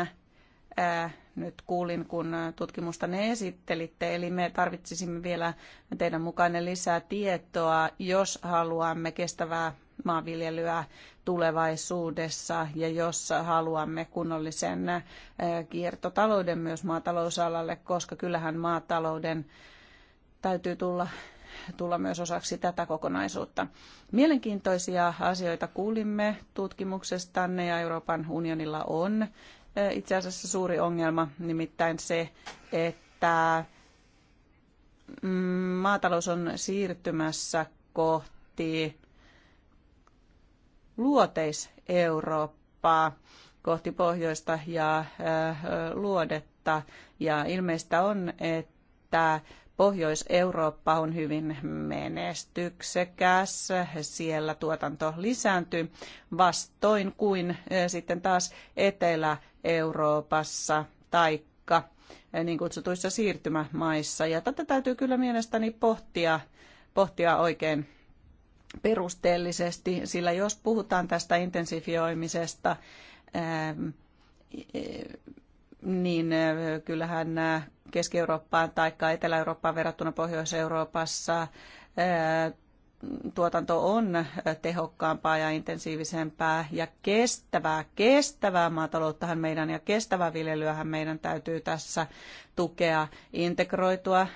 ää, nyt kuulin, kun tutkimusta ne esittelitte, eli me tarvitsisimme vielä teidän mukainen lisää tietoa, jos haluamme kestävää maanviljelyä tulevaisuudessa ja jos haluamme kunnollisen kiertotalouden myös maatalousalalle, koska kyllähän maatalouden täytyy tulla tulla myös osaksi tätä kokonaisuutta. Mielenkiintoisia asioita kuulimme tutkimuksestanne ja Euroopan unionilla on itse asiassa suuri ongelma, nimittäin se, että mm, maatalous on siirtymässä kohti luoteis-Eurooppaa kohti pohjoista ja äh, luodetta. Ja ilmeistä on, että Pohjois-Eurooppa on hyvin menestyksekäs, siellä tuotanto lisääntyy vastoin kuin äh, sitten taas Etelä-Euroopassa taikka äh, niin kutsutuissa siirtymämaissa. Ja tätä täytyy kyllä mielestäni pohtia, pohtia oikein perusteellisesti, sillä jos puhutaan tästä intensifioimisesta, ähm, äh, niin äh, kyllähän äh, Keski-Eurooppaan tai Etelä-Eurooppaan verrattuna Pohjois-Euroopassa tuotanto on tehokkaampaa ja intensiivisempää ja kestävää, kestävää maatalouttahan meidän ja kestävää viljelyähän meidän täytyy tässä tukea integroitua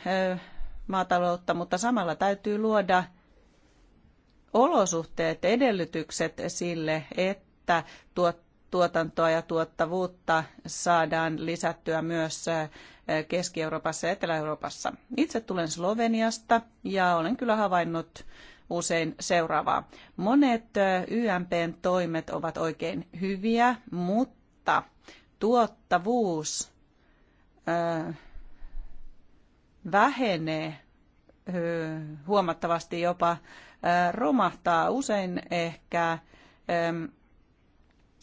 maataloutta, mutta samalla täytyy luoda olosuhteet, edellytykset sille, että tuotantoa ja tuottavuutta saadaan lisättyä myös äh, Keski-Euroopassa ja Etelä-Euroopassa. Itse tulen Sloveniasta ja olen kyllä havainnut usein seuraavaa. Monet äh, YMPn toimet ovat oikein hyviä, mutta tuottavuus äh, vähenee huomattavasti jopa romahtaa. Usein ehkä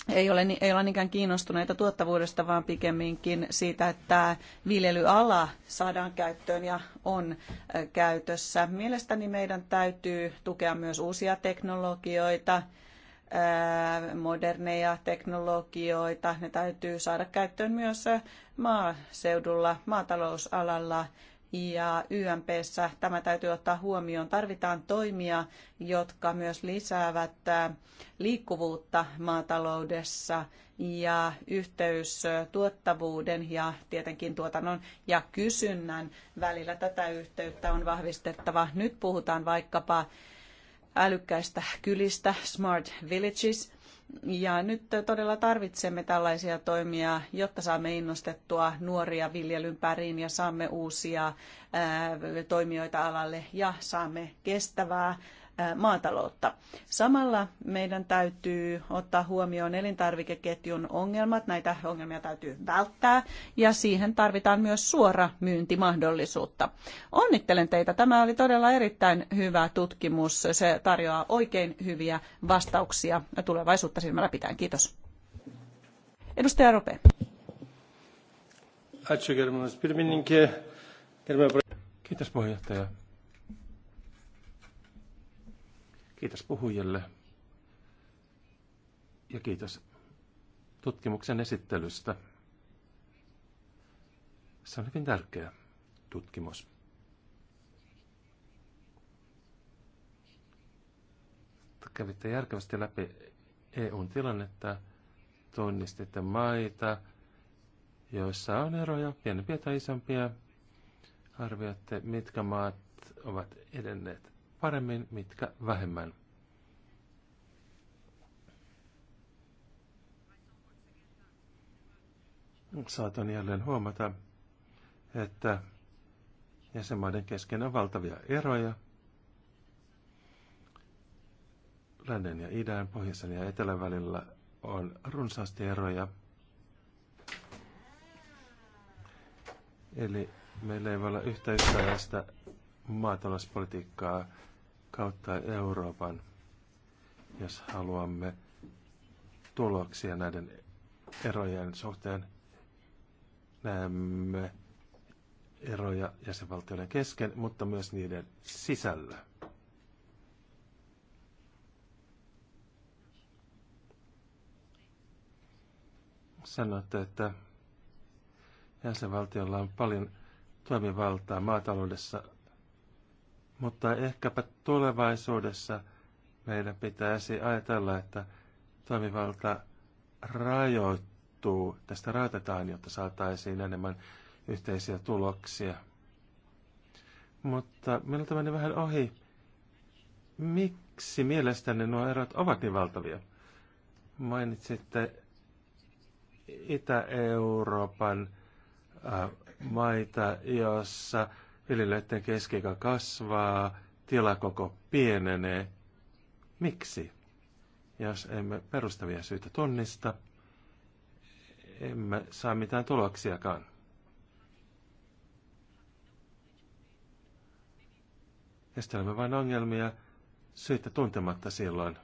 ei ole, ei ole niinkään kiinnostuneita tuottavuudesta, vaan pikemminkin siitä, että viljelyala saadaan käyttöön ja on käytössä. Mielestäni meidän täytyy tukea myös uusia teknologioita, moderneja teknologioita. Ne täytyy saada käyttöön myös maaseudulla, maatalousalalla ja YMPssä tämä täytyy ottaa huomioon. Tarvitaan toimia, jotka myös lisäävät liikkuvuutta maataloudessa ja yhteys tuottavuuden ja tietenkin tuotannon ja kysynnän välillä. Tätä yhteyttä on vahvistettava. Nyt puhutaan vaikkapa älykkäistä kylistä, smart villages – ja nyt todella tarvitsemme tällaisia toimia, jotta saamme innostettua nuoria viljelyn pariin ja saamme uusia toimijoita alalle ja saamme kestävää maataloutta. Samalla meidän täytyy ottaa huomioon elintarvikeketjun ongelmat. Näitä ongelmia täytyy välttää ja siihen tarvitaan myös suora myyntimahdollisuutta. Onnittelen teitä. Tämä oli todella erittäin hyvä tutkimus. Se tarjoaa oikein hyviä vastauksia tulevaisuutta silmällä pitäen. Kiitos. Edustaja Rope. Kiitos puheenjohtaja. Kiitos puhujille ja kiitos tutkimuksen esittelystä. Se on hyvin tärkeä tutkimus. Kävitte järkevästi läpi EUn tilannetta, tunnistitte maita, joissa on eroja, pienempiä tai isompia. Arvioitte, mitkä maat ovat edenneet paremmin, mitkä vähemmän. Saatan jälleen huomata, että jäsenmaiden kesken on valtavia eroja. Lännen ja idän, pohjoisen ja etelän välillä on runsaasti eroja. Eli meillä ei voi olla yhtä yhtäläistä maatalouspolitiikkaa kautta Euroopan, jos haluamme tuloksia näiden erojen suhteen. Näemme eroja jäsenvaltioiden kesken, mutta myös niiden sisällä. Sanoitte, että jäsenvaltiolla on paljon toimivaltaa maataloudessa, mutta ehkäpä tulevaisuudessa meidän pitäisi ajatella, että toimivalta rajoittuu, tästä rajoitetaan, jotta saataisiin enemmän yhteisiä tuloksia. Mutta meillä meni vähän ohi. Miksi mielestäni nuo erot ovat niin valtavia? Mainitsitte Itä-Euroopan äh, maita, jossa viljelijöiden keskikä kasvaa, tilakoko pienenee. Miksi? Jos emme perustavia syitä tunnista, emme saa mitään tuloksiakaan. Estelemme vain ongelmia syyttä tuntematta silloin.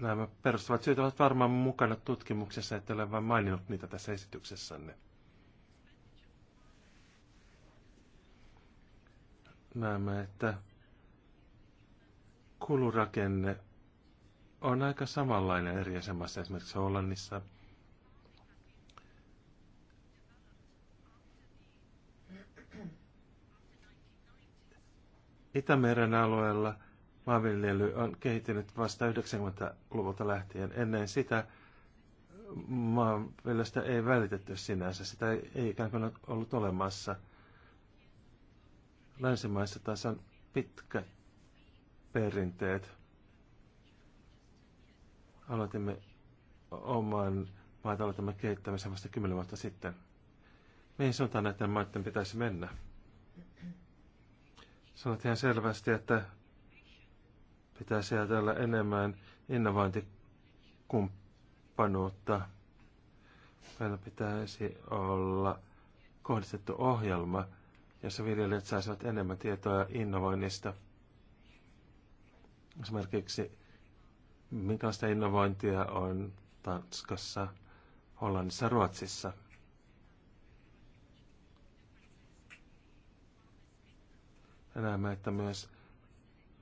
Nämä perustavat syyt ovat varmaan mukana tutkimuksessa, ettei ole vain maininnut niitä tässä esityksessänne. näemme, että kulurakenne on aika samanlainen eri asemassa, esimerkiksi Hollannissa. Itämeren alueella maanviljely on kehittynyt vasta 90-luvulta lähtien. Ennen sitä maanviljelystä ei välitetty sinänsä, sitä ei ikään kuin ollut olemassa – länsimaissa taas on pitkät perinteet. Aloitimme oman maataloutemme kehittämisen vasta kymmenen vuotta sitten. Mihin suuntaan näiden maiden pitäisi mennä? Sanoit ihan selvästi, että pitäisi ajatella enemmän innovointikumppanuutta. Meillä pitäisi olla kohdistettu ohjelma – jossa viljelijät saisivat enemmän tietoa innovoinnista. Esimerkiksi minkälaista innovointia on Tanskassa, Hollannissa, Ruotsissa. Ja näemme, että myös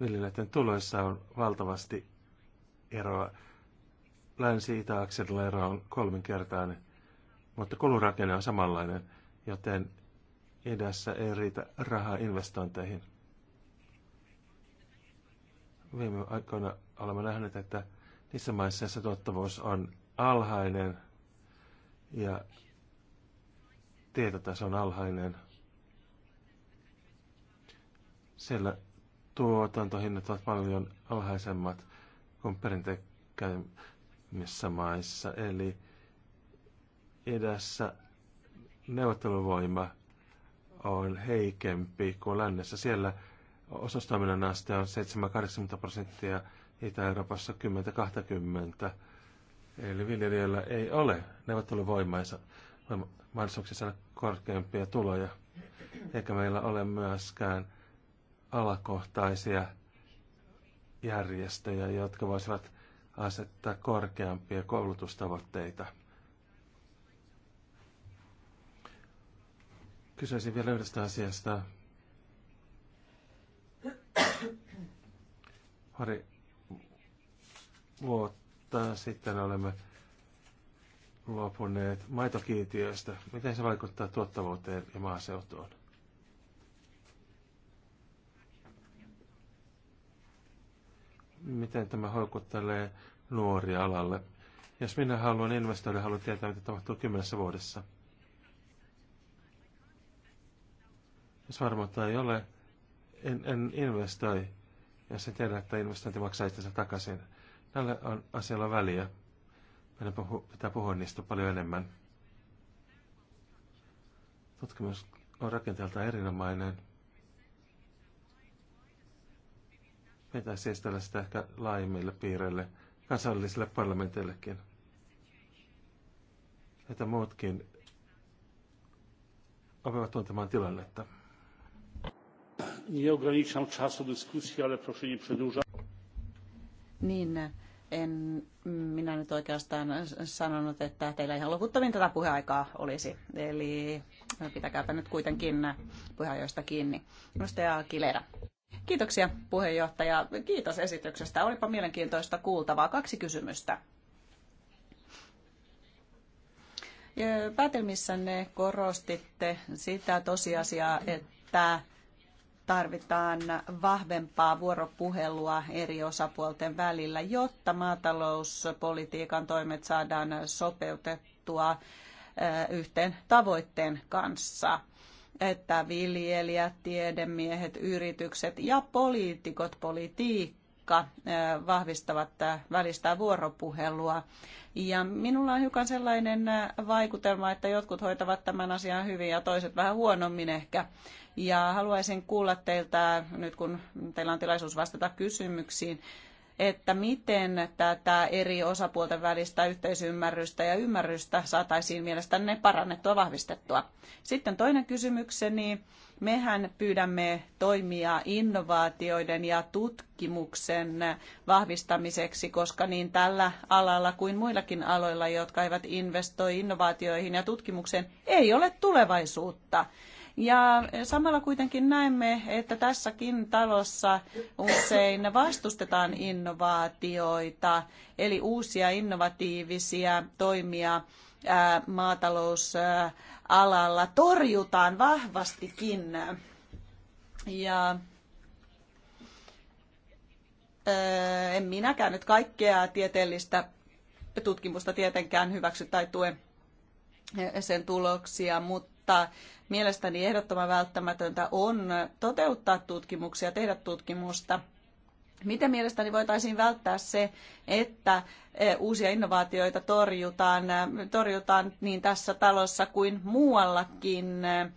viljelijöiden tuloissa on valtavasti eroa. Länsi-Itä-akselilla ero on kolminkertainen, mutta kulurakenne on samanlainen, joten idässä ei riitä rahaa investointeihin. Viime aikoina olemme nähneet, että niissä maissa, joissa tuottavuus on alhainen ja tietotaso on alhainen, siellä tuotantohinnat ovat paljon alhaisemmat kuin perinteikkäimmissä maissa. Eli edessä neuvotteluvoima on heikempi kuin lännessä. Siellä osastoiminnan aste on 7-80 prosenttia, Itä-Euroopassa 10-20. Eli viljelijöillä ei ole neuvotteluvoimaisa mahdollisuuksia saada korkeampia tuloja, eikä meillä ole myöskään alakohtaisia järjestöjä, jotka voisivat asettaa korkeampia koulutustavoitteita. Kysyisin vielä yhdestä asiasta. Pari vuotta sitten olemme luopuneet maitokiintiöistä. Miten se vaikuttaa tuottavuuteen ja maaseutuun? Miten tämä houkuttelee nuoria alalle? Jos minä haluan investoida, haluan tietää, mitä tapahtuu kymmenessä vuodessa – Jos varmuutta ei ole, en, en investoi, ja sen tiedä, että investointi maksaa itsensä takaisin. Tällä on asialla väliä. Meidän puhu, pitää puhua niistä paljon enemmän. Tutkimus on rakenteelta erinomainen. Pitäisi esitellä sitä ehkä laajemmille piireille, kansallisille parlamenteillekin. Että muutkin oppivat tuntemaan tilannetta nie ograniczam czasu dyskusji, ale proszę nie przedłużać. Niin, en minä nyt oikeastaan sanonut, että teillä ihan loputtomiin tätä puheaikaa olisi. Eli pitäkääpä nyt kuitenkin puheenjoista kiinni. Edustaja Kilera. Kiitoksia puheenjohtaja. Kiitos esityksestä. Olipa mielenkiintoista kuultavaa. Kaksi kysymystä. Päätelmissänne korostitte sitä tosiasiaa, että tarvitaan vahvempaa vuoropuhelua eri osapuolten välillä, jotta maatalouspolitiikan toimet saadaan sopeutettua eh, yhteen tavoitteen kanssa että viljelijät, tiedemiehet, yritykset ja poliitikot, politiikka eh, vahvistavat eh, välistä vuoropuhelua. Ja minulla on hiukan sellainen vaikutelma, että jotkut hoitavat tämän asian hyvin ja toiset vähän huonommin ehkä. Ja haluaisin kuulla teiltä, nyt kun teillä on tilaisuus vastata kysymyksiin, että miten tätä eri osapuolten välistä yhteisymmärrystä ja ymmärrystä saataisiin mielestänne parannettua, vahvistettua. Sitten toinen kysymykseni. Mehän pyydämme toimia innovaatioiden ja tutkimuksen vahvistamiseksi, koska niin tällä alalla kuin muillakin aloilla, jotka eivät investoi innovaatioihin ja tutkimukseen, ei ole tulevaisuutta. Ja samalla kuitenkin näemme, että tässäkin talossa usein vastustetaan innovaatioita, eli uusia innovatiivisia toimia maatalousalalla torjutaan vahvastikin. Ja en minäkään nyt kaikkea tieteellistä tutkimusta tietenkään hyväksy tai tue sen tuloksia, mutta mutta mielestäni ehdottoman välttämätöntä on toteuttaa tutkimuksia, tehdä tutkimusta. Miten mielestäni voitaisiin välttää se, että eh, uusia innovaatioita torjutaan, eh, torjutaan niin tässä talossa kuin muuallakin eh,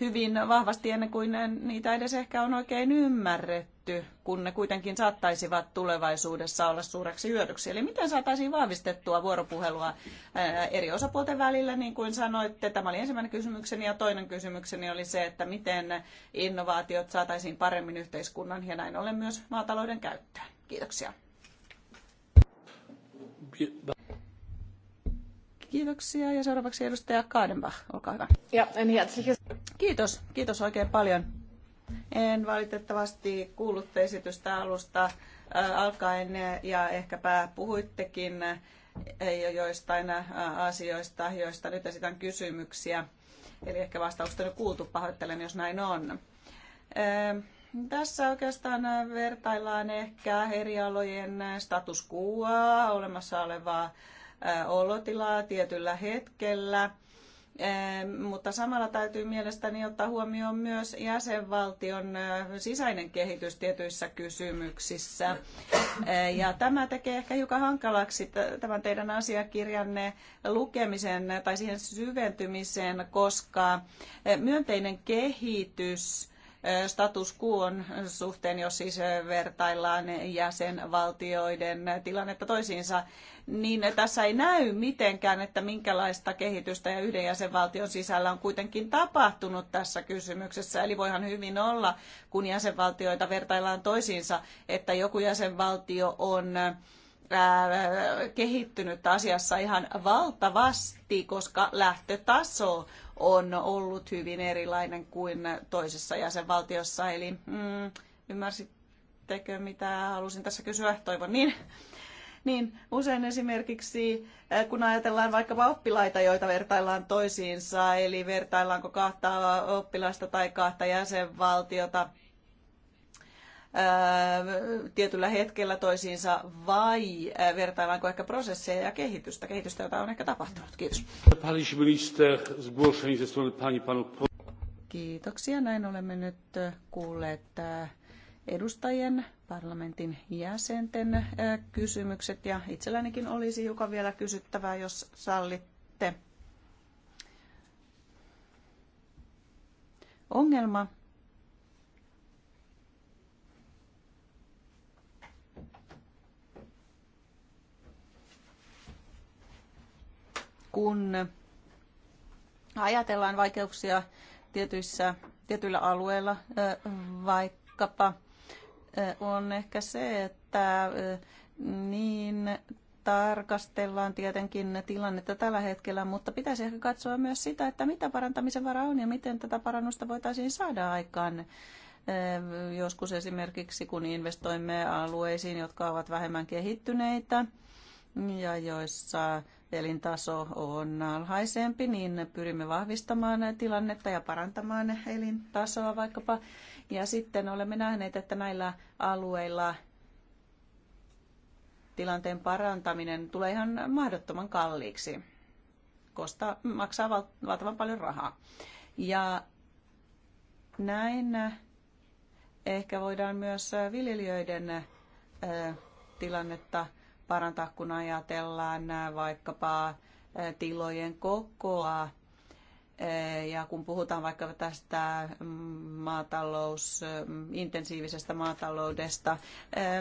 hyvin vahvasti ennen kuin niitä edes ehkä on oikein ymmärretty? tehty, kun ne kuitenkin saattaisivat tulevaisuudessa olla suureksi hyödyksi. Eli miten saataisiin vahvistettua vuoropuhelua eri osapuolten välillä, niin kuin sanoitte. Tämä oli ensimmäinen kysymykseni ja toinen kysymykseni oli se, että miten innovaatiot saataisiin paremmin yhteiskunnan ja näin ollen myös maatalouden käyttöön. Kiitoksia. Kiitoksia ja seuraavaksi edustaja Kaadenbach, olkaa hyvä. Ja, en Kiitos, kiitos oikein paljon. En valitettavasti kuullut esitystä alusta alkaen ja ehkäpä puhuittekin joistain asioista, joista nyt esitän kysymyksiä. Eli ehkä vastausta on kuultu, pahoittelen jos näin on. Tässä oikeastaan vertaillaan ehkä eri alojen status olemassa olevaa olotilaa tietyllä hetkellä – mutta samalla täytyy mielestäni ottaa huomioon myös jäsenvaltion sisäinen kehitys tietyissä kysymyksissä. Ja tämä tekee ehkä hiukan hankalaksi tämän teidän asiakirjanne lukemisen tai siihen syventymiseen, koska myönteinen kehitys status quo suhteen, jos siis vertaillaan jäsenvaltioiden tilannetta toisiinsa, niin tässä ei näy mitenkään, että minkälaista kehitystä ja yhden jäsenvaltion sisällä on kuitenkin tapahtunut tässä kysymyksessä. Eli voihan hyvin olla, kun jäsenvaltioita vertaillaan toisiinsa, että joku jäsenvaltio on kehittynyt asiassa ihan valtavasti, koska lähtötaso on ollut hyvin erilainen kuin toisessa jäsenvaltiossa. Eli mm, ymmärsittekö, mitä halusin tässä kysyä? Toivon niin. Niin, usein esimerkiksi äh, kun ajatellaan vaikkapa oppilaita, joita vertaillaan toisiinsa, eli vertaillaanko kahta oppilasta tai kahta jäsenvaltiota, tietyllä hetkellä toisiinsa vai vertaillaanko ehkä prosesseja ja kehitystä, kehitystä, jota on ehkä tapahtunut. Kiitos. Kiitoksia. Näin olemme nyt kuulleet edustajien, parlamentin jäsenten kysymykset ja itsellänikin olisi hiukan vielä kysyttävää, jos sallitte. Ongelma kun ajatellaan vaikeuksia tietyissä, tietyillä alueilla vaikkapa, on ehkä se, että niin tarkastellaan tietenkin tilannetta tällä hetkellä, mutta pitäisi ehkä katsoa myös sitä, että mitä parantamisen varaa on ja miten tätä parannusta voitaisiin saada aikaan. Joskus esimerkiksi, kun investoimme alueisiin, jotka ovat vähemmän kehittyneitä ja joissa elintaso on alhaisempi, niin pyrimme vahvistamaan tilannetta ja parantamaan elintasoa vaikkapa. Ja sitten olemme nähneet, että näillä alueilla tilanteen parantaminen tulee ihan mahdottoman kalliiksi, koska maksaa valtavan paljon rahaa. Ja näin ehkä voidaan myös viljelijöiden tilannetta parantaa, kun ajatellaan vaikkapa tilojen kokoa. Ja kun puhutaan vaikka tästä mm, maatalous, intensiivisestä maataloudesta,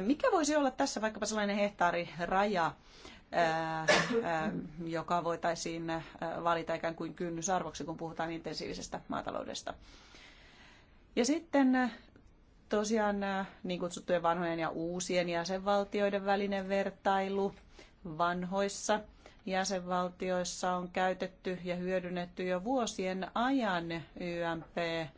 mikä voisi olla tässä vaikkapa sellainen hehtaariraja, joka voitaisiin valita ikään kuin kynnysarvoksi, kun puhutaan intensiivisestä maataloudesta. Ja sitten tosiaan nämä äh, niin kutsuttujen vanhojen ja uusien jäsenvaltioiden välinen vertailu vanhoissa jäsenvaltioissa on käytetty ja hyödynnetty jo vuosien ajan YMP äh,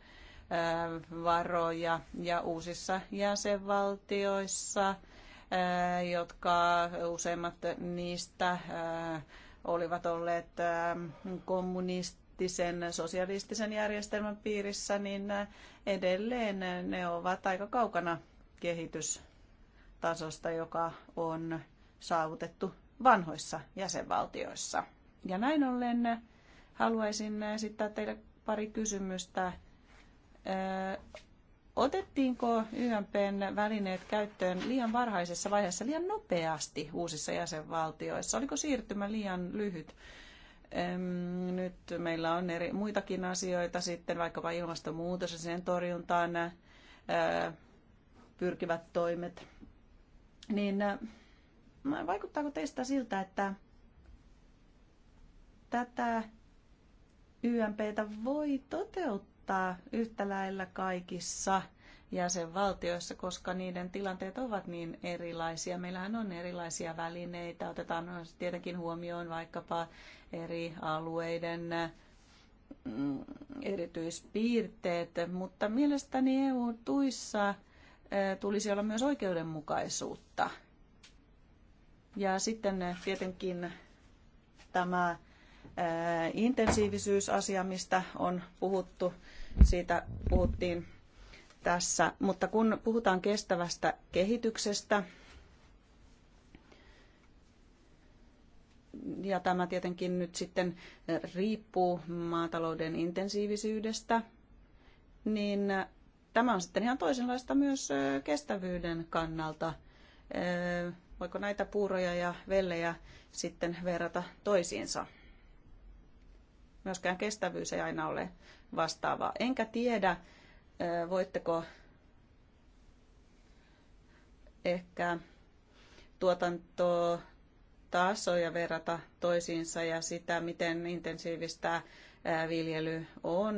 varoja ja uusissa jäsenvaltioissa, äh, jotka useimmat niistä olivat olleet kommunist poliittisen sosialistisen järjestelmän piirissä, niin edelleen ne ovat aika kaukana kehitystasosta, joka on saavutettu vanhoissa jäsenvaltioissa. Ja näin ollen haluaisin esittää teille pari kysymystä. Otettiinko YMPn välineet käyttöön liian varhaisessa vaiheessa liian nopeasti uusissa jäsenvaltioissa? Oliko siirtymä liian lyhyt? nyt meillä on eri, muitakin asioita sitten, vaikkapa ilmastonmuutos ja sen torjuntaan pyrkivät toimet. Niin vaikuttaako teistä siltä, että tätä YMPtä voi toteuttaa yhtä lailla kaikissa jäsenvaltioissa, koska niiden tilanteet ovat niin erilaisia. Meillähän on erilaisia välineitä. Otetaan tietenkin huomioon vaikkapa eri alueiden mm, erityispiirteet, mutta mielestäni EU-tuissa eh, tulisi olla myös oikeudenmukaisuutta. Ja sitten eh, tietenkin tämä eh, intensiivisyysasia, mistä on puhuttu, siitä puhuttiin tässä. Mutta kun puhutaan kestävästä kehityksestä, Ja tämä tietenkin nyt sitten eh, riippuu maatalouden intensiivisyydestä, niin eh, tämä on sitten ihan toisenlaista myös eh, kestävyyden kannalta. Voiko näitä puuroja ja vellejä sitten verrata toisiinsa? Myöskään kestävyys ei aina ole vastaava. Enkä tiedä, voitteko ehkä tuotanto tasoja verrata toisiinsa ja sitä, miten intensiivistä viljely on.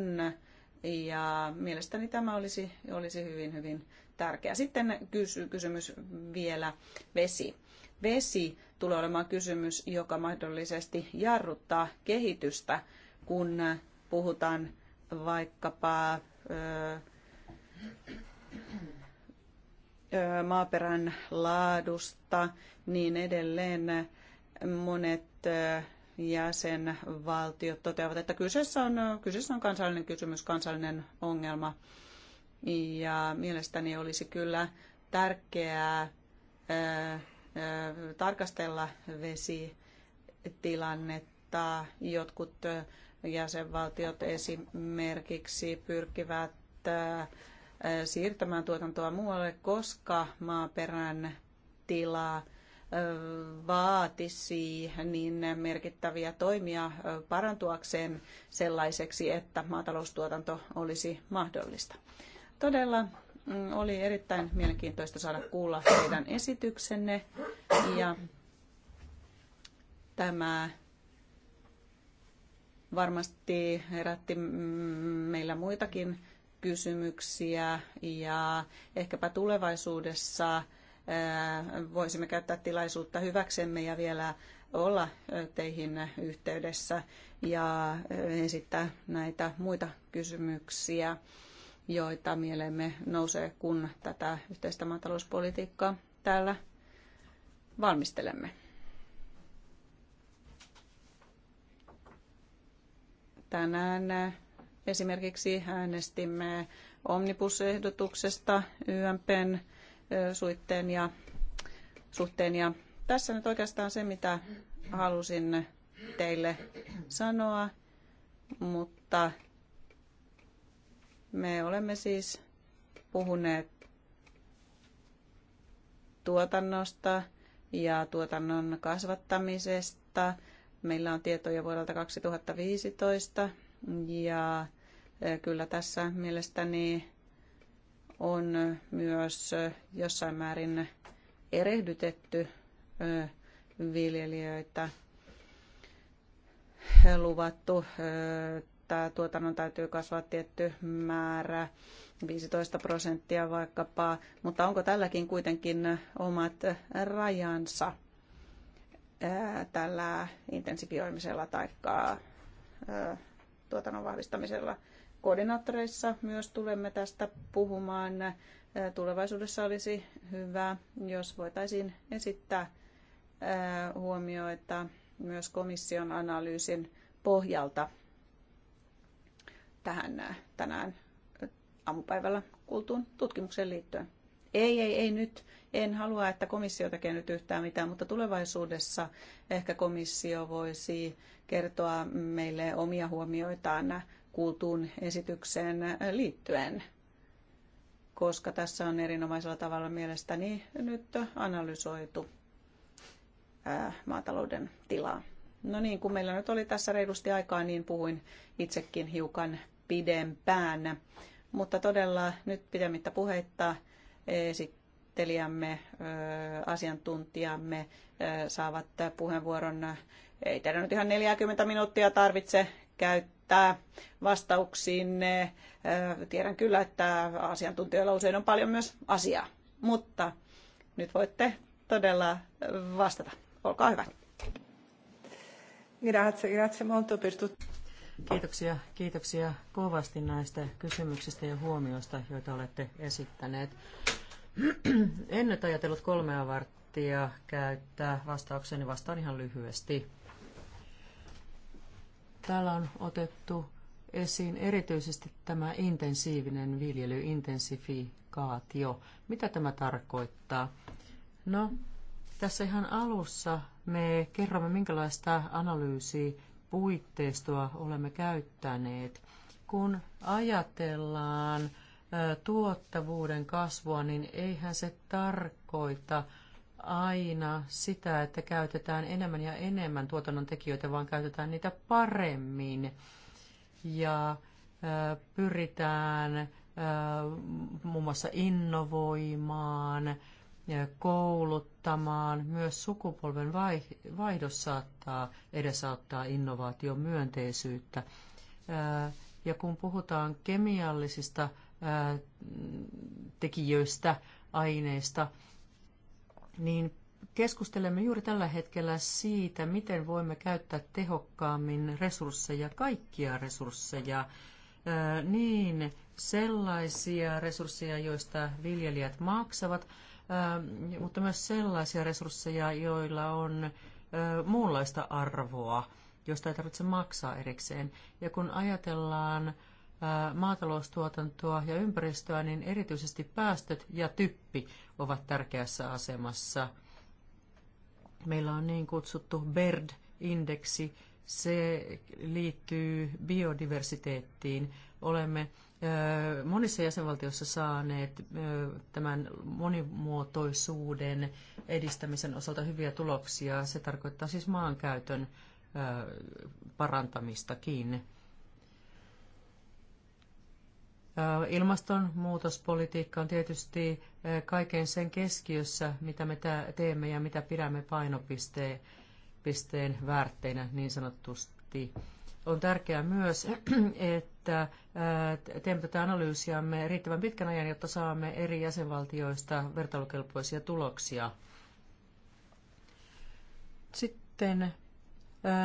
Ja mielestäni tämä olisi, olisi hyvin, hyvin tärkeä. Sitten kysy, kysymys vielä vesi. Vesi tulee olemaan kysymys, joka mahdollisesti jarruttaa kehitystä, kun puhutaan vaikkapa ö, maaperän laadusta, niin edelleen monet eh, jäsenvaltiot toteavat, että kyseessä on, kyseessä on kansallinen kysymys, kansallinen ongelma. Ja mielestäni olisi kyllä tärkeää ää, eh, ää, eh, tarkastella vesitilannetta. Jotkut jäsenvaltiot esimerkiksi pyrkivät ää, siirtämään tuotantoa muualle, koska maaperän tilaa vaatisi niin merkittäviä toimia parantuakseen sellaiseksi, että maataloustuotanto olisi mahdollista. Todella mm, oli erittäin mielenkiintoista saada kuulla teidän esityksenne ja tämä varmasti herätti mm, meillä muitakin kysymyksiä ja ehkäpä tulevaisuudessa voisimme käyttää tilaisuutta hyväksemme ja vielä olla teihin yhteydessä ja esittää näitä muita kysymyksiä, joita mielemme nousee, kun tätä yhteistä maatalouspolitiikkaa täällä valmistelemme. Tänään esimerkiksi äänestimme omnibusehdotuksesta YMPn suhteen ja, suhteen. Ja tässä nyt oikeastaan se, mitä halusin teille sanoa, mutta me olemme siis puhuneet tuotannosta ja tuotannon kasvattamisesta. Meillä on tietoja vuodelta 2015 ja kyllä tässä mielestäni on myös jossain määrin erehdytetty viljelijöitä luvattu, että tuotannon täytyy kasvaa tietty määrä, 15 prosenttia vaikkapa, mutta onko tälläkin kuitenkin omat rajansa tällä intensifioimisella tai tuotannon vahvistamisella? Koordinaattoreissa myös tulemme tästä puhumaan. Tulevaisuudessa olisi hyvä, jos voitaisiin esittää huomioita myös komission analyysin pohjalta tähän tänään aamupäivällä kuultuun tutkimukseen liittyen. Ei, ei, ei nyt. En halua, että komissio tekee nyt yhtään mitään, mutta tulevaisuudessa ehkä komissio voisi kertoa meille omia huomioitaan kuultuun esitykseen liittyen, koska tässä on erinomaisella tavalla mielestäni nyt analysoitu maatalouden tilaa. No niin, kun meillä nyt oli tässä reilusti aikaa, niin puhuin itsekin hiukan pidempään. Mutta todella nyt pidemmittä puheitta esittelijämme, asiantuntijamme saavat puheenvuoron. Ei teidän nyt ihan 40 minuuttia tarvitse käyttää että vastauksiin Tiedän kyllä, että asiantuntijoilla usein on paljon myös asiaa, mutta nyt voitte todella vastata. Olkaa hyvä. Grazie, grazie molto per tutti. Kiitoksia, kiitoksia kovasti näistä kysymyksistä ja huomioista, joita olette esittäneet. En nyt ajatellut kolmea varttia käyttää vastaukseni, vastaan ihan lyhyesti. Täällä on otettu esiin erityisesti tämä intensiivinen viljely, intensifikaatio. Mitä tämä tarkoittaa? No, tässä ihan alussa me kerromme, minkälaista analyysiä puitteistoa olemme käyttäneet. Kun ajatellaan tuottavuuden kasvua, niin eihän se tarkoita aina sitä, että käytetään enemmän ja enemmän tuotannon tekijöitä, vaan käytetään niitä paremmin ja pyritään muun mm. muassa innovoimaan, kouluttamaan. Myös sukupolven vaihdos saattaa edesauttaa innovaation myönteisyyttä. Ja kun puhutaan kemiallisista tekijöistä, aineista, niin keskustelemme juuri tällä hetkellä siitä, miten voimme käyttää tehokkaammin resursseja, kaikkia resursseja, niin sellaisia resursseja, joista viljelijät maksavat, mutta myös sellaisia resursseja, joilla on muunlaista arvoa, josta ei tarvitse maksaa erikseen. Ja kun ajatellaan maataloustuotantoa ja ympäristöä, niin erityisesti päästöt ja typpi ovat tärkeässä asemassa. Meillä on niin kutsuttu BERD-indeksi. Se liittyy biodiversiteettiin. Olemme monissa jäsenvaltioissa saaneet tämän monimuotoisuuden edistämisen osalta hyviä tuloksia. Se tarkoittaa siis maankäytön parantamistakin. Ilmastonmuutospolitiikka on tietysti kaiken sen keskiössä, mitä me teemme ja mitä pidämme painopisteen väärteinä niin sanotusti. On tärkeää myös, että teemme tätä analyysiamme riittävän pitkän ajan, jotta saamme eri jäsenvaltioista vertailukelpoisia tuloksia. Sitten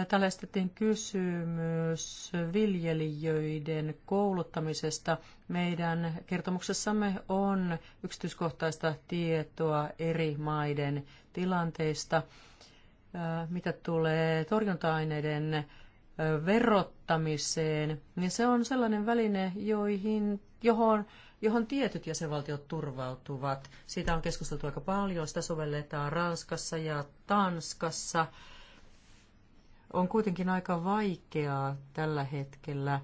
Täällä esitettiin kysymys viljelijöiden kouluttamisesta. Meidän kertomuksessamme on yksityiskohtaista tietoa eri maiden tilanteista. Mitä tulee torjunta-aineiden verottamiseen, niin se on sellainen väline, joihin, johon, johon tietyt jäsenvaltiot turvautuvat. Siitä on keskusteltu aika paljon. Sitä sovelletaan Ranskassa ja Tanskassa on kuitenkin aika vaikeaa tällä hetkellä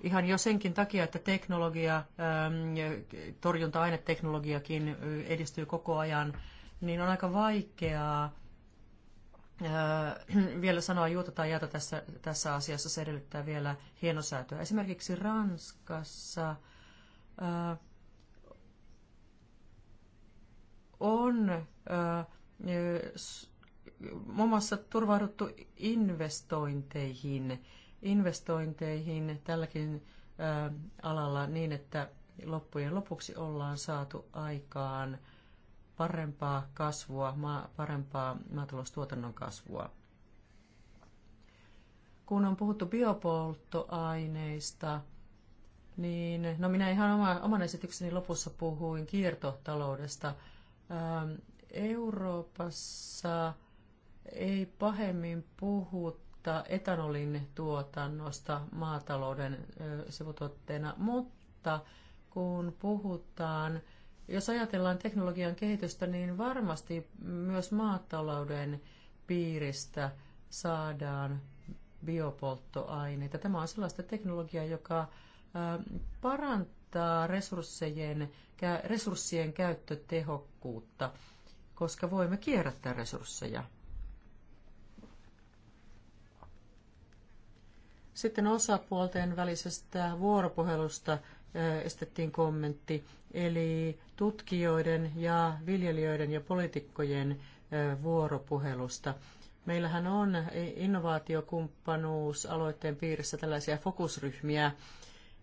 ihan jo senkin takia, että teknologia, ähm, torjunta-aineteknologiakin edistyy koko ajan, niin on aika vaikeaa äh, vielä sanoa juota tai jätä tässä, tässä asiassa. Se edellyttää vielä hienosäätöä. Esimerkiksi Ranskassa äh, on äh, muun muassa turvauduttu investointeihin, investointeihin tälläkin alalla niin, että loppujen lopuksi ollaan saatu aikaan parempaa kasvua, parempaa maataloustuotannon kasvua. Kun on puhuttu biopolttoaineista, niin no minä ihan oma, oman esitykseni lopussa puhuin kiertotaloudesta. Euroopassa ei pahemmin puhuta etanolin tuotannosta maatalouden sivutuotteena, mutta kun puhutaan, jos ajatellaan teknologian kehitystä, niin varmasti myös maatalouden piiristä saadaan biopolttoaineita. Tämä on sellaista teknologiaa, joka parantaa resurssien, resurssien käyttötehokkuutta, koska voimme kierrättää resursseja. Sitten osapuolten välisestä vuoropuhelusta eh, estettiin kommentti, eli tutkijoiden ja viljelijöiden ja poliitikkojen eh, vuoropuhelusta. Meillähän on innovaatiokumppanuus aloitteen piirissä tällaisia fokusryhmiä,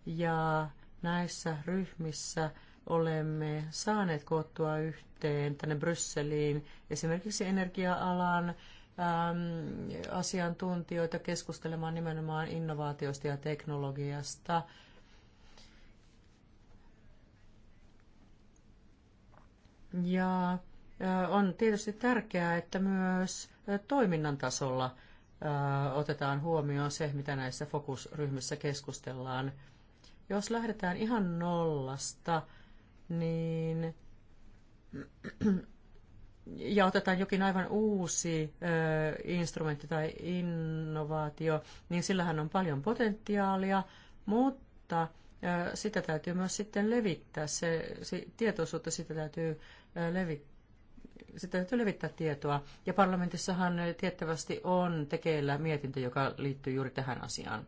ja näissä ryhmissä olemme saaneet koottua yhteen tänne Brysseliin esimerkiksi energia-alan Ähm, asiantuntijoita keskustelemaan nimenomaan innovaatiosta ja teknologiasta. Ja äh, on tietysti tärkeää, että myös äh, toiminnan tasolla äh, otetaan huomioon se, mitä näissä fokusryhmissä keskustellaan. Jos lähdetään ihan nollasta, niin ja otetaan jokin aivan uusi ö, instrumentti tai innovaatio, niin sillähän on paljon potentiaalia, mutta ö, sitä täytyy myös sitten levittää. Se, se tietoisuutta sitä täytyy ö, levittää. Sitten täytyy levittää tietoa. Ja parlamentissahan tiettävästi on tekeillä mietintö, joka liittyy juuri tähän asiaan.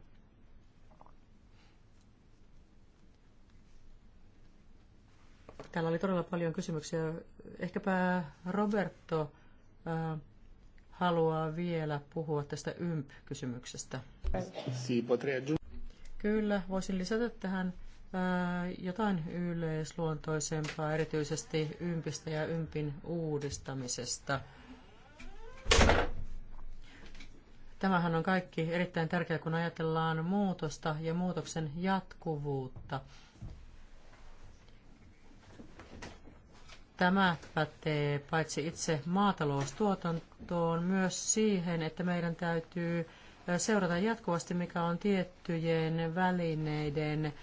Täällä oli todella paljon kysymyksiä. Ehkäpä Roberto äh, haluaa vielä puhua tästä YMP-kysymyksestä. Kyllä, voisin lisätä tähän äh, jotain yleisluontoisempaa, erityisesti ympistä ja ympin uudistamisesta. Tämähän on kaikki erittäin tärkeää, kun ajatellaan muutosta ja muutoksen jatkuvuutta. Tämä pätee paitsi itse maataloustuotantoon myös siihen, että meidän täytyy seurata jatkuvasti, mikä on tiettyjen välineiden,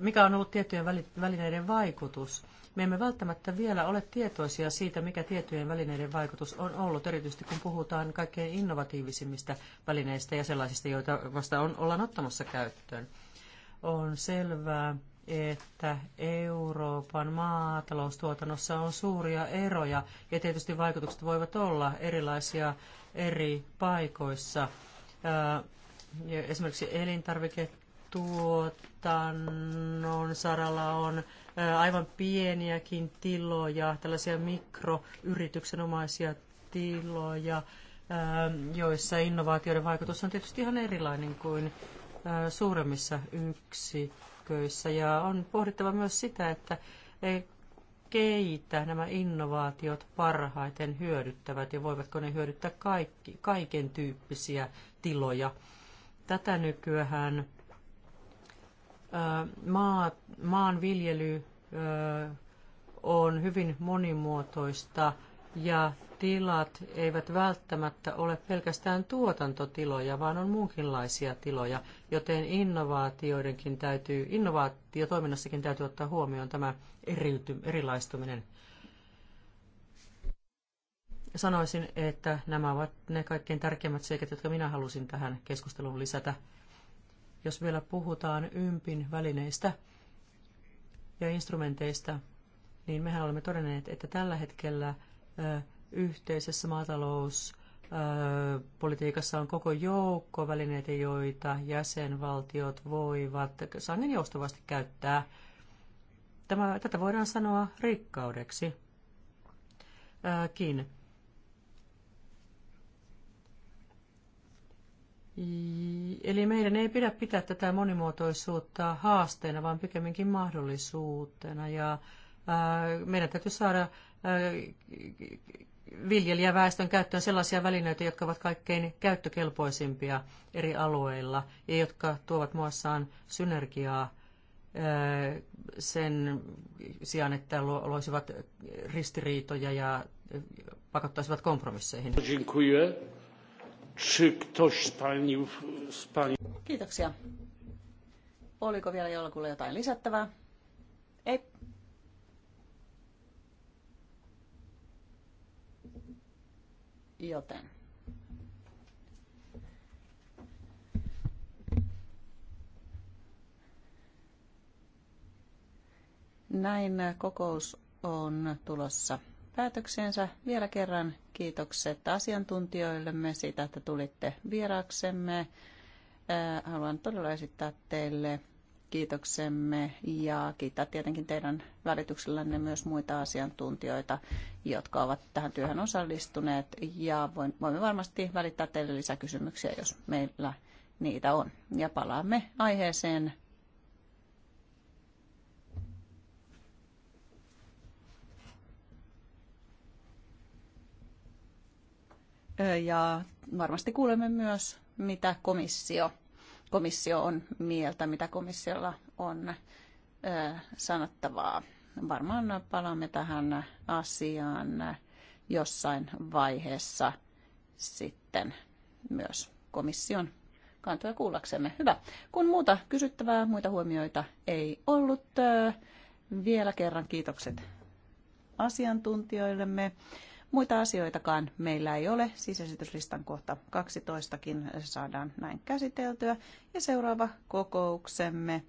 mikä on ollut tiettyjen välineiden vaikutus. Me emme välttämättä vielä ole tietoisia siitä, mikä tiettyjen välineiden vaikutus on ollut, erityisesti kun puhutaan kaikkein innovatiivisimmista välineistä ja sellaisista, joita vasta on, ollaan ottamassa käyttöön. On selvää, että Euroopan maataloustuotannossa on suuria eroja ja tietysti vaikutukset voivat olla erilaisia eri paikoissa. Esimerkiksi elintarviketuotannon saralla on aivan pieniäkin tiloja, tällaisia mikroyrityksenomaisia tiloja, joissa innovaatioiden vaikutus on tietysti ihan erilainen kuin suuremmissa yksiköissä sähköissä ja on pohdittava myös sitä, että e, keitä nämä innovaatiot parhaiten hyödyttävät ja voivatko ne hyödyttää kaikki, kaiken tyyppisiä tiloja. Tätä nykyään maa, maanviljely on hyvin monimuotoista ja tilat eivät välttämättä ole pelkästään tuotantotiloja, vaan on muunkinlaisia tiloja, joten innovaatioidenkin täytyy, innovaatiotoiminnassakin täytyy ottaa huomioon tämä eriyty, erilaistuminen. Sanoisin, että nämä ovat ne kaikkein tärkeimmät seikat, jotka minä halusin tähän keskusteluun lisätä. Jos vielä puhutaan ympin välineistä ja instrumenteista, niin mehän olemme todenneet, että tällä hetkellä – Yhteisessä maatalouspolitiikassa on koko joukko välineitä, joita jäsenvaltiot voivat sangen joustavasti käyttää. Tämä, tätä voidaan sanoa rikkaudeksi. Ääkin. Eli meidän ei pidä pitää tätä monimuotoisuutta haasteena, vaan pikemminkin mahdollisuutena. Ja meidän täytyy saada viljelijäväestön käyttöön sellaisia välineitä, jotka ovat kaikkein käyttökelpoisimpia eri alueilla ja jotka tuovat muassaan synergiaa sen sijaan, että loisivat ristiriitoja ja pakottaisivat kompromisseihin. Kiitoksia. Oliko vielä jollakulla jotain lisättävää? Ei. joten näin kokous on tulossa päätöksensä. Vielä kerran kiitokset asiantuntijoillemme siitä, että tulitte vieraaksemme. Äh, haluan todella esittää teille kiitoksemme ja kiittää tietenkin teidän välityksellänne myös muita asiantuntijoita, jotka ovat tähän työhön osallistuneet ja voimme varmasti välittää teille lisäkysymyksiä, jos meillä niitä on. Ja palaamme aiheeseen Ja varmasti kuulemme myös, mitä komissio komissio on mieltä, mitä komissiolla on sanottavaa. Varmaan palaamme tähän asiaan jossain vaiheessa sitten myös komission kantoja kuullaksemme. Hyvä. Kun muuta kysyttävää, muita huomioita ei ollut, vielä kerran kiitokset asiantuntijoillemme. Muita asioitakaan meillä ei ole. Siis esityslistan kohta 12kin saadaan näin käsiteltyä. Ja seuraava kokouksemme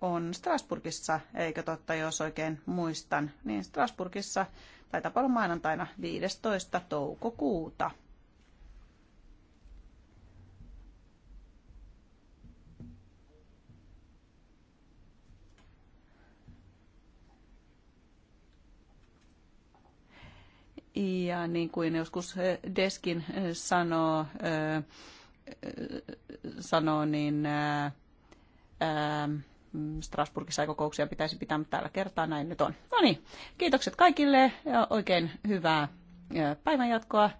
on Strasburgissa, eikö totta, jos oikein muistan, niin Strasburgissa taitaa olla maanantaina 15. toukokuuta. Ja niin kuin joskus eh, Deskin eh, sanoo, eh, sanoo niin Strasburgissa kokouksia pitäisi pitää, mutta tällä kertaa näin nyt on. No niin, kiitokset kaikille ja oikein hyvää päivänjatkoa.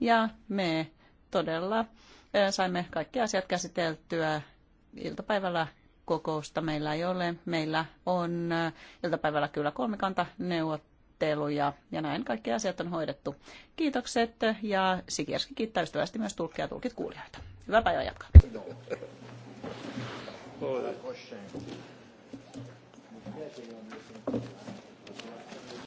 Ja me todella saimme kaikki asiat käsiteltyä iltapäivällä kokousta meillä ei ole. Meillä on äh, iltapäivällä kyllä kolmikanta neuvotteluja ja näin kaikki asiat on hoidettu. Kiitokset ja Sikierski kiittää ystävästi myös tulkkia ja tulkit kuulijoita. Hyvää päivää jatkaa. Hola.